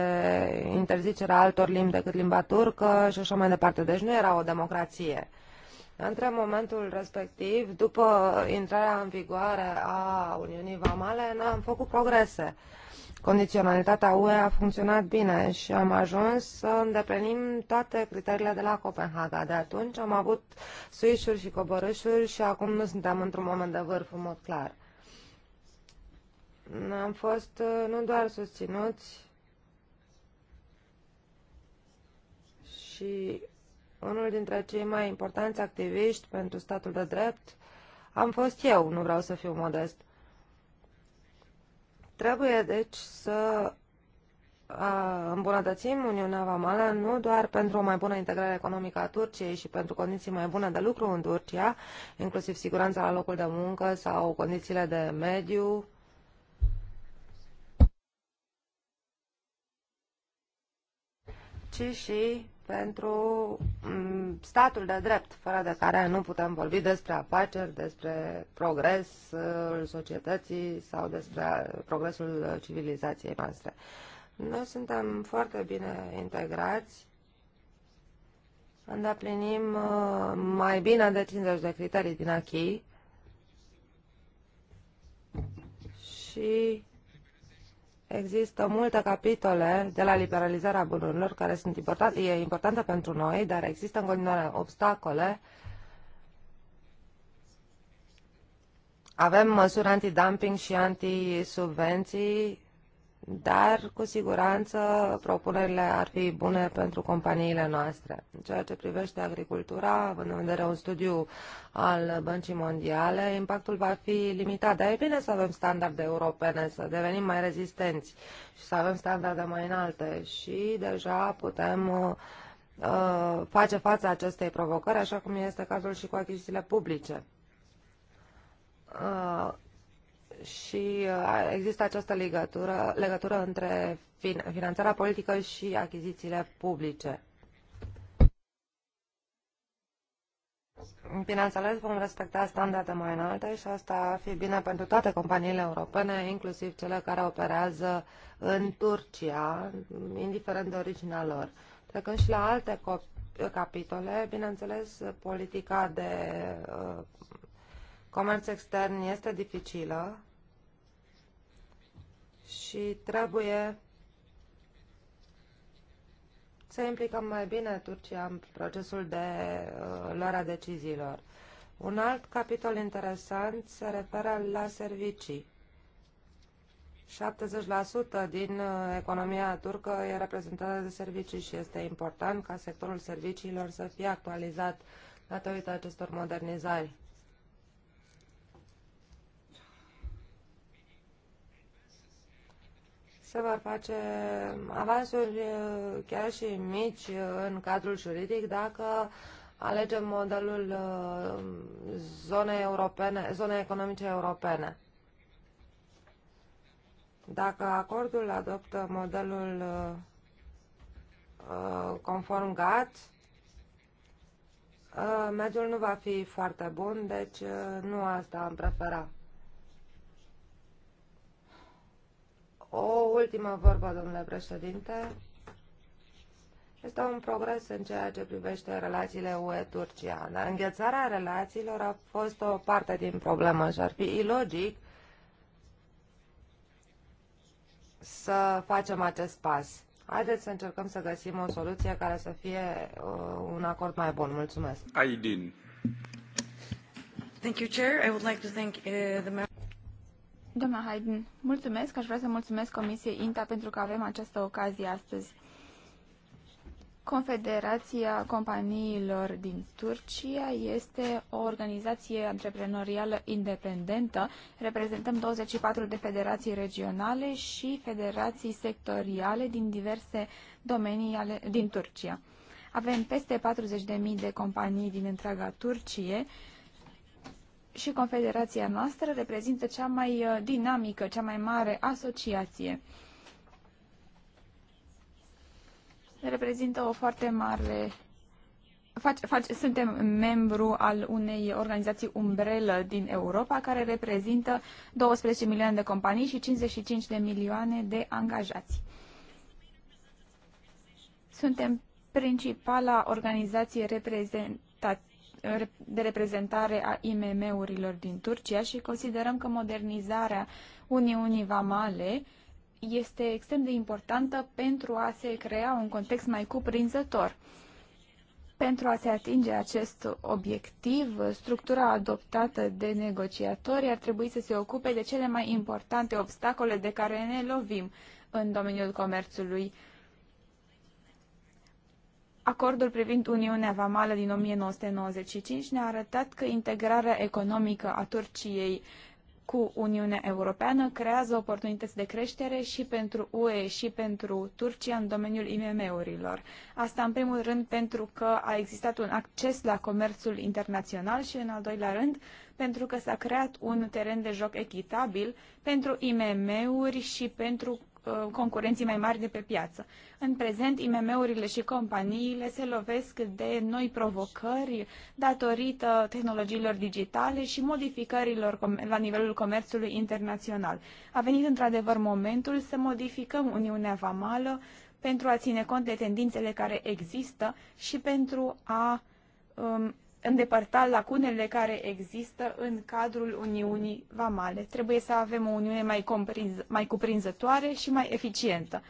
interzicerea altor limbi decât limba turcă și așa mai departe. Deci nu era o democrație. Între momentul respectiv, după intrarea în vigoare a Uniunii Vamale, am făcut progrese. Condiționalitatea UE a funcționat bine și am ajuns să îndeplinim toate criteriile de la Copenhaga. De atunci am avut suișuri și coborâșuri și acum nu suntem într-un moment de vârf în mod clar. Am fost uh, nu doar susținuți și unul dintre cei mai importanți activiști pentru statul de drept am fost eu, nu vreau să fiu modest. Trebuie, deci, să îmbunătățim Uniunea Vamală nu doar pentru o mai bună integrare economică a Turciei și pentru condiții mai bune de lucru în Turcia, inclusiv siguranța la locul de muncă sau condițiile de mediu, ci și pentru mm, statul de drept, fără de care nu putem vorbi despre afaceri, despre progresul societății sau despre progresul civilizației noastre. Noi suntem foarte bine integrați, îndeplinim uh, mai bine de 50 de criterii din achii și Există multe capitole de la liberalizarea bunurilor care sunt importante, e importantă pentru noi, dar există în continuare obstacole. Avem măsuri antidumping și antisubvenții dar cu siguranță propunerile ar fi bune pentru companiile noastre. În ceea ce privește agricultura, având în vedere un studiu al Băncii Mondiale, impactul va fi limitat, dar e bine să avem standarde europene, să devenim mai rezistenți și să avem standarde mai înalte și deja putem uh, uh face față acestei provocări, așa cum este cazul și cu achizițiile publice. Uh, și uh, există această legătură, legătură între finanțarea politică și achizițiile publice. Bineînțeles, vom respecta standarde mai înalte și asta ar fi bine pentru toate companiile europene, inclusiv cele care operează în Turcia, indiferent de originea lor. Trecând și la alte capitole, bineînțeles, politica de uh, comerț extern este dificilă și trebuie să implicăm mai bine Turcia în procesul de uh, luarea deciziilor. Un alt capitol interesant se referă la servicii. 70% din uh, economia turcă e reprezentată de servicii și este important ca sectorul serviciilor să fie actualizat datorită acestor modernizări. se vor face avansuri chiar și mici în cadrul juridic dacă alegem modelul zonei, europene, zonei economice europene. Dacă acordul adoptă modelul conform GATT, mediul nu va fi foarte bun, deci nu asta am preferat. O ultimă vorbă, domnule președinte. Este un progres în ceea ce privește relațiile UE-Turcia, dar înghețarea relațiilor a fost o parte din problemă și ar fi ilogic să facem acest pas. Haideți să încercăm să găsim o soluție care să fie uh, un acord mai bun. Mulțumesc. Aidin. Thank you, Chair. I would like to thank uh, the Doamna Haydn, mulțumesc. Aș vrea să mulțumesc Comisiei INTA pentru că avem această ocazie astăzi. Confederația Companiilor din Turcia este o organizație antreprenorială independentă. Reprezentăm 24 de federații regionale și federații sectoriale din diverse domenii ale, din Turcia. Avem peste 40.000 de companii din întreaga Turcie și confederația noastră reprezintă cea mai uh, dinamică, cea mai mare asociație. Reprezintă o foarte mare... Face, face, suntem membru al unei organizații umbrelă din Europa care reprezintă 12 milioane de companii și 55 de milioane de angajați. Suntem principala organizație reprezentată de reprezentare a IMM-urilor din Turcia și considerăm că modernizarea Uniunii Vamale este extrem de importantă pentru a se crea un context mai cuprinzător. Pentru a se atinge acest obiectiv, structura adoptată de negociatori ar trebui să se ocupe de cele mai importante obstacole de care ne lovim în domeniul comerțului Acordul privind Uniunea Vamală din 1995 ne-a arătat că integrarea economică a Turciei cu Uniunea Europeană creează oportunități de creștere și pentru UE și pentru Turcia în domeniul IMM-urilor. Asta în primul rând pentru că a existat un acces la comerțul internațional și în al doilea rând pentru că s-a creat un teren de joc echitabil pentru IMM-uri și pentru Uh, concurenții mai mari de pe piață. În prezent, IMM-urile și companiile se lovesc de noi provocări datorită tehnologiilor digitale și modificărilor la nivelul comerțului internațional. A venit într-adevăr momentul să modificăm Uniunea Vamală pentru a ține cont de tendințele care există și pentru a um, îndepărta lacunele care există în cadrul Uniunii Vamale. Trebuie să avem o Uniune mai, comprinz, mai cuprinzătoare și mai eficientă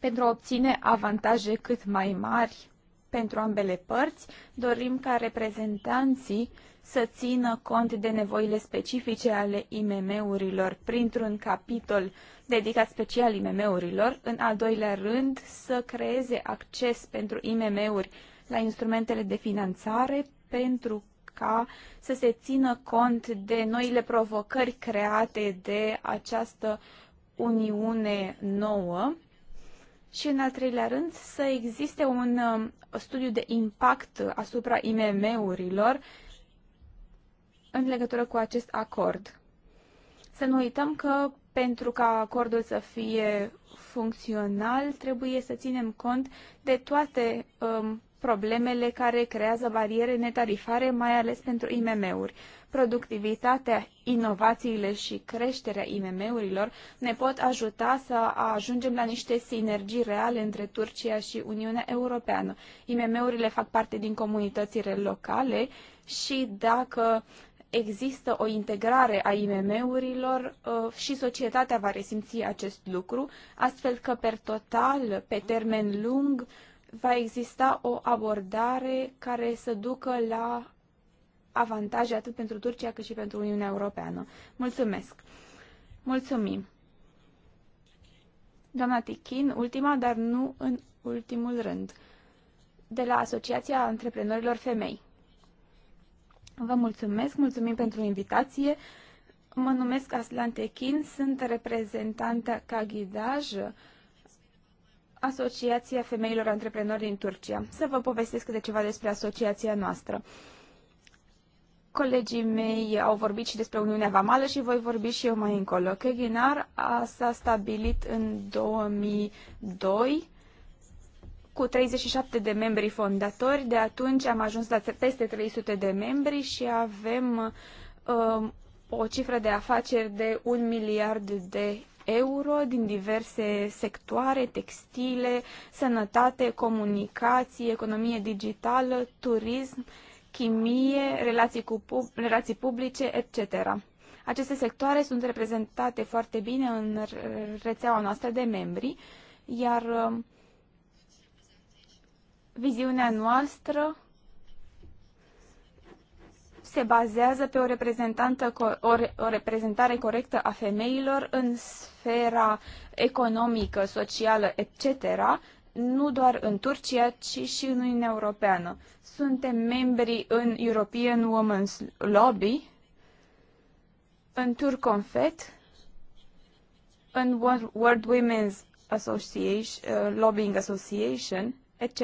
pentru a obține avantaje cât mai mari pentru ambele părți, dorim ca reprezentanții să țină cont de nevoile specifice ale IMM-urilor printr-un capitol dedicat special IMM-urilor, în al doilea rând să creeze acces pentru IMM-uri la instrumentele de finanțare pentru ca să se țină cont de noile provocări create de această uniune nouă și, în al treilea rând, să existe un um, studiu de impact asupra IMM-urilor în legătură cu acest acord. Să nu uităm că pentru ca acordul să fie funcțional, trebuie să ținem cont de toate um, problemele care creează bariere netarifare, mai ales pentru IMM-uri. Productivitatea, inovațiile și creșterea IMM-urilor ne pot ajuta să ajungem la niște sinergii reale între Turcia și Uniunea Europeană. IMM-urile fac parte din comunitățile locale și dacă există o integrare a IMM-urilor uh, și societatea va resimți acest lucru, astfel că, per total, pe termen lung, va exista o abordare care să ducă la avantaje atât pentru Turcia cât și pentru Uniunea Europeană. Mulțumesc! Mulțumim! Doamna Tichin, ultima, dar nu în ultimul rând, de la Asociația Antreprenorilor Femei. Vă mulțumesc, mulțumim pentru invitație. Mă numesc Aslan Tekin, sunt reprezentantă Cagidaj, Asociația Femeilor Antreprenori din Turcia. Să vă povestesc câte ceva despre asociația noastră. Colegii mei au vorbit și despre Uniunea Vamală și voi vorbi și eu mai încolo. Căghinar s-a stabilit în 2002 cu 37 de membri fondatori. De atunci am ajuns la peste 300 de membri și avem um, o cifră de afaceri de 1 miliard de euro din diverse sectoare, textile, sănătate, comunicații, economie digitală, turism, chimie, relații, cu pub- relații publice, etc. Aceste sectoare sunt reprezentate foarte bine în rețeaua noastră de membri, iar um, viziunea noastră se bazează pe o, reprezentantă, o, o reprezentare corectă a femeilor în sfera economică, socială, etc., nu doar în Turcia, ci și în Uniunea Europeană. Suntem membri în European Women's Lobby, în Turconfet, în World Women's Association, uh, Lobbying Association, etc.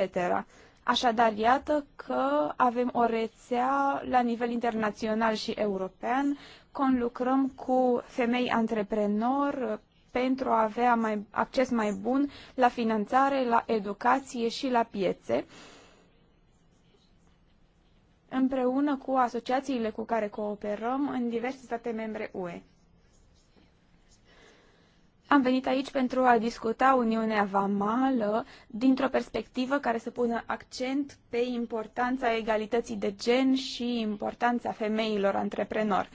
Așadar, iată că avem o rețea la nivel internațional și european, conlucrăm cu femei antreprenor pentru a avea mai, acces mai bun la finanțare, la educație și la piețe. Împreună cu asociațiile cu care cooperăm în diverse state membre UE. Am venit aici pentru a discuta Uniunea Vamală dintr-o perspectivă care să pună accent pe importanța egalității de gen și importanța femeilor antreprenori.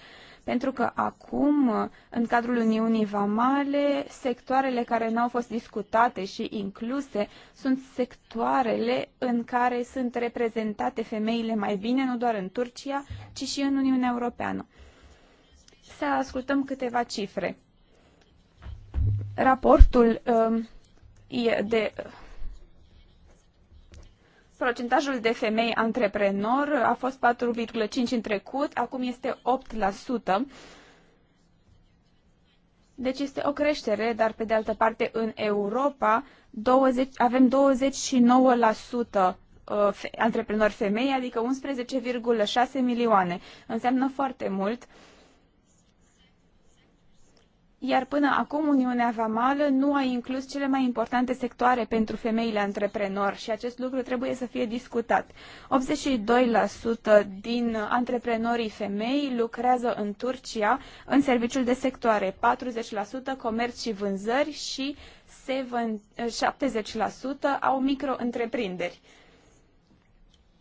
Pentru că acum, în cadrul Uniunii Vamale, sectoarele care n-au fost discutate și incluse sunt sectoarele în care sunt reprezentate femeile mai bine, nu doar în Turcia, ci și în Uniunea Europeană. Să ascultăm câteva cifre raportul um, e de procentajul de femei antreprenor a fost 4,5 în trecut, acum este 8%. Deci este o creștere, dar pe de altă parte în Europa 20, avem 29% uh, antreprenori femei, adică 11,6 milioane. Înseamnă foarte mult. Uh, iar până acum Uniunea Vamală nu a inclus cele mai importante sectoare pentru femeile antreprenori și acest lucru trebuie să fie discutat. 82% din antreprenorii femei lucrează în Turcia în serviciul de sectoare, 40% comerț și vânzări și 70% au micro-întreprinderi.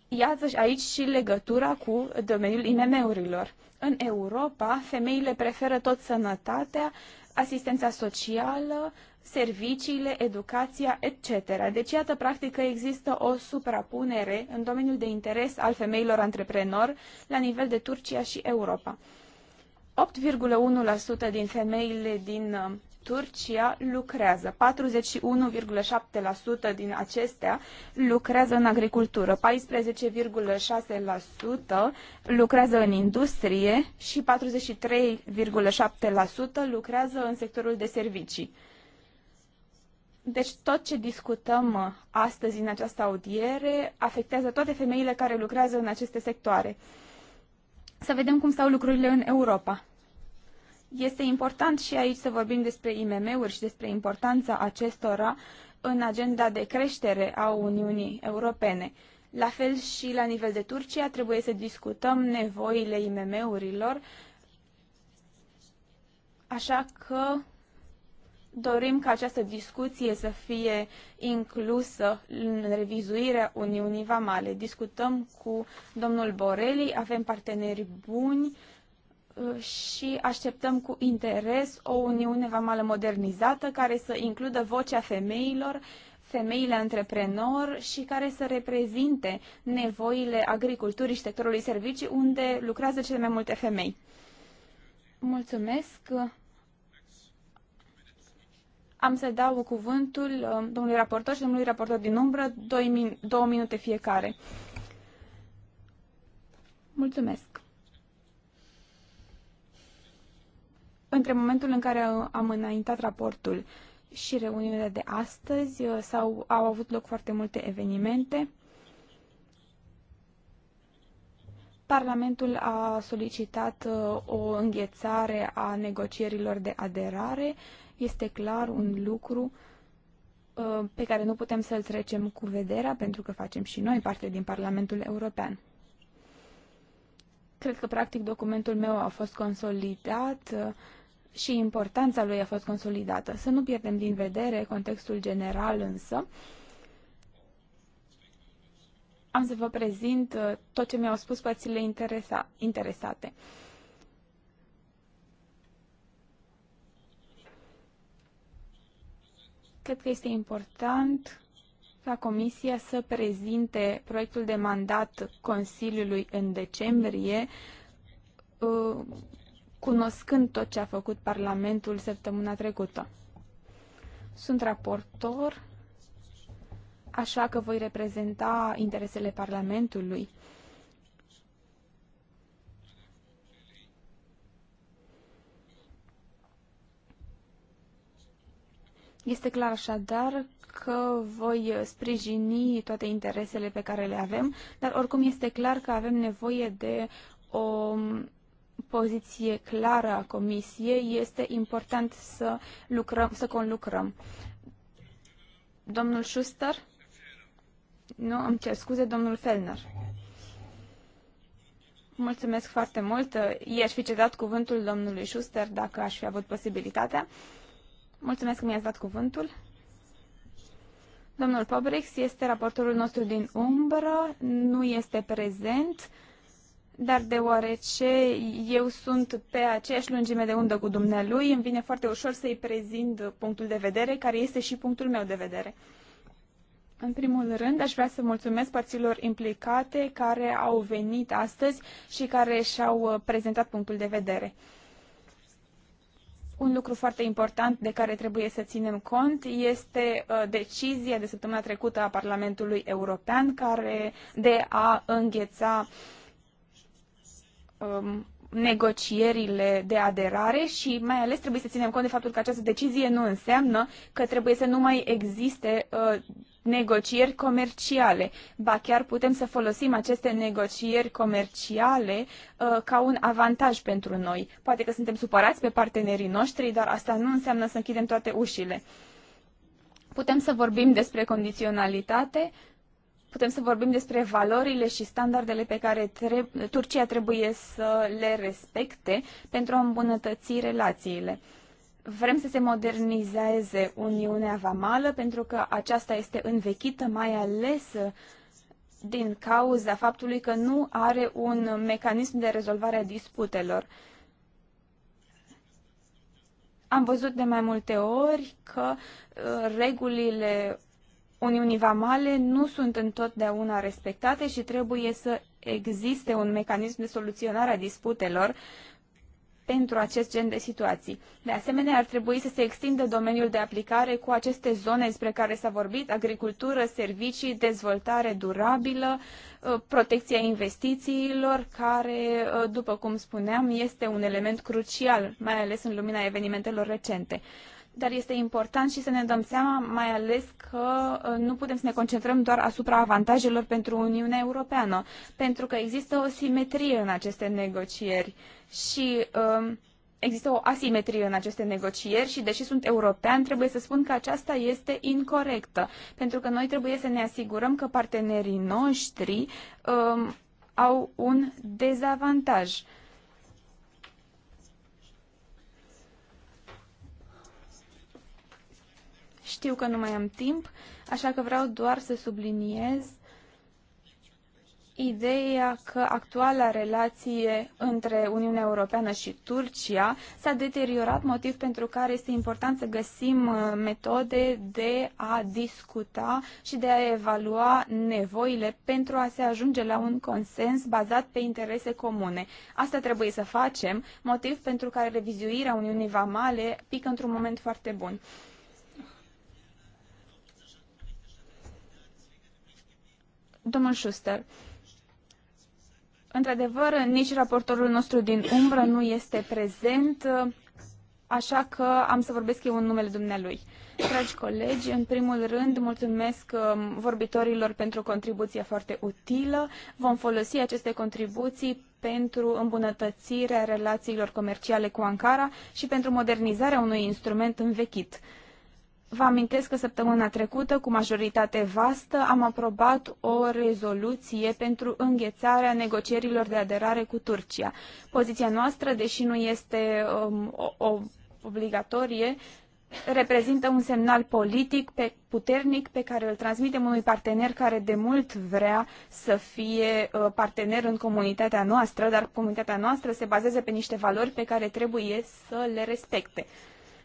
Iată aici și legătura cu domeniul IMM-urilor. În Europa, femeile preferă tot sănătatea, asistența socială, serviciile, educația, etc. Deci, iată, practic, că există o suprapunere în domeniul de interes al femeilor antreprenor la nivel de Turcia și Europa. 8,1% din femeile din uh, Turcia lucrează. 41,7% din acestea lucrează în agricultură, 14,6% lucrează în industrie și 43,7% lucrează în sectorul de servicii. Deci tot ce discutăm astăzi în această audiere afectează toate femeile care lucrează în aceste sectoare. Să vedem cum stau lucrurile în Europa. Este important și aici să vorbim despre IMM-uri și despre importanța acestora în agenda de creștere a Uniunii Europene. La fel și la nivel de Turcia trebuie să discutăm nevoile IMM-urilor, așa că dorim ca această discuție să fie inclusă în revizuirea Uniunii Vamale. Discutăm cu domnul Borelli, avem parteneri buni, Uh, și așteptăm cu interes o Uniune Vamală modernizată care să includă vocea femeilor, femeile antreprenor și care să reprezinte nevoile agriculturii și sectorului servicii unde lucrează cele mai multe femei. Mulțumesc! Am să dau cuvântul uh, domnului raportor și domnului raportor din umbră, două, două minute fiecare. Mulțumesc! între momentul în care am înaintat raportul și reuniunea de astăzi uh, sau au avut loc foarte multe evenimente. Parlamentul a solicitat uh, o înghețare a negocierilor de aderare. Este clar un lucru uh, pe care nu putem să-l trecem cu vederea, pentru că facem și noi parte din Parlamentul European. Cred că, practic, documentul meu a fost consolidat și importanța lui a fost consolidată. Să nu pierdem din vedere contextul general însă. Am să vă prezint uh, tot ce mi-au spus părțile interesa- interesate. Cred că este important ca Comisia să prezinte proiectul de mandat Consiliului în decembrie uh, cunoscând tot ce a făcut Parlamentul săptămâna trecută. Sunt raportor, așa că voi reprezenta interesele Parlamentului. Este clar așadar că voi sprijini toate interesele pe care le avem, dar oricum este clar că avem nevoie de o poziție clară a Comisiei, este important să lucrăm, să conlucrăm. Domnul Schuster? Nu, îmi cer scuze, domnul Fellner. Mulțumesc foarte mult. I-aș fi cedat cuvântul domnului Schuster dacă aș fi avut posibilitatea. Mulțumesc că mi-ați dat cuvântul. Domnul Pobrix este raportorul nostru din umbră, nu este prezent dar deoarece eu sunt pe aceeași lungime de undă cu dumnealui, îmi vine foarte ușor să-i prezint punctul de vedere, care este și punctul meu de vedere. În primul rând, aș vrea să mulțumesc părților implicate care au venit astăzi și care și-au uh, prezentat punctul de vedere. Un lucru foarte important de care trebuie să ținem cont este uh, decizia de săptămâna trecută a Parlamentului European care de a îngheța uh, um, negocierile de aderare și mai ales trebuie să ținem cont de faptul că această decizie nu înseamnă că trebuie să nu mai existe uh, negocieri comerciale. Ba chiar putem să folosim aceste negocieri comerciale uh, ca un avantaj pentru noi. Poate că suntem supărați pe partenerii noștri, dar asta nu înseamnă să închidem toate ușile. Putem să vorbim despre condiționalitate, uh, putem să vorbim despre valorile și standardele pe care treb- Turcia trebuie să le respecte pentru a îmbunătăți relațiile. Vrem să se modernizeze Uniunea Vamală pentru că aceasta este învechită, mai ales din cauza faptului că nu are un mecanism de rezolvare a disputelor. Am văzut de mai multe ori că uh, regulile Uniunii Vamale nu sunt întotdeauna respectate și trebuie să existe un mecanism de soluționare a disputelor pentru acest gen de situații. De asemenea, ar trebui să se extindă domeniul de aplicare cu aceste zone despre care s-a vorbit, agricultură, servicii, dezvoltare durabilă, uh, protecția investițiilor, care, uh, după cum spuneam, este un element crucial, mai ales în lumina evenimentelor recente dar este important și să ne dăm seama mai ales că uh, nu putem să ne concentrăm doar asupra avantajelor pentru Uniunea Europeană, pentru că există o simetrie în aceste negocieri și um, există o asimetrie în aceste negocieri și deși sunt european, trebuie să spun că aceasta este incorrectă, pentru că noi trebuie să ne asigurăm că partenerii noștri um, au un dezavantaj. Uh, Știu că nu mai am timp, așa că vreau doar să subliniez ideea că actuala relație între Uniunea Europeană și Turcia s-a deteriorat, motiv pentru care este important să găsim uh, metode de a discuta și de a evalua nevoile pentru a se ajunge la un consens bazat pe interese comune. Asta trebuie să facem, motiv pentru care revizuirea Uniunii Vamale pică într-un moment foarte bun. Domnul Schuster, într-adevăr, nici raportorul nostru din umbră nu este prezent, așa că am să vorbesc eu în numele dumnealui. Dragi colegi, în primul rând mulțumesc um, vorbitorilor pentru contribuția foarte utilă. Vom folosi aceste contribuții pentru îmbunătățirea relațiilor comerciale cu Ankara și pentru modernizarea unui instrument învechit. Vă amintesc că săptămâna trecută, cu majoritate vastă, am aprobat o rezoluție pentru înghețarea negocierilor de aderare cu Turcia. Poziția noastră, deși nu este um, o, o obligatorie, reprezintă un semnal politic pe, puternic pe care îl transmitem unui partener care de mult vrea să fie uh, partener în comunitatea noastră, dar comunitatea noastră se bazează pe niște valori pe care trebuie să le respecte.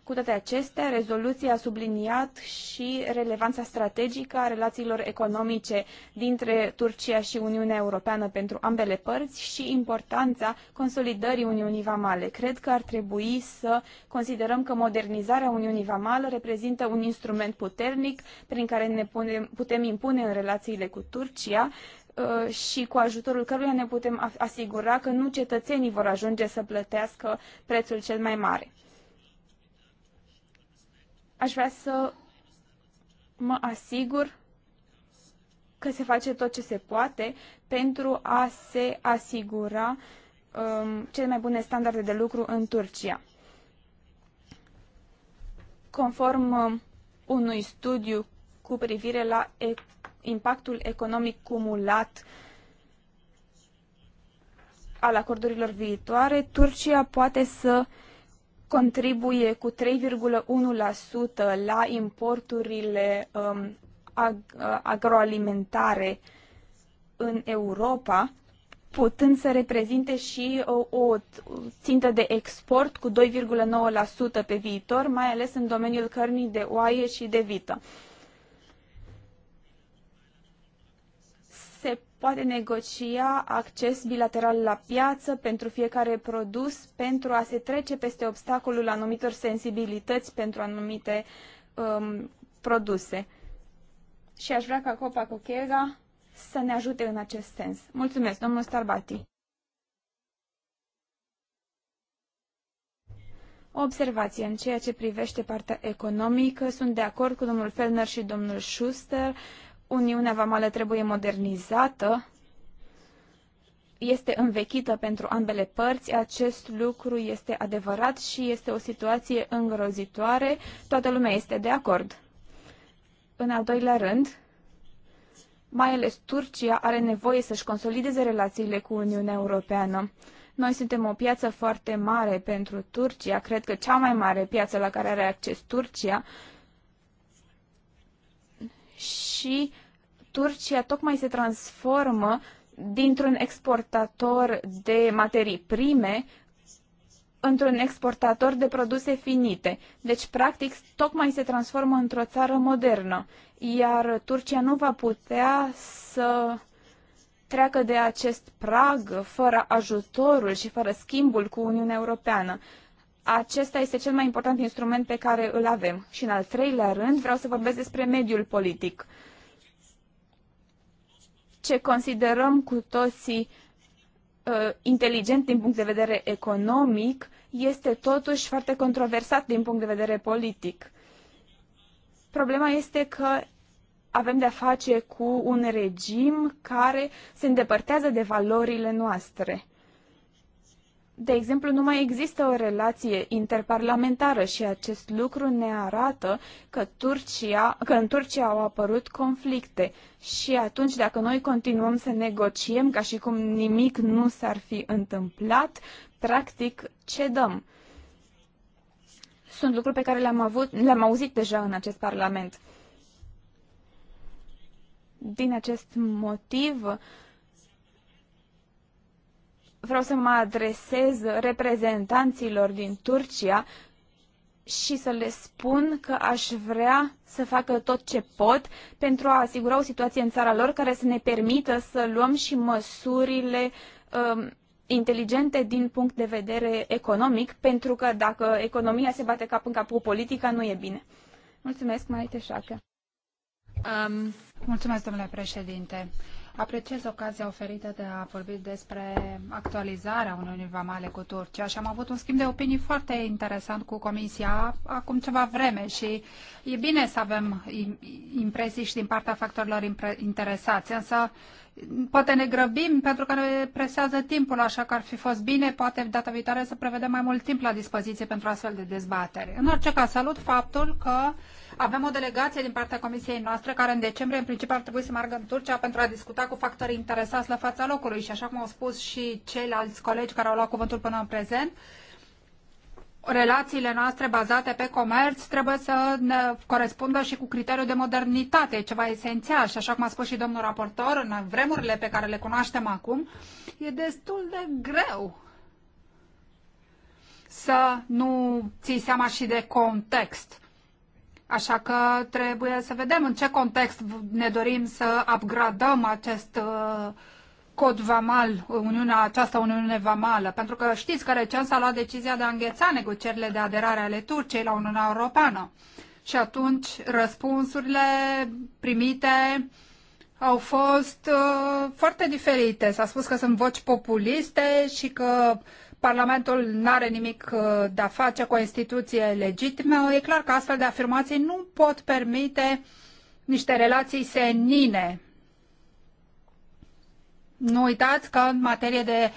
Cu toate acestea, rezoluția a subliniat și relevanța strategică a relațiilor economice dintre Turcia și Uniunea Europeană pentru ambele părți și importanța consolidării Uniunii Vamale. Cred că ar trebui să considerăm că modernizarea Uniunii Vamale reprezintă un instrument puternic prin care ne putem impune în relațiile cu Turcia ă, și cu ajutorul căruia ne putem asigura că nu cetățenii vor ajunge să plătească prețul cel mai mare. Aș vrea să mă asigur că se face tot ce se poate pentru a se asigura um, cele mai bune standarde de lucru în Turcia. Conform um, unui studiu cu privire la e impactul economic cumulat al acordurilor viitoare, Turcia poate să uh, contribuie cu 3,1% la importurile um, ag- uh, agroalimentare în Europa, putând să reprezinte și o, uh, o țintă de export cu 2,9% pe viitor, mai ales în domeniul cărnii de oaie și de vită. poate negocia acces bilateral la piață pentru fiecare produs pentru a se trece peste obstacolul anumitor sensibilități pentru anumite um, produse. Și aș vrea ca Copa Cochega să ne ajute în acest sens. Mulțumesc, domnul Starbati. O observație în ceea ce privește partea economică. Sunt de acord cu domnul Fellner și domnul Schuster. Uh, Uniunea Vamală trebuie modernizată, este învechită pentru ambele părți, acest lucru este adevărat și este o situație îngrozitoare, toată lumea este de acord. În al doilea rând, mai ales Turcia are nevoie să-și consolideze relațiile cu Uniunea Europeană. Noi suntem o piață foarte mare pentru Turcia, cred că cea mai mare piață la care are acces Turcia și Turcia tocmai se transformă dintr-un exportator de materii prime într-un exportator de produse finite. Deci, practic, tocmai se transformă într-o țară modernă, iar Turcia nu va putea să treacă de acest prag fără ajutorul și fără schimbul cu Uniunea Europeană acesta este cel mai important instrument pe care îl avem. Și în al treilea rând vreau să vorbesc despre mediul politic. Ce considerăm cu toții uh, inteligent din punct de vedere economic este totuși foarte controversat din punct de vedere politic. Problema este că avem de-a face cu un regim care se îndepărtează de valorile noastre de exemplu, nu mai există o relație interparlamentară și acest lucru ne arată că, Turcia, că în Turcia au apărut conflicte și atunci dacă noi continuăm să negociem ca și cum nimic nu s-ar fi întâmplat, practic cedăm. Sunt lucruri pe care le-am, avut, le-am auzit deja în acest Parlament. Din acest motiv, uh, vreau să mă adresez reprezentanților din Turcia și să le spun că aș vrea să facă tot ce pot pentru a asigura o situație în țara lor care să ne permită să luăm și măsurile um, inteligente din punct de vedere economic, pentru că dacă economia se bate cap în cap cu politica, nu e bine. Mulțumesc, mai Șacă. Um, mulțumesc, domnule președinte. Apreciez ocazia oferită de a vorbi despre actualizarea Uniunii Vamale cu Turcia și am avut un schimb de opinii foarte interesant cu Comisia acum ceva vreme și e bine să avem impresii și din partea factorilor interesați, însă poate ne grăbim pentru că ne presează timpul, așa că ar fi fost bine poate data viitoare să prevedem mai mult timp la dispoziție pentru astfel de dezbatere. În orice caz, salut faptul că avem o delegație din partea comisiei noastre care în decembrie în principiu ar trebui să meargă în Turcia pentru a discuta cu factorii interesați la fața locului și așa cum au spus și ceilalți colegi care au luat cuvântul până în prezent, relațiile noastre bazate pe comerț trebuie să ne corespundă și cu criteriul de modernitate, ceva esențial. Și așa cum a spus și domnul raportor, în vremurile pe care le cunoaștem acum, e destul de greu să nu ții seama și de context. Așa că trebuie să vedem în ce context ne dorim să upgradăm acest uh, cod vamal, Uniunea, această Uniune Vamală, pentru că știți că recent s-a luat decizia de a îngheța negocierile de aderare ale Turciei la Uniunea Europeană. Și atunci răspunsurile primite au fost uh, foarte diferite. S-a spus că sunt voci populiste și că uh, Parlamentul nu are nimic uh, de a face cu o instituție legitimă, e clar că astfel de afirmații nu pot permite niște relații senine. Nu uitați că în materie de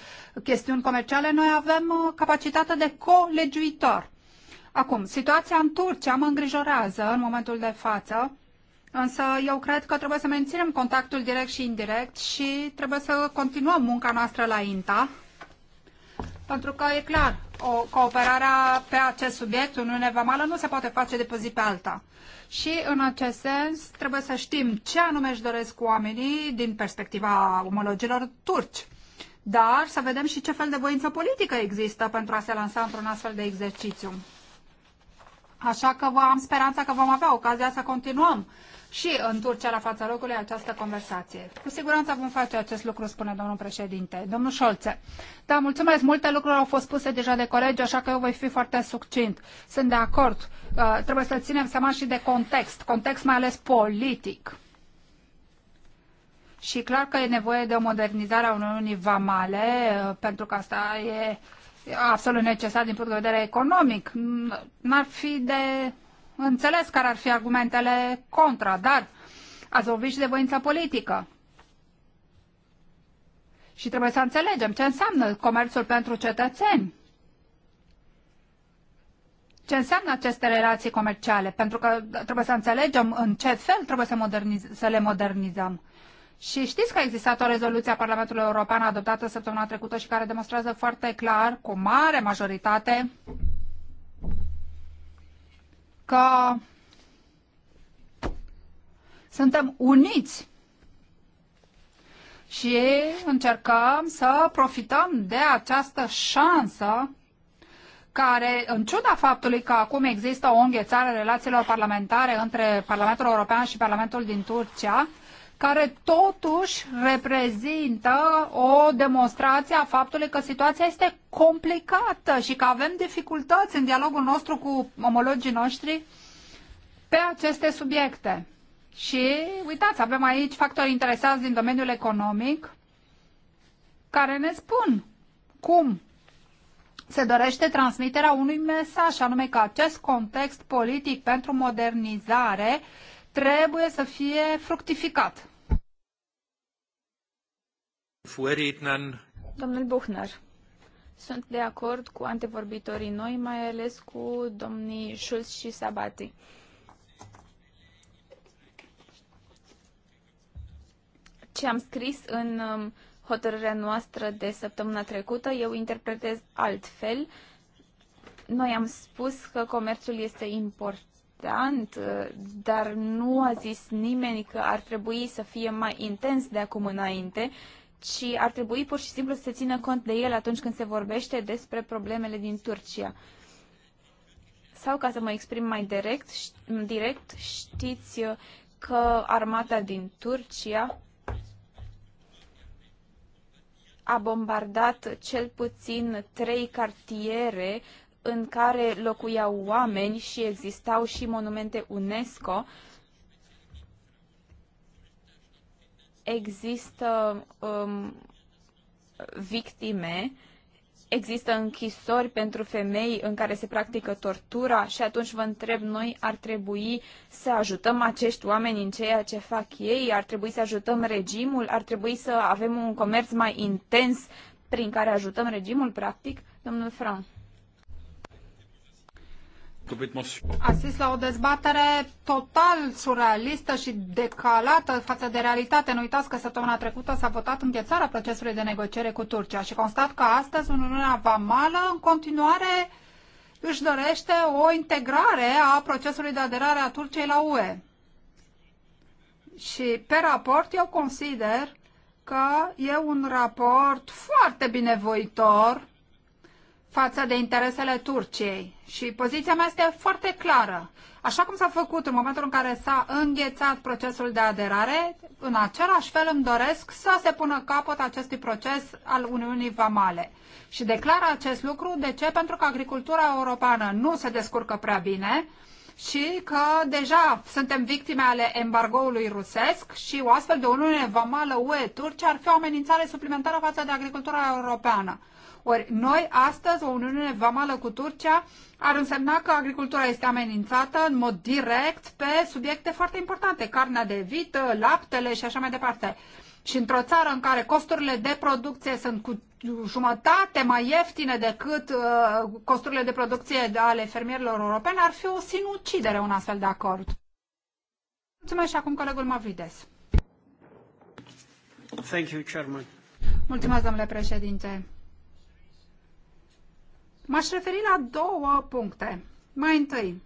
chestiuni comerciale noi avem uh, capacitatea de colegiuitor. Acum, situația în Turcia mă îngrijorează în momentul de față, însă eu cred că trebuie să menținem contactul direct și indirect și trebuie să continuăm munca noastră la INTA pentru că e clar, o cooperarea pe acest subiect, Uniunea Vamală, nu se poate face de pe zi pe alta. Și în acest sens trebuie să știm ce anume își doresc oamenii din perspectiva omologilor turci. Dar să vedem și ce fel de voință politică există pentru a se lansa într-un astfel de exercițiu. Așa că vă am speranța că vom avea ocazia să continuăm și în Turcia la fața locului această conversație. Cu siguranță vom face acest lucru, spune domnul președinte. Domnul Șolțe, da, mulțumesc, multe lucruri au fost spuse deja de colegi, așa că eu voi fi foarte succint. Sunt de acord, uh, trebuie să ținem seama și de context, context mai ales politic. Și clar că e nevoie de o modernizare a Uniunii Vamale, uh, pentru că asta e absolut necesar din punct de vedere economic. N-ar fi de înțeles care ar fi argumentele contra, dar ați vorbit și de voința politică. Și trebuie să înțelegem ce înseamnă comerțul pentru cetățeni. Ce înseamnă aceste relații comerciale? Pentru că trebuie să înțelegem în ce fel trebuie să, moderniz- să le modernizăm. Și știți că a existat o rezoluție a Parlamentului European adoptată săptămâna trecută și care demonstrează foarte clar, cu mare majoritate, că suntem uniți și încercăm să profităm de această șansă care, în ciuda faptului că acum există o înghețare a relațiilor parlamentare între Parlamentul European și Parlamentul din Turcia, care totuși reprezintă o demonstrație a faptului că situația este complicată și că avem dificultăți în dialogul nostru cu omologii noștri pe aceste subiecte. Și uitați, avem aici factori interesați din domeniul economic care ne spun cum se dorește transmiterea unui mesaj, anume că acest context politic pentru modernizare trebuie să fie fructificat. Domnul Buchner, sunt de acord cu antevorbitorii noi, mai ales cu domnii Schulz și Sabati. Ce am scris în um, hotărârea noastră de săptămâna trecută, eu interpretez altfel. Noi am spus că comerțul este important, uh, dar nu a zis nimeni că ar trebui să fie mai intens de acum înainte ci ar trebui pur și simplu să se țină cont de el atunci când se vorbește despre problemele din Turcia. Sau, ca să mă exprim mai direct, direct știți uh, că armata din Turcia a bombardat cel puțin trei cartiere în care locuiau oameni și existau și monumente UNESCO uh, există um, victime, există închisori pentru femei în care se practică tortura și atunci vă întreb noi, ar trebui să ajutăm acești oameni în ceea ce fac ei, ar trebui să ajutăm regimul, ar trebui să avem un comerț mai intens prin care ajutăm regimul, practic, domnul Fran. Asist la o dezbatere total surrealistă și decalată față de realitate. Nu uitați că săptămâna trecută s-a votat înghețarea procesului de negociere cu Turcia și constat că astăzi Uniunea Vamală în continuare își dorește o integrare a procesului de aderare a Turciei la UE. Și pe raport eu consider că e un raport foarte binevoitor față de interesele Turciei. Și poziția mea este foarte clară. Așa cum s-a făcut în momentul în care s-a înghețat procesul de aderare, în același fel îmi doresc să se pună capăt acestui proces al Uniunii Vamale. Și declar acest lucru, de ce? Pentru că agricultura europeană nu se descurcă prea bine, și că deja suntem victime ale embargoului rusesc și o astfel de uniune vamală UE-Turcia ar fi o amenințare suplimentară față de agricultura europeană. Ori noi astăzi, o Uniune Vamală cu Turcia ar însemna că agricultura este amenințată în mod direct pe subiecte foarte importante, carnea de vită, laptele și așa mai departe. Și într-o țară în care costurile de producție sunt cu jumătate mai ieftine decât uh, costurile de producție ale fermierilor europeni, ar fi o sinucidere un astfel de acord. Mulțumesc și acum colegul Mavrides. Thank you, Chairman. Mulțumesc, domnule președinte. M-aș referi la două puncte. Mai întâi,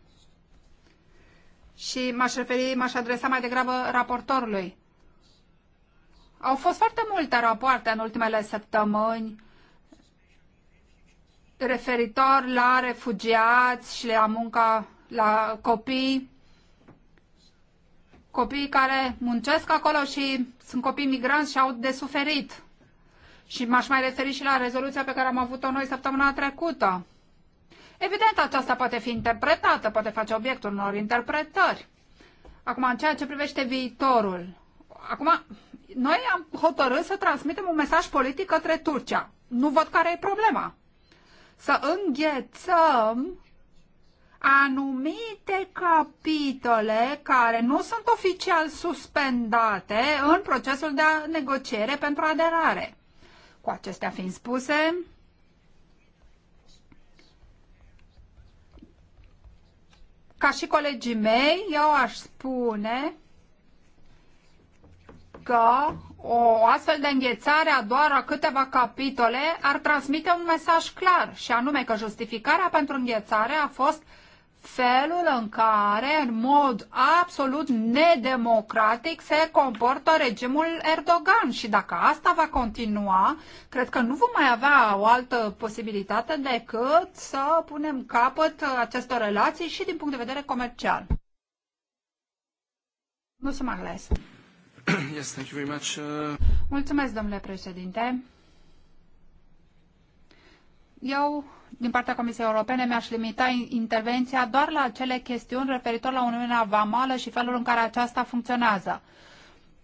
și m-aș referi, m-aș adresa mai degrabă raportorului. Au fost foarte multe rapoarte în ultimele săptămâni referitor la refugiați și la munca la copii, copii care muncesc acolo și sunt copii migranți și au de suferit. Și m-aș mai referi și la rezoluția pe care am avut-o noi săptămâna trecută. Evident, aceasta poate fi interpretată, poate face obiectul unor interpretări. Acum, în ceea ce privește viitorul, acum, noi am hotărât să transmitem un mesaj politic către Turcia. Nu văd care e problema. Să înghețăm anumite capitole care nu sunt oficial suspendate în procesul de negociere pentru aderare. Cu acestea fiind spuse, ca și colegii mei, eu aș spune că o astfel de înghețare a doar a câteva capitole ar transmite un mesaj clar, și anume că justificarea pentru înghețare a fost felul în care, în mod absolut nedemocratic, se comportă regimul Erdogan. Și dacă asta va continua, cred că nu vom mai avea o altă posibilitate decât să punem capăt acestor relații și din punct de vedere comercial. Nu ales. Yes, thank you very much. Uh, Mulțumesc, domnule președinte. Eu, din partea Comisiei Europene, mi-aș limita intervenția doar la acele chestiuni referitor la Uniunea Vamală și felul în care aceasta funcționează.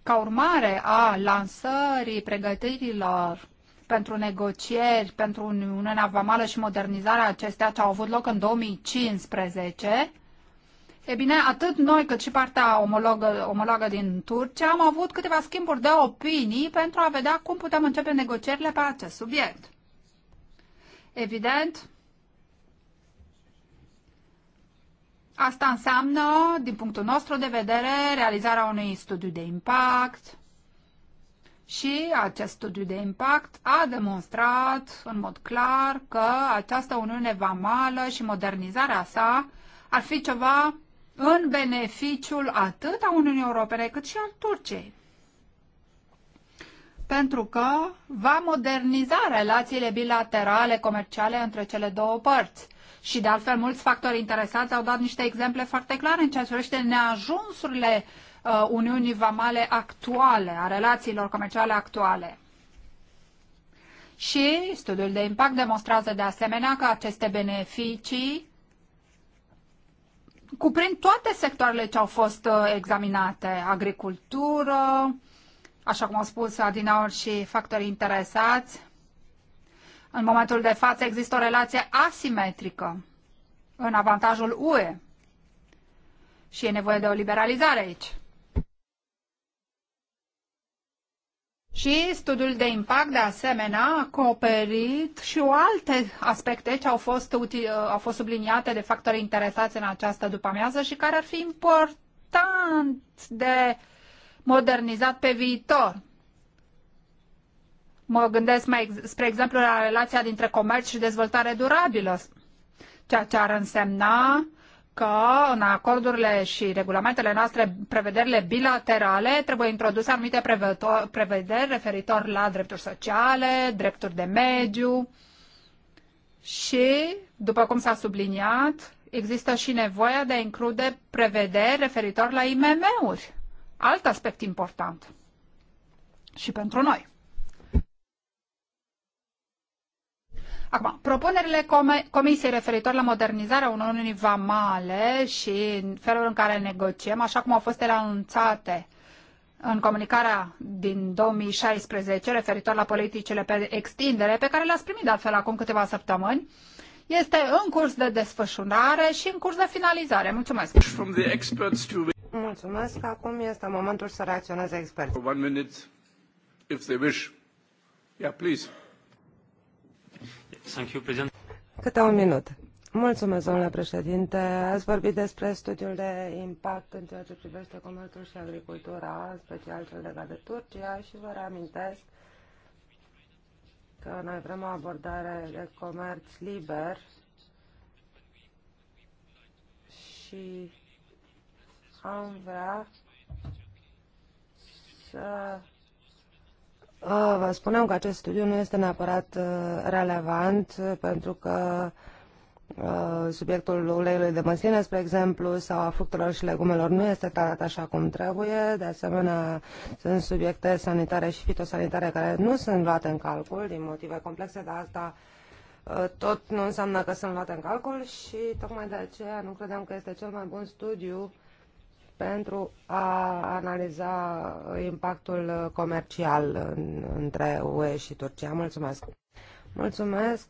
Ca urmare a lansării pregătirilor pentru negocieri, pentru Uniunea Vamală și modernizarea acestea ce au avut loc în 2015, E bine, atât noi cât și partea omologă, omologă din Turcia am avut câteva schimburi de opinii pentru a vedea cum putem începe negocierile pe acest subiect. Evident, asta înseamnă, din punctul nostru de vedere, realizarea unui studiu de impact și acest studiu de impact a demonstrat în mod clar că această Uniune Vamală și modernizarea sa ar fi ceva în beneficiul atât a Uniunii Europene cât și al Turciei pentru că va moderniza relațiile bilaterale, comerciale între cele două părți. Și de altfel, mulți factori interesați au dat niște exemple foarte clare în ceea ce privește neajunsurile uh, Uniunii Vamale actuale, a relațiilor comerciale actuale. Și studiul de impact demonstrează de asemenea că aceste beneficii cuprind toate sectoarele ce au fost uh, examinate, agricultură, așa cum au spus adinaur și factorii interesați, în momentul de față există o relație asimetrică în avantajul UE și e nevoie de o liberalizare aici. Și studiul de impact, de asemenea, a acoperit și o alte aspecte ce au fost, au fost subliniate de factori interesați în această după-amiază și care ar fi important de modernizat pe viitor. Mă gândesc, mai, spre exemplu, la relația dintre comerț și dezvoltare durabilă, ceea ce ar însemna că în acordurile și regulamentele noastre, prevederile bilaterale, trebuie introduse anumite prevederi referitor la drepturi sociale, drepturi de mediu și, după cum s-a subliniat, există și nevoia de a include prevederi referitor la IMM-uri alt aspect important și pentru noi. Acum, propunerile Comisiei referitor la modernizarea Uniunii Vamale și felul în care negociem, așa cum au fost ele anunțate în comunicarea din 2016 referitor la politicile pe extindere, pe care le-ați primit de altfel acum câteva săptămâni, este în curs de desfășurare și în curs de finalizare. Mulțumesc! Mulțumesc. Acum este momentul să reacționeze experții. One minute, if they wish. Yeah, please. Thank you, President. Câte un minut. Mulțumesc, domnule președinte. Ați vorbit despre studiul de impact în ceea ce privește comerțul și agricultura, special cel legat de Turcia, și vă reamintesc că noi vrem o abordare de comerț liber și am vrea să ah, vă spunem că acest studiu nu este neapărat uh, relevant uh, pentru că uh, subiectul uleiului de măsline, spre exemplu, sau a fructelor și legumelor nu este tratat așa cum trebuie. De asemenea, sunt subiecte sanitare și fitosanitare care nu sunt luate în calcul din motive complexe, dar asta tot nu înseamnă că sunt luate în calcul și tocmai de aceea nu credeam că este cel mai bun studiu pentru a analiza impactul comercial între UE și Turcia. Mulțumesc! Mulțumesc!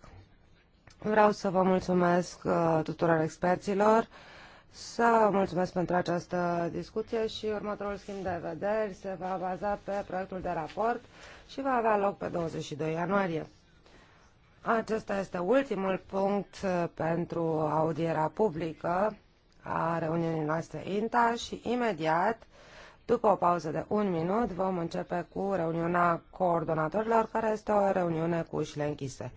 Vreau să vă mulțumesc uh, tuturor experților, să mulțumesc pentru această discuție și următorul schimb de vederi se va baza pe proiectul de raport și va avea loc pe 22 ianuarie. Acesta este ultimul punct uh, pentru audiera publică a reuniunii noastre INTA și imediat, după o pauză de un minut, vom începe cu reuniunea coordonatorilor, care este o reuniune cu ușile închise.